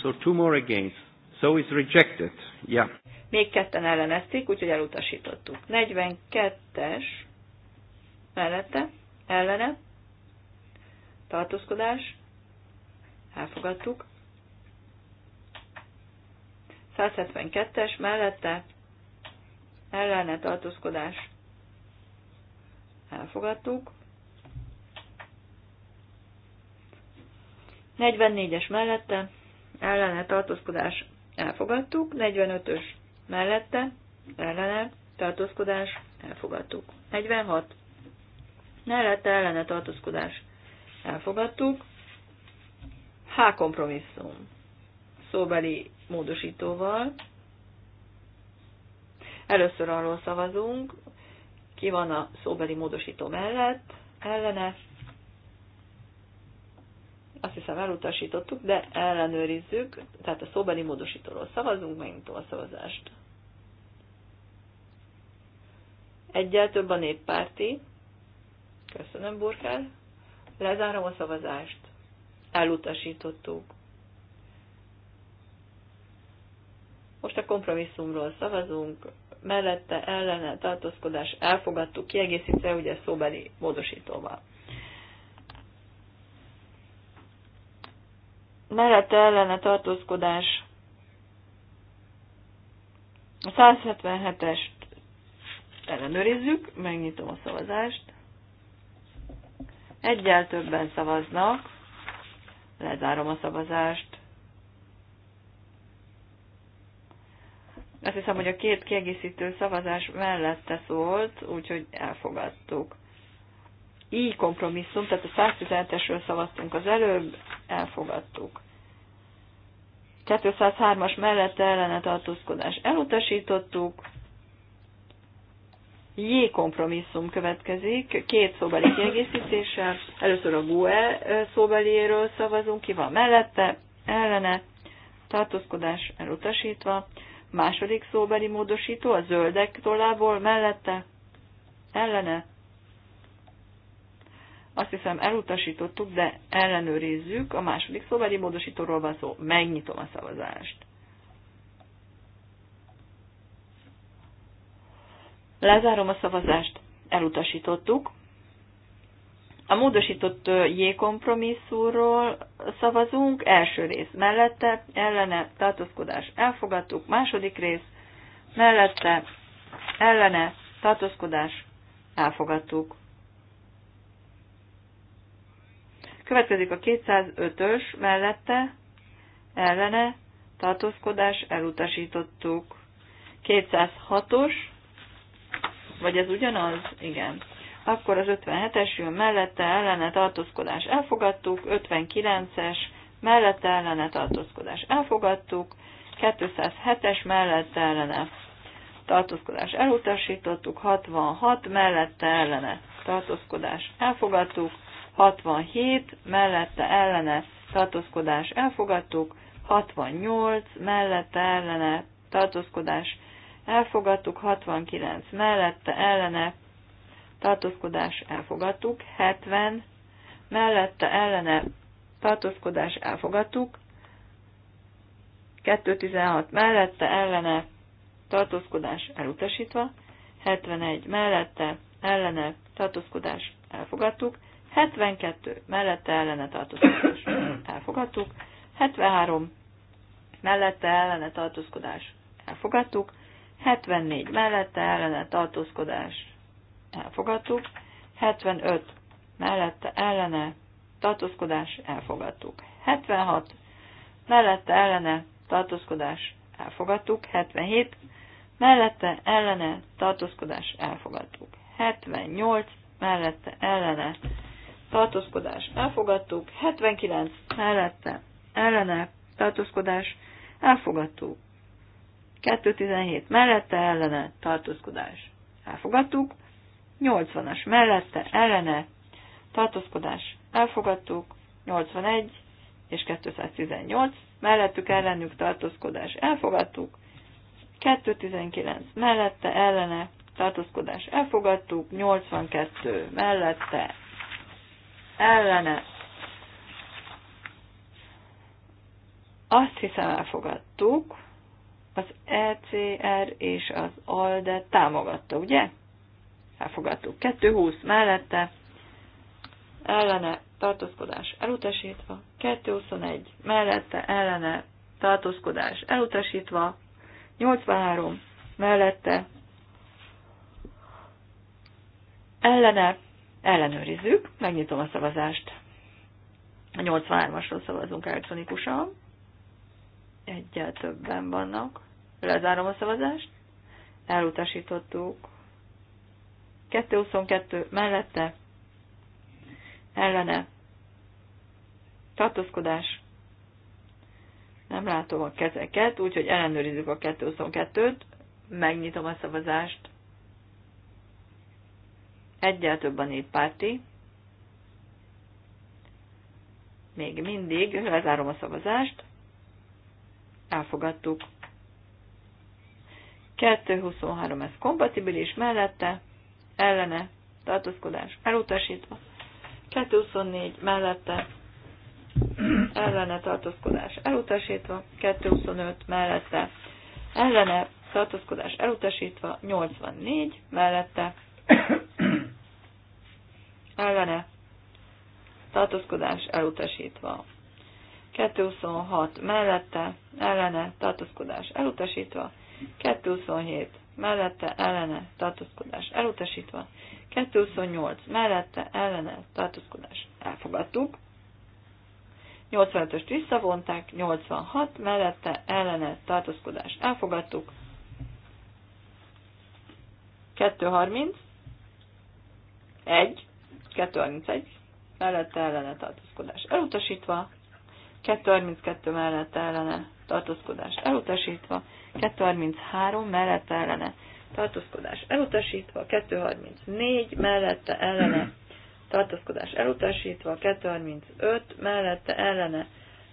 So two more against. So it's rejected. Yeah. Még ketten ellenezték, úgyhogy elutasítottuk. 42-es mellette, ellene, tartózkodás, elfogadtuk. 172-es mellette, ellene tartózkodás elfogadtuk. 44-es mellette ellene tartózkodás elfogadtuk, 45-ös mellette ellene tartózkodás elfogadtuk. 46 mellette ellene tartózkodás elfogadtuk. H kompromisszum szóbeli módosítóval Először arról szavazunk, ki van a szóbeli módosító mellett, ellene. Azt hiszem elutasítottuk, de ellenőrizzük, tehát a szóbeli módosítóról szavazunk, megint a szavazást. Egyel több a néppárti. Köszönöm, Burkel. Lezárom a szavazást. Elutasítottuk. Most a kompromisszumról szavazunk, mellette ellene tartózkodás elfogadtuk, kiegészítve ugye szóbeli módosítóval. Mellette ellene tartózkodás a 177-est ellenőrizzük, megnyitom a szavazást. Egyel többen szavaznak, lezárom a szavazást. Azt hiszem, hogy a két kiegészítő szavazás mellette szólt, úgyhogy elfogadtuk. Így kompromisszum, tehát a 117-esről szavaztunk az előbb, elfogadtuk. 203-as mellette ellene tartózkodás elutasítottuk. J kompromisszum következik, két szóbeli kiegészítéssel. Először a GUE szóbeliéről szavazunk, ki van mellette, ellene, tartózkodás elutasítva. Második szóbeli módosító a zöldek tollából mellette ellene. Azt hiszem elutasítottuk, de ellenőrizzük. A második szóbeli módosítóról van szó. Megnyitom a szavazást. Lezárom a szavazást. Elutasítottuk. A módosított J kompromisszúról szavazunk, első rész mellette, ellene, tartózkodás elfogadtuk, második rész mellette, ellene, tartózkodás elfogadtuk. Következik a 205-ös mellette, ellene, tartózkodás elutasítottuk. 206-os, vagy ez ugyanaz? Igen akkor az 57-es jön mellette ellene tartózkodás elfogadtuk, 59-es mellette ellene tartózkodás elfogadtuk, 207-es mellette ellene tartózkodás elutasítottuk, 66 mellette ellene tartózkodás elfogadtuk, 67 mellette ellene tartózkodás elfogadtuk, 68 mellette ellene tartózkodás elfogadtuk, 69 mellette ellene tartózkodás elfogadtuk, 70 mellette ellene tartózkodás elfogadtuk, 216 mellette ellene tartózkodás elutasítva, 71 mellette ellene tartózkodás elfogadtuk, 72 mellette ellene tartózkodás elfogadtuk, 73 mellette ellene tartózkodás elfogadtuk, 74 mellette ellene tartózkodás elfogadtuk, 75 mellette ellene tartózkodás elfogadtuk, 76 mellette ellene tartózkodás elfogadtuk, 77 mellette ellene tartózkodás elfogadtuk, 78 mellette ellene tartózkodás elfogadtuk, 79 mellette ellene tartózkodás elfogadtuk, 217 mellette ellene tartózkodás elfogadtuk, 80-as mellette, ellene, tartózkodás, elfogadtuk, 81 és 218, mellettük ellenük tartózkodás, elfogadtuk, 219 mellette, ellene, tartózkodás, elfogadtuk, 82 mellette, ellene, azt hiszem elfogadtuk, az ECR és az ALDE támogatta, ugye? elfogadtuk. 220 mellette ellene tartózkodás elutasítva, 221 mellette ellene tartózkodás elutasítva, 83 mellette ellene ellenőrizzük, megnyitom a szavazást. A 83-asról szavazunk elektronikusan. Egyel többen vannak. Lezárom a szavazást. Elutasítottuk. 222 mellette ellene tartózkodás. Nem látom a kezeket, úgyhogy ellenőrizzük a 222-t, megnyitom a szavazást. Egyel több a néppárti. Még mindig lezárom a szavazást. Elfogadtuk. 223 ez kompatibilis mellette, ellene tartózkodás elutasítva, 224 mellette ellene tartózkodás elutasítva, 225 mellette ellene tartózkodás elutasítva, 84 mellette ellene tartózkodás elutasítva. 226 mellette, ellene, tartózkodás elutasítva. 227 mellette ellene tartózkodás elutasítva, 228 mellette ellene tartózkodás elfogadtuk, 85-öst visszavonták, 86 mellette ellene tartózkodás elfogadtuk, 230, 1, 231 mellette ellene tartózkodás elutasítva, 232 mellette ellene tartózkodás elutasítva, 233 mellette ellene tartózkodás elutasítva, 234 mellette ellene tartózkodás elutasítva, 235 mellette ellene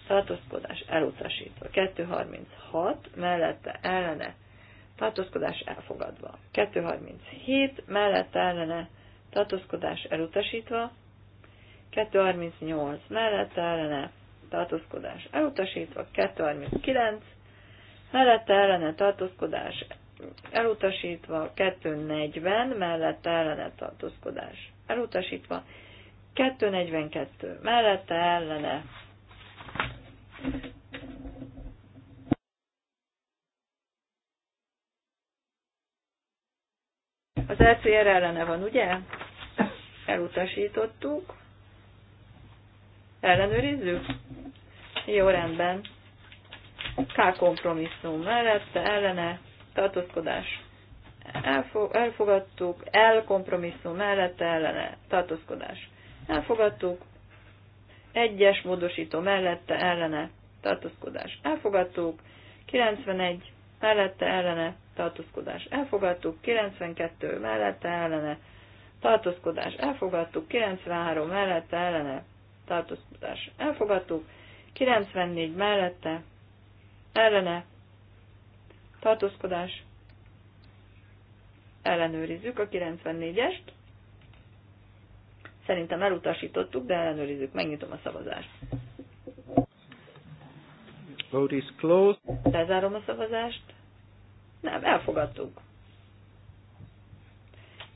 tartózkodás elutasítva, 236 mellette ellene tartózkodás elfogadva, 237 mellette ellene tartózkodás elutasítva, 238 mellette ellene tartózkodás elutasítva, 239 mellette ellene tartózkodás elutasítva, 240 mellette ellene tartózkodás elutasítva, 242 mellette ellene Az LCR e ellene van, ugye? Elutasítottuk. Ellenőrizzük? Jó, rendben. K kompromisszum mellette, ellene, tartózkodás elfogadtuk, L kompromisszum mellette, ellene, tartózkodás elfogadtuk, egyes módosító mellette, ellene, tartózkodás elfogadtuk, 91 mellette, ellene, tartózkodás elfogadtuk, 92 mellette, ellene, tartózkodás elfogadtuk, 93 mellette, ellene, tartózkodás elfogadtuk, 94 mellette, ellene tartózkodás ellenőrizzük a 94-est. Szerintem elutasítottuk, de ellenőrizzük. Megnyitom a szavazást. Vote is closed. Lezárom a szavazást. Nem, elfogadtuk.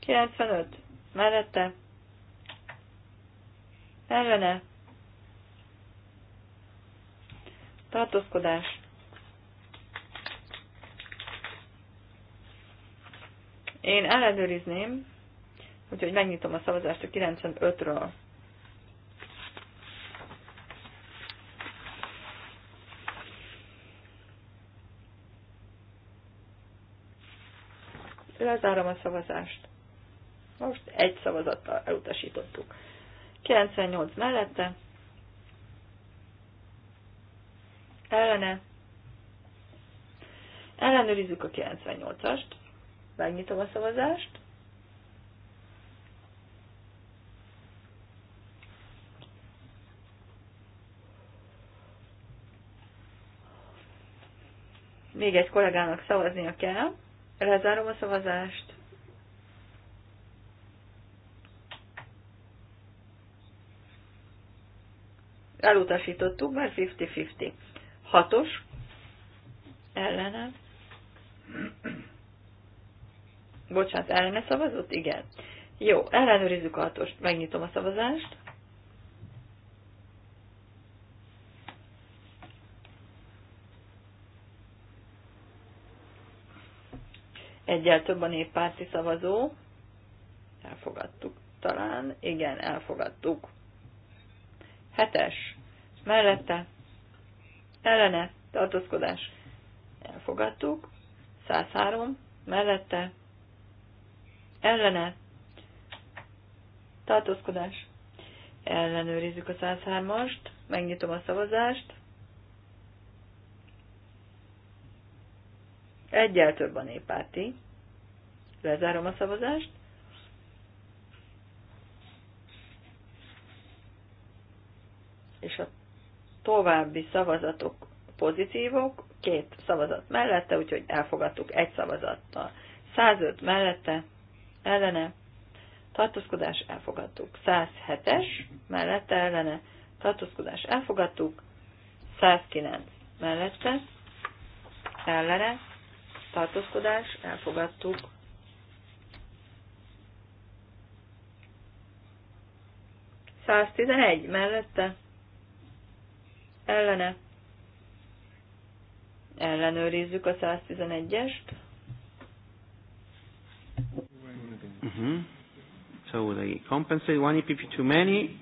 95. Mellette. Ellene. Tartózkodás. Én ellenőrizném, úgyhogy megnyitom a szavazást a 95-ről. Lezárom a szavazást. Most egy szavazattal elutasítottuk. 98 mellette, ellene, ellenőrizzük a 98-ast, Megnyitom a szavazást. Még egy kollégának szavaznia kell. Lezárom a szavazást. elutasítottuk, már 50-50. Hatos, Ellenem. Bocsánat, ellene szavazott? Igen. Jó, ellenőrizzük a hatost. Megnyitom a szavazást. Egyel több a néppárti szavazó. Elfogadtuk talán. Igen, elfogadtuk. Hetes. Mellette. Ellene. Tartózkodás. Elfogadtuk. 103. Mellette ellene tartózkodás. Ellenőrizzük a 103-ast, megnyitom a szavazást. Egyel több a néppárti. Lezárom a szavazást. És a további szavazatok pozitívok, két szavazat mellette, úgyhogy elfogadtuk egy szavazattal. 105 mellette, ellene tartózkodás elfogadtuk. 107-es mellette ellene tartózkodás elfogadtuk. 109 mellette ellene tartózkodás elfogadtuk. Száztizenegy mellette ellene ellenőrizzük a 111-est. Mm-hmm. So they compensate one EPP too many.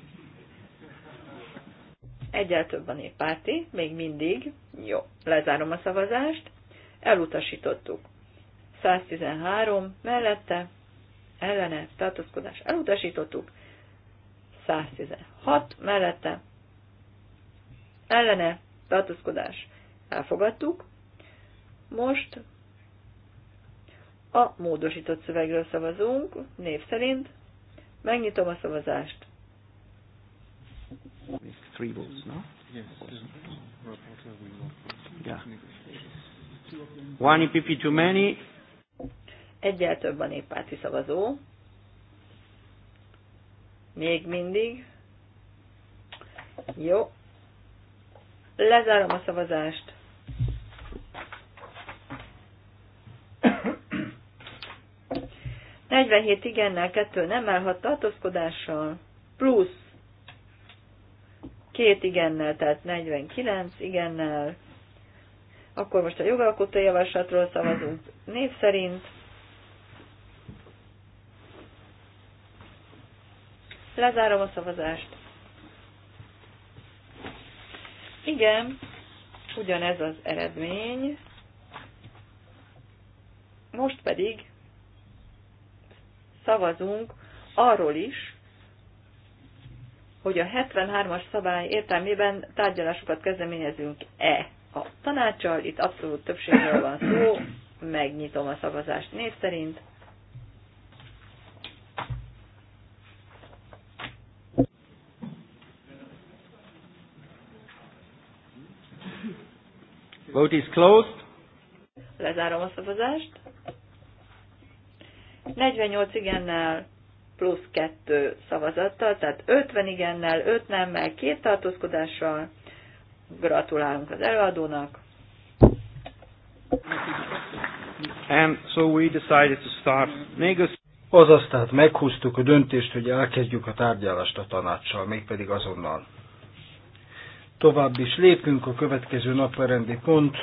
Egyel több a néppárti, még mindig. Jó, lezárom a szavazást. Elutasítottuk. 113 mellette, ellene, tartózkodás elutasítottuk. 116 mellette, ellene, tartózkodás elfogadtuk. Most a módosított szövegről szavazunk, név szerint. Megnyitom a szavazást. Three votes, no? Yeah. One EPP too many. Egyel több a néppárti szavazó. Még mindig. Jó. Lezárom a szavazást. 47 igennel, 2 nemmel, 6 tartózkodással, plusz 2 igennel, tehát 49 igennel. Akkor most a jogalkotó javaslatról szavazunk név szerint. Lezárom a szavazást. Igen, ugyanez az eredmény. Most pedig szavazunk arról is, hogy a 73-as szabály értelmében tárgyalásokat kezdeményezünk-e a tanácssal. Itt abszolút többségről van szó, megnyitom a szavazást név szerint. Vote is closed. Lezárom a szavazást. 48 igennel plusz 2 szavazattal, tehát 50 igennel, 5 nemmel, két tartózkodással. Gratulálunk az előadónak. And so we decided to start Azaz tehát meghúztuk a döntést, hogy elkezdjük a tárgyalást a tanácssal, mégpedig azonnal. Tovább is lépünk a következő naprendi pont.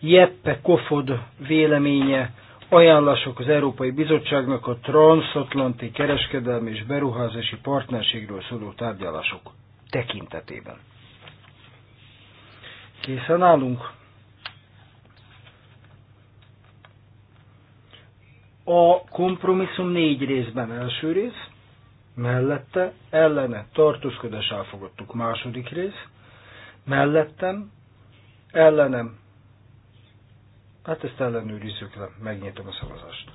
Jeppe Kofod véleménye ajánlások az Európai Bizottságnak a transatlanti kereskedelmi és beruházási partnerségről szóló tárgyalások tekintetében. Készen állunk? A kompromisszum négy részben első rész, mellette ellene tartózkodás elfogadtuk második rész, mellettem ellenem Hát ezt ellenőrizzük le, megnyitom a szavazást.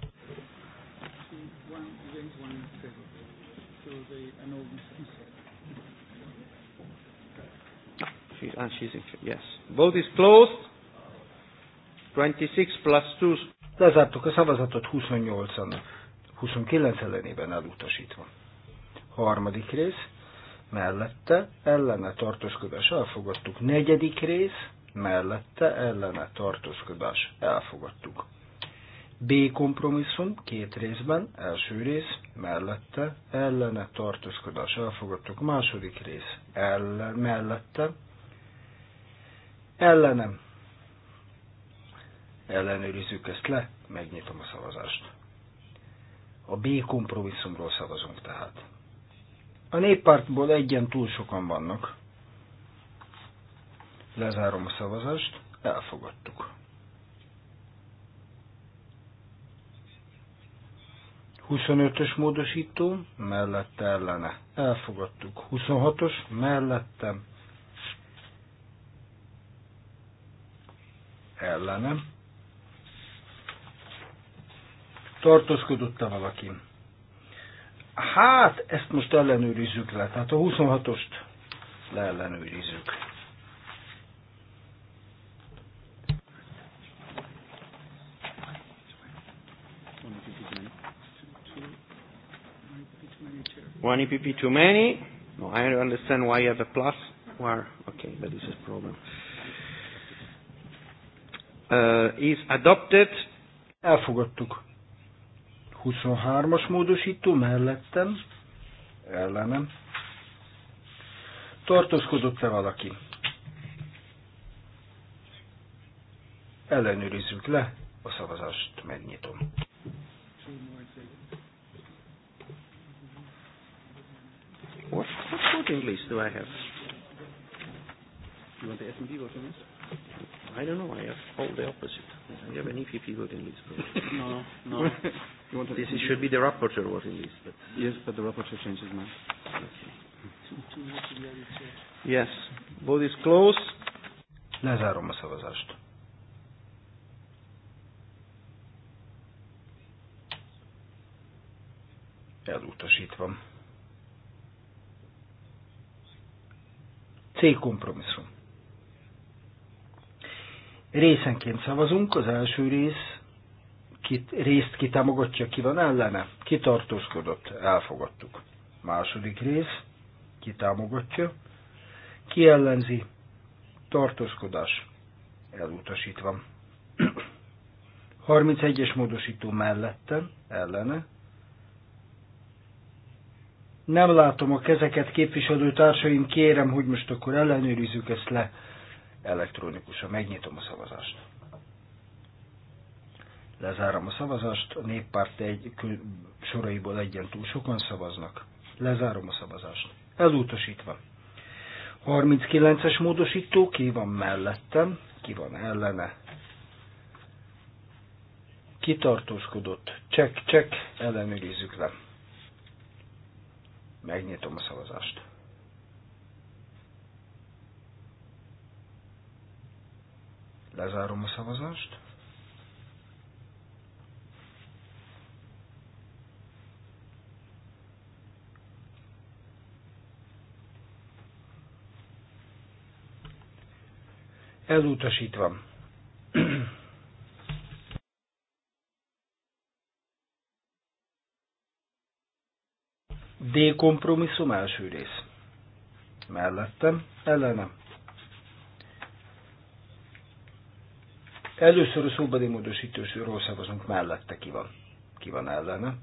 and ah, she's in, yes. Vote is closed. 26 plus 2. Lezártuk a szavazatot 28-an, 29 ellenében elutasítva. Harmadik rész, mellette, ellene tartózkodás elfogadtuk. Negyedik rész, mellette ellene tartózkodás elfogadtuk. B kompromisszum két részben, első rész mellette ellene tartózkodás elfogadtuk, második rész ellen, mellette ellenem ellenőrizzük ezt le, megnyitom a szavazást. A B kompromisszumról szavazunk tehát. A néppártból egyen túl sokan vannak. Lezárom a szavazást, elfogadtuk. 25-ös módosító, mellette ellene. Elfogadtuk. 26-os, mellettem. Ellene. Tartózkodott-e valaki? Hát, ezt most ellenőrizzük le. Tehát a 26-ost leellenőrizzük. One EPP too many. No, I don't understand why you have a plus. Where? Okay, that is a problem. Uh, is adopted. Elfogadtuk. 23-as módosító mellettem, ellenem. Tartózkodott-e valaki? Ellenőrizzük le, a szavazást megnyitom. voting do I have? You want the S&P voting I don't know. I have all the opposite. Do you have any FIFI voting list. no, no, no. you want this should be the rapporteur voting list. But yes, but the rapporteur changes mine. Okay. Yes. Vote is closed. Lezárom a szavazást. C kompromisszum. Részenként szavazunk, az első rész kit, részt kitámogatja, ki van ellene, kitartózkodott, elfogadtuk. Második rész, kitámogatja, ki ellenzi, tartózkodás, elutasítva. 31-es módosító mellette, ellene, nem látom a kezeket képviselő társaim, kérem, hogy most akkor ellenőrizzük ezt le elektronikusan. Megnyitom a szavazást. Lezárom a szavazást, a néppárt egy, soraiból egyen túl sokan szavaznak. Lezárom a szavazást. Elutasítva. 39-es módosító, ki van mellettem, ki van ellene. Kitartóskodott. Csek, csek, ellenőrizzük le. Megnyitom a szavazást. Lezárom a szavazást. Elutasítva. D kompromisszum első rész. Mellettem, ellenem. Először a szóbeli módosítősről szavazunk, mellette ki van. Ki van ellene?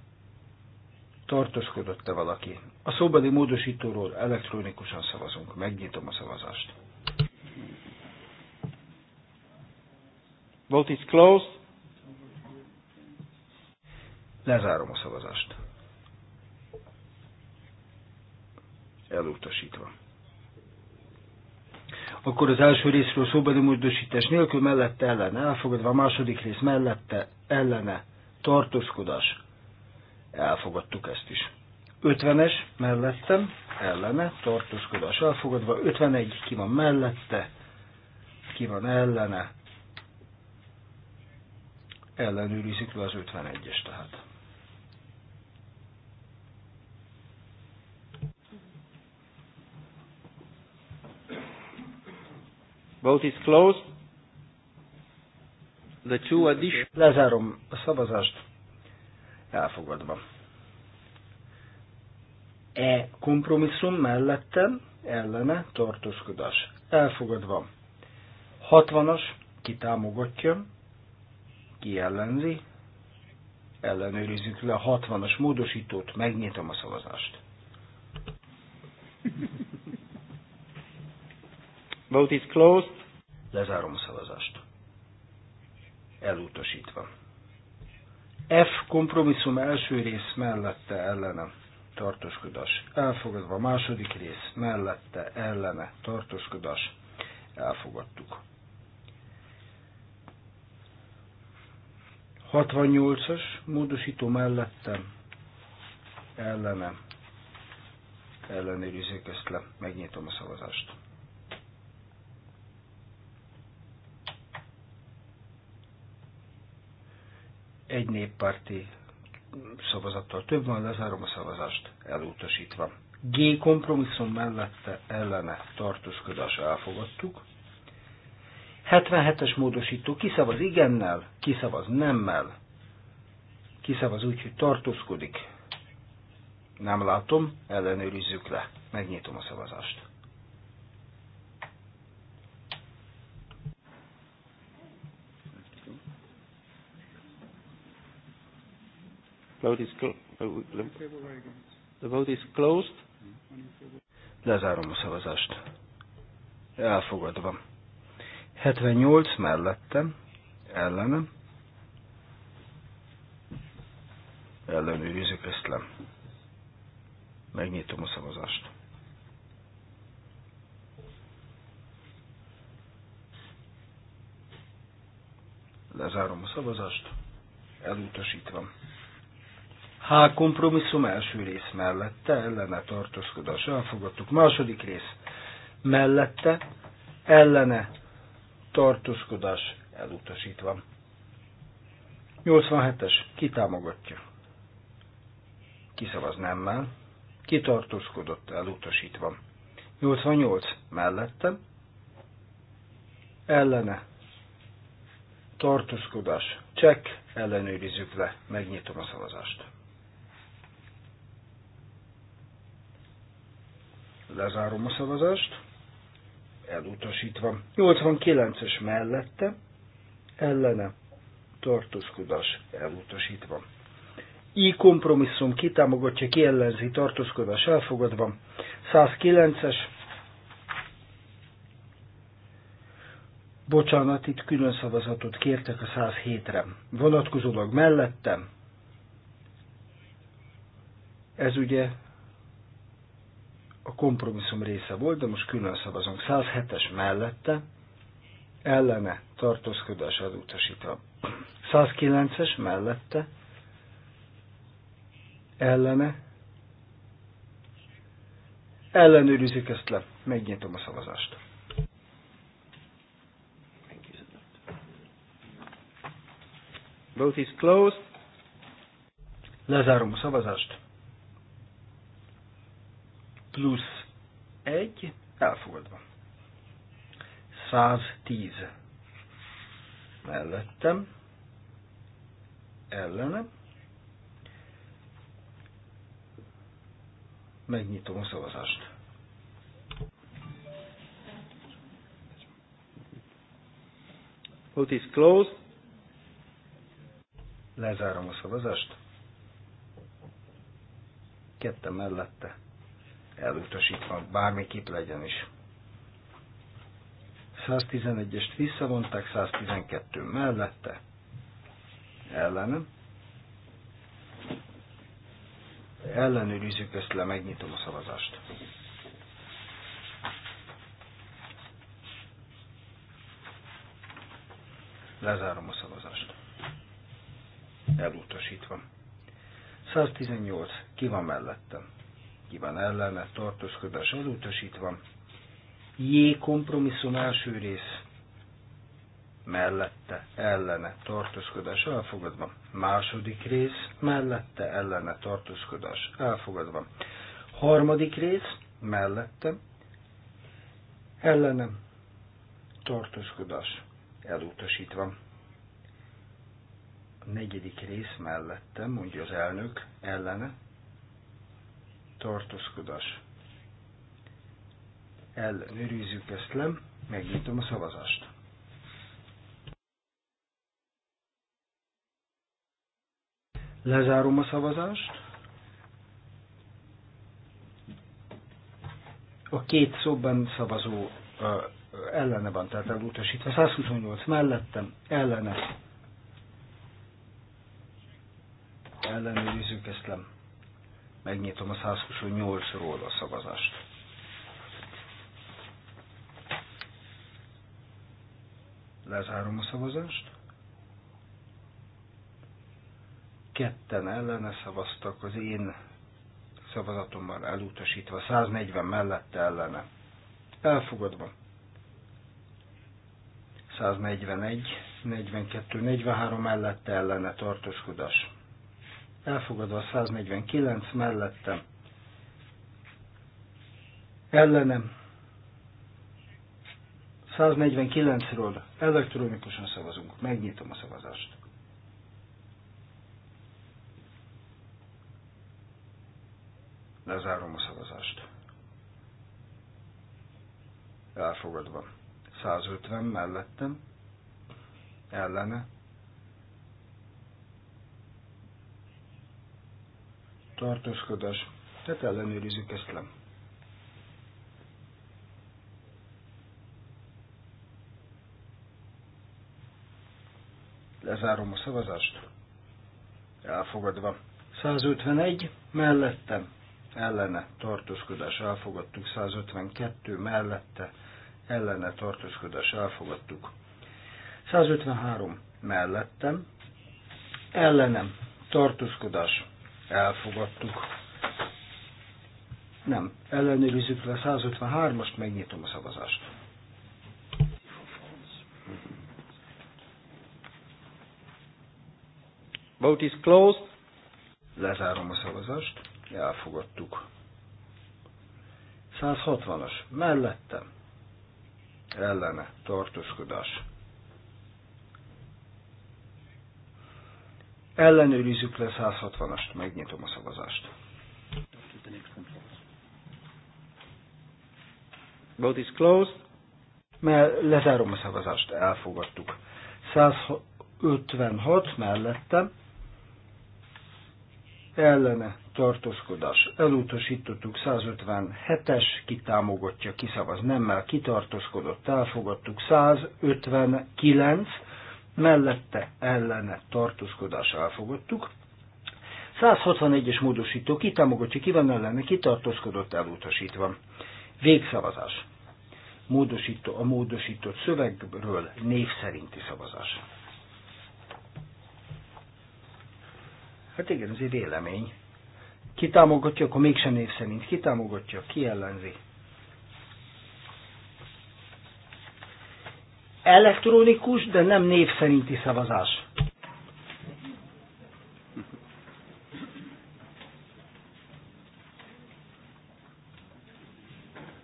tartoskodott e valaki? A szóbeli módosítóról elektronikusan szavazunk. Megnyitom a szavazást. Vote is closed. Lezárom a szavazást. elutasítva. Akkor az első részről szóbeli módosítás nélkül mellette ellene elfogadva, a második rész mellette ellene tartózkodás. Elfogadtuk ezt is. 50-es mellettem, ellene, tartózkodás elfogadva, 51 ki van mellette, ki van ellene, ellenőrizik le az 51-es tehát. Vote is closed. The two additional... Lezárom a szavazást. Elfogadva. E kompromisszum mellettem ellene tartózkodás. Elfogadva. 60-as kitámogatja, ki ellenzi, ellenőrizzük le a 60-as módosítót, megnyitom a szavazást. Vote is closed. Lezárom a szavazást. Elutasítva. F kompromisszum első rész mellette ellene tartoskodás. Elfogadva második rész mellette ellene tartoskodás. Elfogadtuk. 68-as módosító mellette ellene ellenőrizzék ezt le. Megnyitom a szavazást. egy néppárti szavazattal több van, lezárom a szavazást elutasítva. G kompromisszum mellette ellene tartózkodás elfogadtuk. 77-es módosító kiszavaz igennel, kiszavaz nemmel, kiszavaz úgy, hogy tartózkodik. Nem látom, ellenőrizzük le. Megnyitom a szavazást. Vote is uh, The vote is closed. Lezárom a szavazást. Elfogadva. 78 mellettem, ellenem. Ellenőrizzük ezt le. Megnyitom a szavazást. Lezárom a szavazást. Elutasítva. H kompromisszum első rész mellette, ellene tartózkodás elfogadtuk. Második rész mellette, ellene tartózkodás elutasítva. 87-es kitámogatja. Kiszavaz nemmel. tartózkodott elutasítva. 88 mellette. Ellene tartózkodás, csekk, ellenőrizzük le, megnyitom a szavazást. Lezárom a szavazást. Elutasítva. 89-es mellette. Ellene. Tartózkodás. Elutasítva. I kompromisszum kitámogatja, kiellenzi, tartózkodás elfogadva. 109-es. Bocsánat, itt külön szavazatot kértek a 107-re. Vonatkozólag mellettem. Ez ugye a kompromisszum része volt, de most külön szavazunk. 107-es mellette, ellene tartózkodás utasítva. 109-es mellette, ellene, ellenőrizik ezt le. Megnyitom a szavazást. Vote is closed. Lezárom a szavazást plusz 1 elfogadva. 110 mellettem, ellenem, megnyitom a szavazást. Vote is closed. Lezárom a szavazást. Kettem mellette, elutasítva, bármiképp legyen is. 111-est visszavonták, 112 mellette, ellenem. Ellenőrizzük ezt le, megnyitom a szavazást. Lezárom a szavazást. Elutasítva. 118. Ki van mellettem? ki van ellene, tartózkodás elutasítva. J kompromisszum első rész mellette, ellene, tartózkodás elfogadva. Második rész mellette, ellene, tartózkodás elfogadva. Harmadik rész mellette, ellene, tartózkodás elutasítva. A negyedik rész mellette, mondja az elnök, ellene, tartózkodás. Ellenőrizzük ezt le, megnyitom a szavazást. Lezárom a szavazást. A két szobban szavazó ellene van, tehát elutasítva. 128 mellettem, ellene. Ellenőrizzük ezt nem. Megnyitom a 128-ról a szavazást. Lezárom a szavazást. Ketten ellene szavaztak az én szavazatommal elutasítva, 140 mellette ellene. Elfogadva. 141, 42, 43 mellette ellene tartózkodás elfogadva a 149 mellettem. Ellenem 149-ről elektronikusan szavazunk. Megnyitom a szavazást. Lezárom a szavazást. Elfogadva. 150 mellettem. Ellene tartózkodás. Tehát ellenőrizzük ezt le. Lezárom a szavazást. Elfogadva. 151 mellette ellene tartózkodás elfogadtuk, 152 mellette, ellene tartózkodás elfogadtuk. 153 mellettem, ellenem tartózkodás elfogadtuk. Nem, ellenőrizzük le 153-ast, megnyitom a szavazást. Vote is closed. Lezárom a szavazást. Elfogadtuk. 160-as. Mellette. Ellene. Tartózkodás Ellenőrizzük le 160-ast, megnyitom a szavazást. Vote is closed. Mert lezárom a szavazást, elfogadtuk. 156 mellette ellene tartózkodás. Elutasítottuk 157-es, ki támogatja, kiszavaz nemmel, kitartózkodott, elfogadtuk 159, mellette ellene tartózkodás elfogadtuk. 161-es módosító támogatja, ki van ellene, tartózkodott elutasítva. Végszavazás. Módosító, a módosított szövegről név szerinti szavazás. Hát igen, ez egy vélemény. Ki támogatja, akkor mégsem név szerint. Ki támogatja, ki ellenzi, elektronikus, de nem név szerinti szavazás.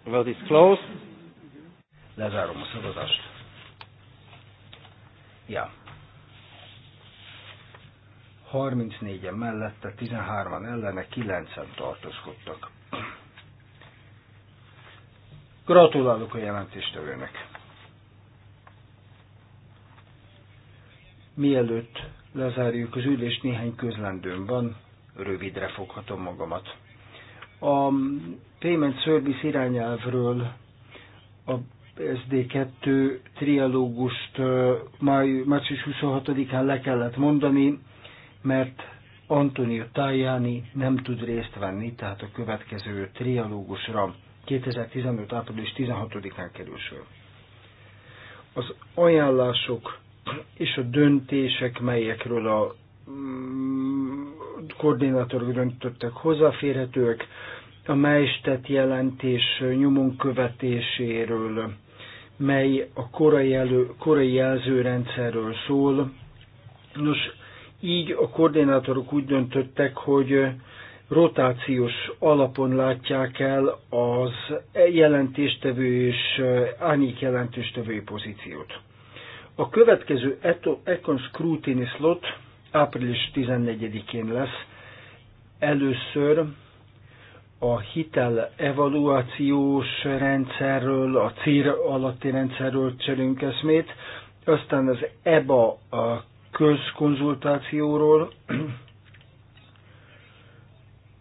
Well, is closed. Lezárom a szavazást. Ja. 34-en mellette, 13-an ellene, 9-en tartózkodtak. Gratulálok a jelentéstevőnek! Mielőtt lezárjuk az ülést, néhány közlendőm van, rövidre foghatom magamat. A Payment Service irányelvről a SD2 trialógust március 26-án le kellett mondani, mert Antonio Tajani nem tud részt venni, tehát a következő trialógusra 2015. április 16-án kerül sor. Az ajánlások és a döntések, melyekről a mm, koordinátorok döntöttek hozzáférhetőek, a Meistet jelentés nyomon követéséről, mely a korai, elő, korai jelzőrendszerről szól. Nos, így a koordinátorok úgy döntöttek, hogy rotációs alapon látják el az jelentéstevő és eh, árnyék jelentéstevői pozíciót. A következő Econ Scrutiny Slot április 14-én lesz. Először a hitel evaluációs rendszerről, a CIR alatti rendszerről cserünk eszmét, aztán az EBA a közkonzultációról,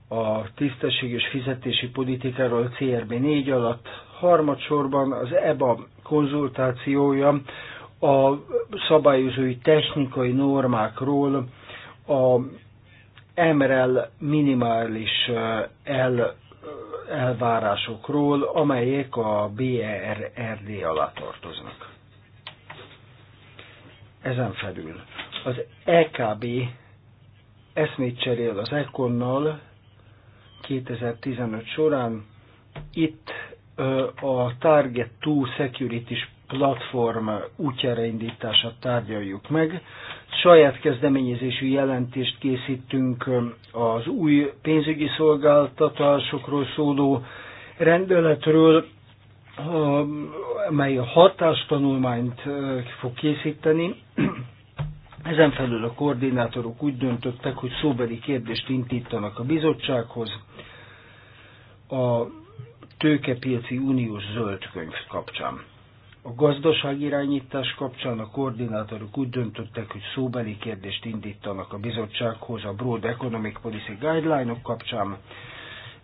a tisztesség és fizetési politikáról a CRB 4 alatt, harmadsorban az EBA konzultációja a szabályozói technikai normákról a MRL minimális eh, el, eh, elvárásokról, amelyek a BERRD alá tartoznak. Ezen felül az EKB eszmét cserél az ECON-nal 2015 során. Itt eh, a Target 2 Securities platform útjára indítását tárgyaljuk meg. Saját kezdeményezésű jelentést készítünk um, az új pénzügyi szolgáltatásokról szóló rendeletről, um, mely a hatástanulmányt uh, fog készíteni. Ezen felül a koordinátorok úgy döntöttek, hogy szóbeli kérdést intítanak a bizottsághoz a tőkepiaci uniós zöld könyv kapcsán. A gazdaságirányítás kapcsán a koordinátorok úgy döntöttek, hogy szóbeli kérdést indítanak a bizottsághoz a Broad Economic Policy guideline -ok kapcsán,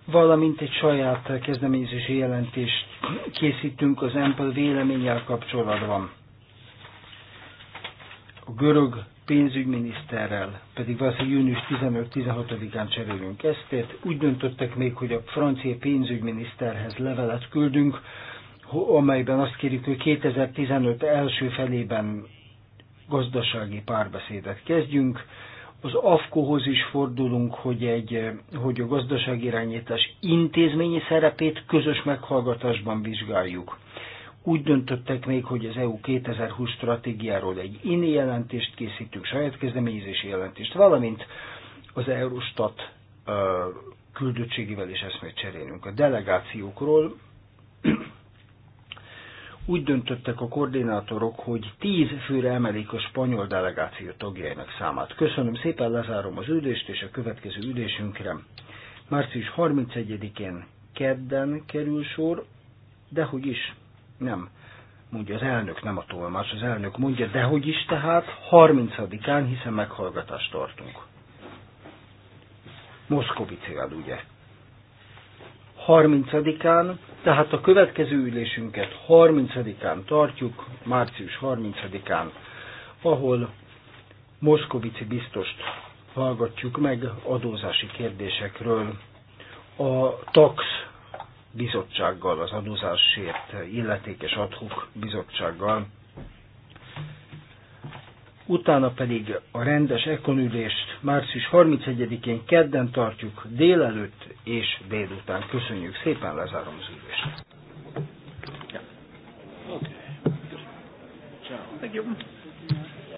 valamint egy saját kezdeményezési jelentést készítünk az Ample véleményel kapcsolatban. A görög pénzügyminiszterrel, pedig valószínűleg június 15-16-án cserélünk esztét. Úgy döntöttek még, hogy a francia pénzügyminiszterhez levelet küldünk, amelyben azt kérjük, hogy 2015 első felében gazdasági párbeszédet kezdjünk. Az AFKO-hoz is fordulunk, hogy, egy, hogy a gazdaságirányítás intézményi szerepét közös meghallgatásban vizsgáljuk. Úgy döntöttek még, hogy az EU 2020 stratégiáról egy INI jelentést készítünk, saját kezdeményezési jelentést, valamint az Eurostat küldöttségével is eszmét cserélünk. A delegációkról úgy döntöttek a koordinátorok, hogy tíz főre emelik a spanyol delegáció tagjainak számát. Köszönöm szépen, lezárom az ülést, és a következő ülésünkre március 31-én kedden kerül sor, de hogy is, nem, mondja az elnök, nem a tolmás, az elnök mondja, de hogy is tehát 30-án, hiszen meghallgatást tartunk. Moszkovicével, ugye? 30-án, tehát a következő ülésünket 30-án tartjuk, március 30-án, ahol Moszkovici biztost hallgatjuk meg adózási kérdésekről a TAX bizottsággal, az adózásért illetékes adhok bizottsággal utána pedig a rendes ekonülést március 31-én kedden tartjuk délelőtt és délután. Köszönjük szépen, lezárom az ülést. Okay. Ciao. Thank you.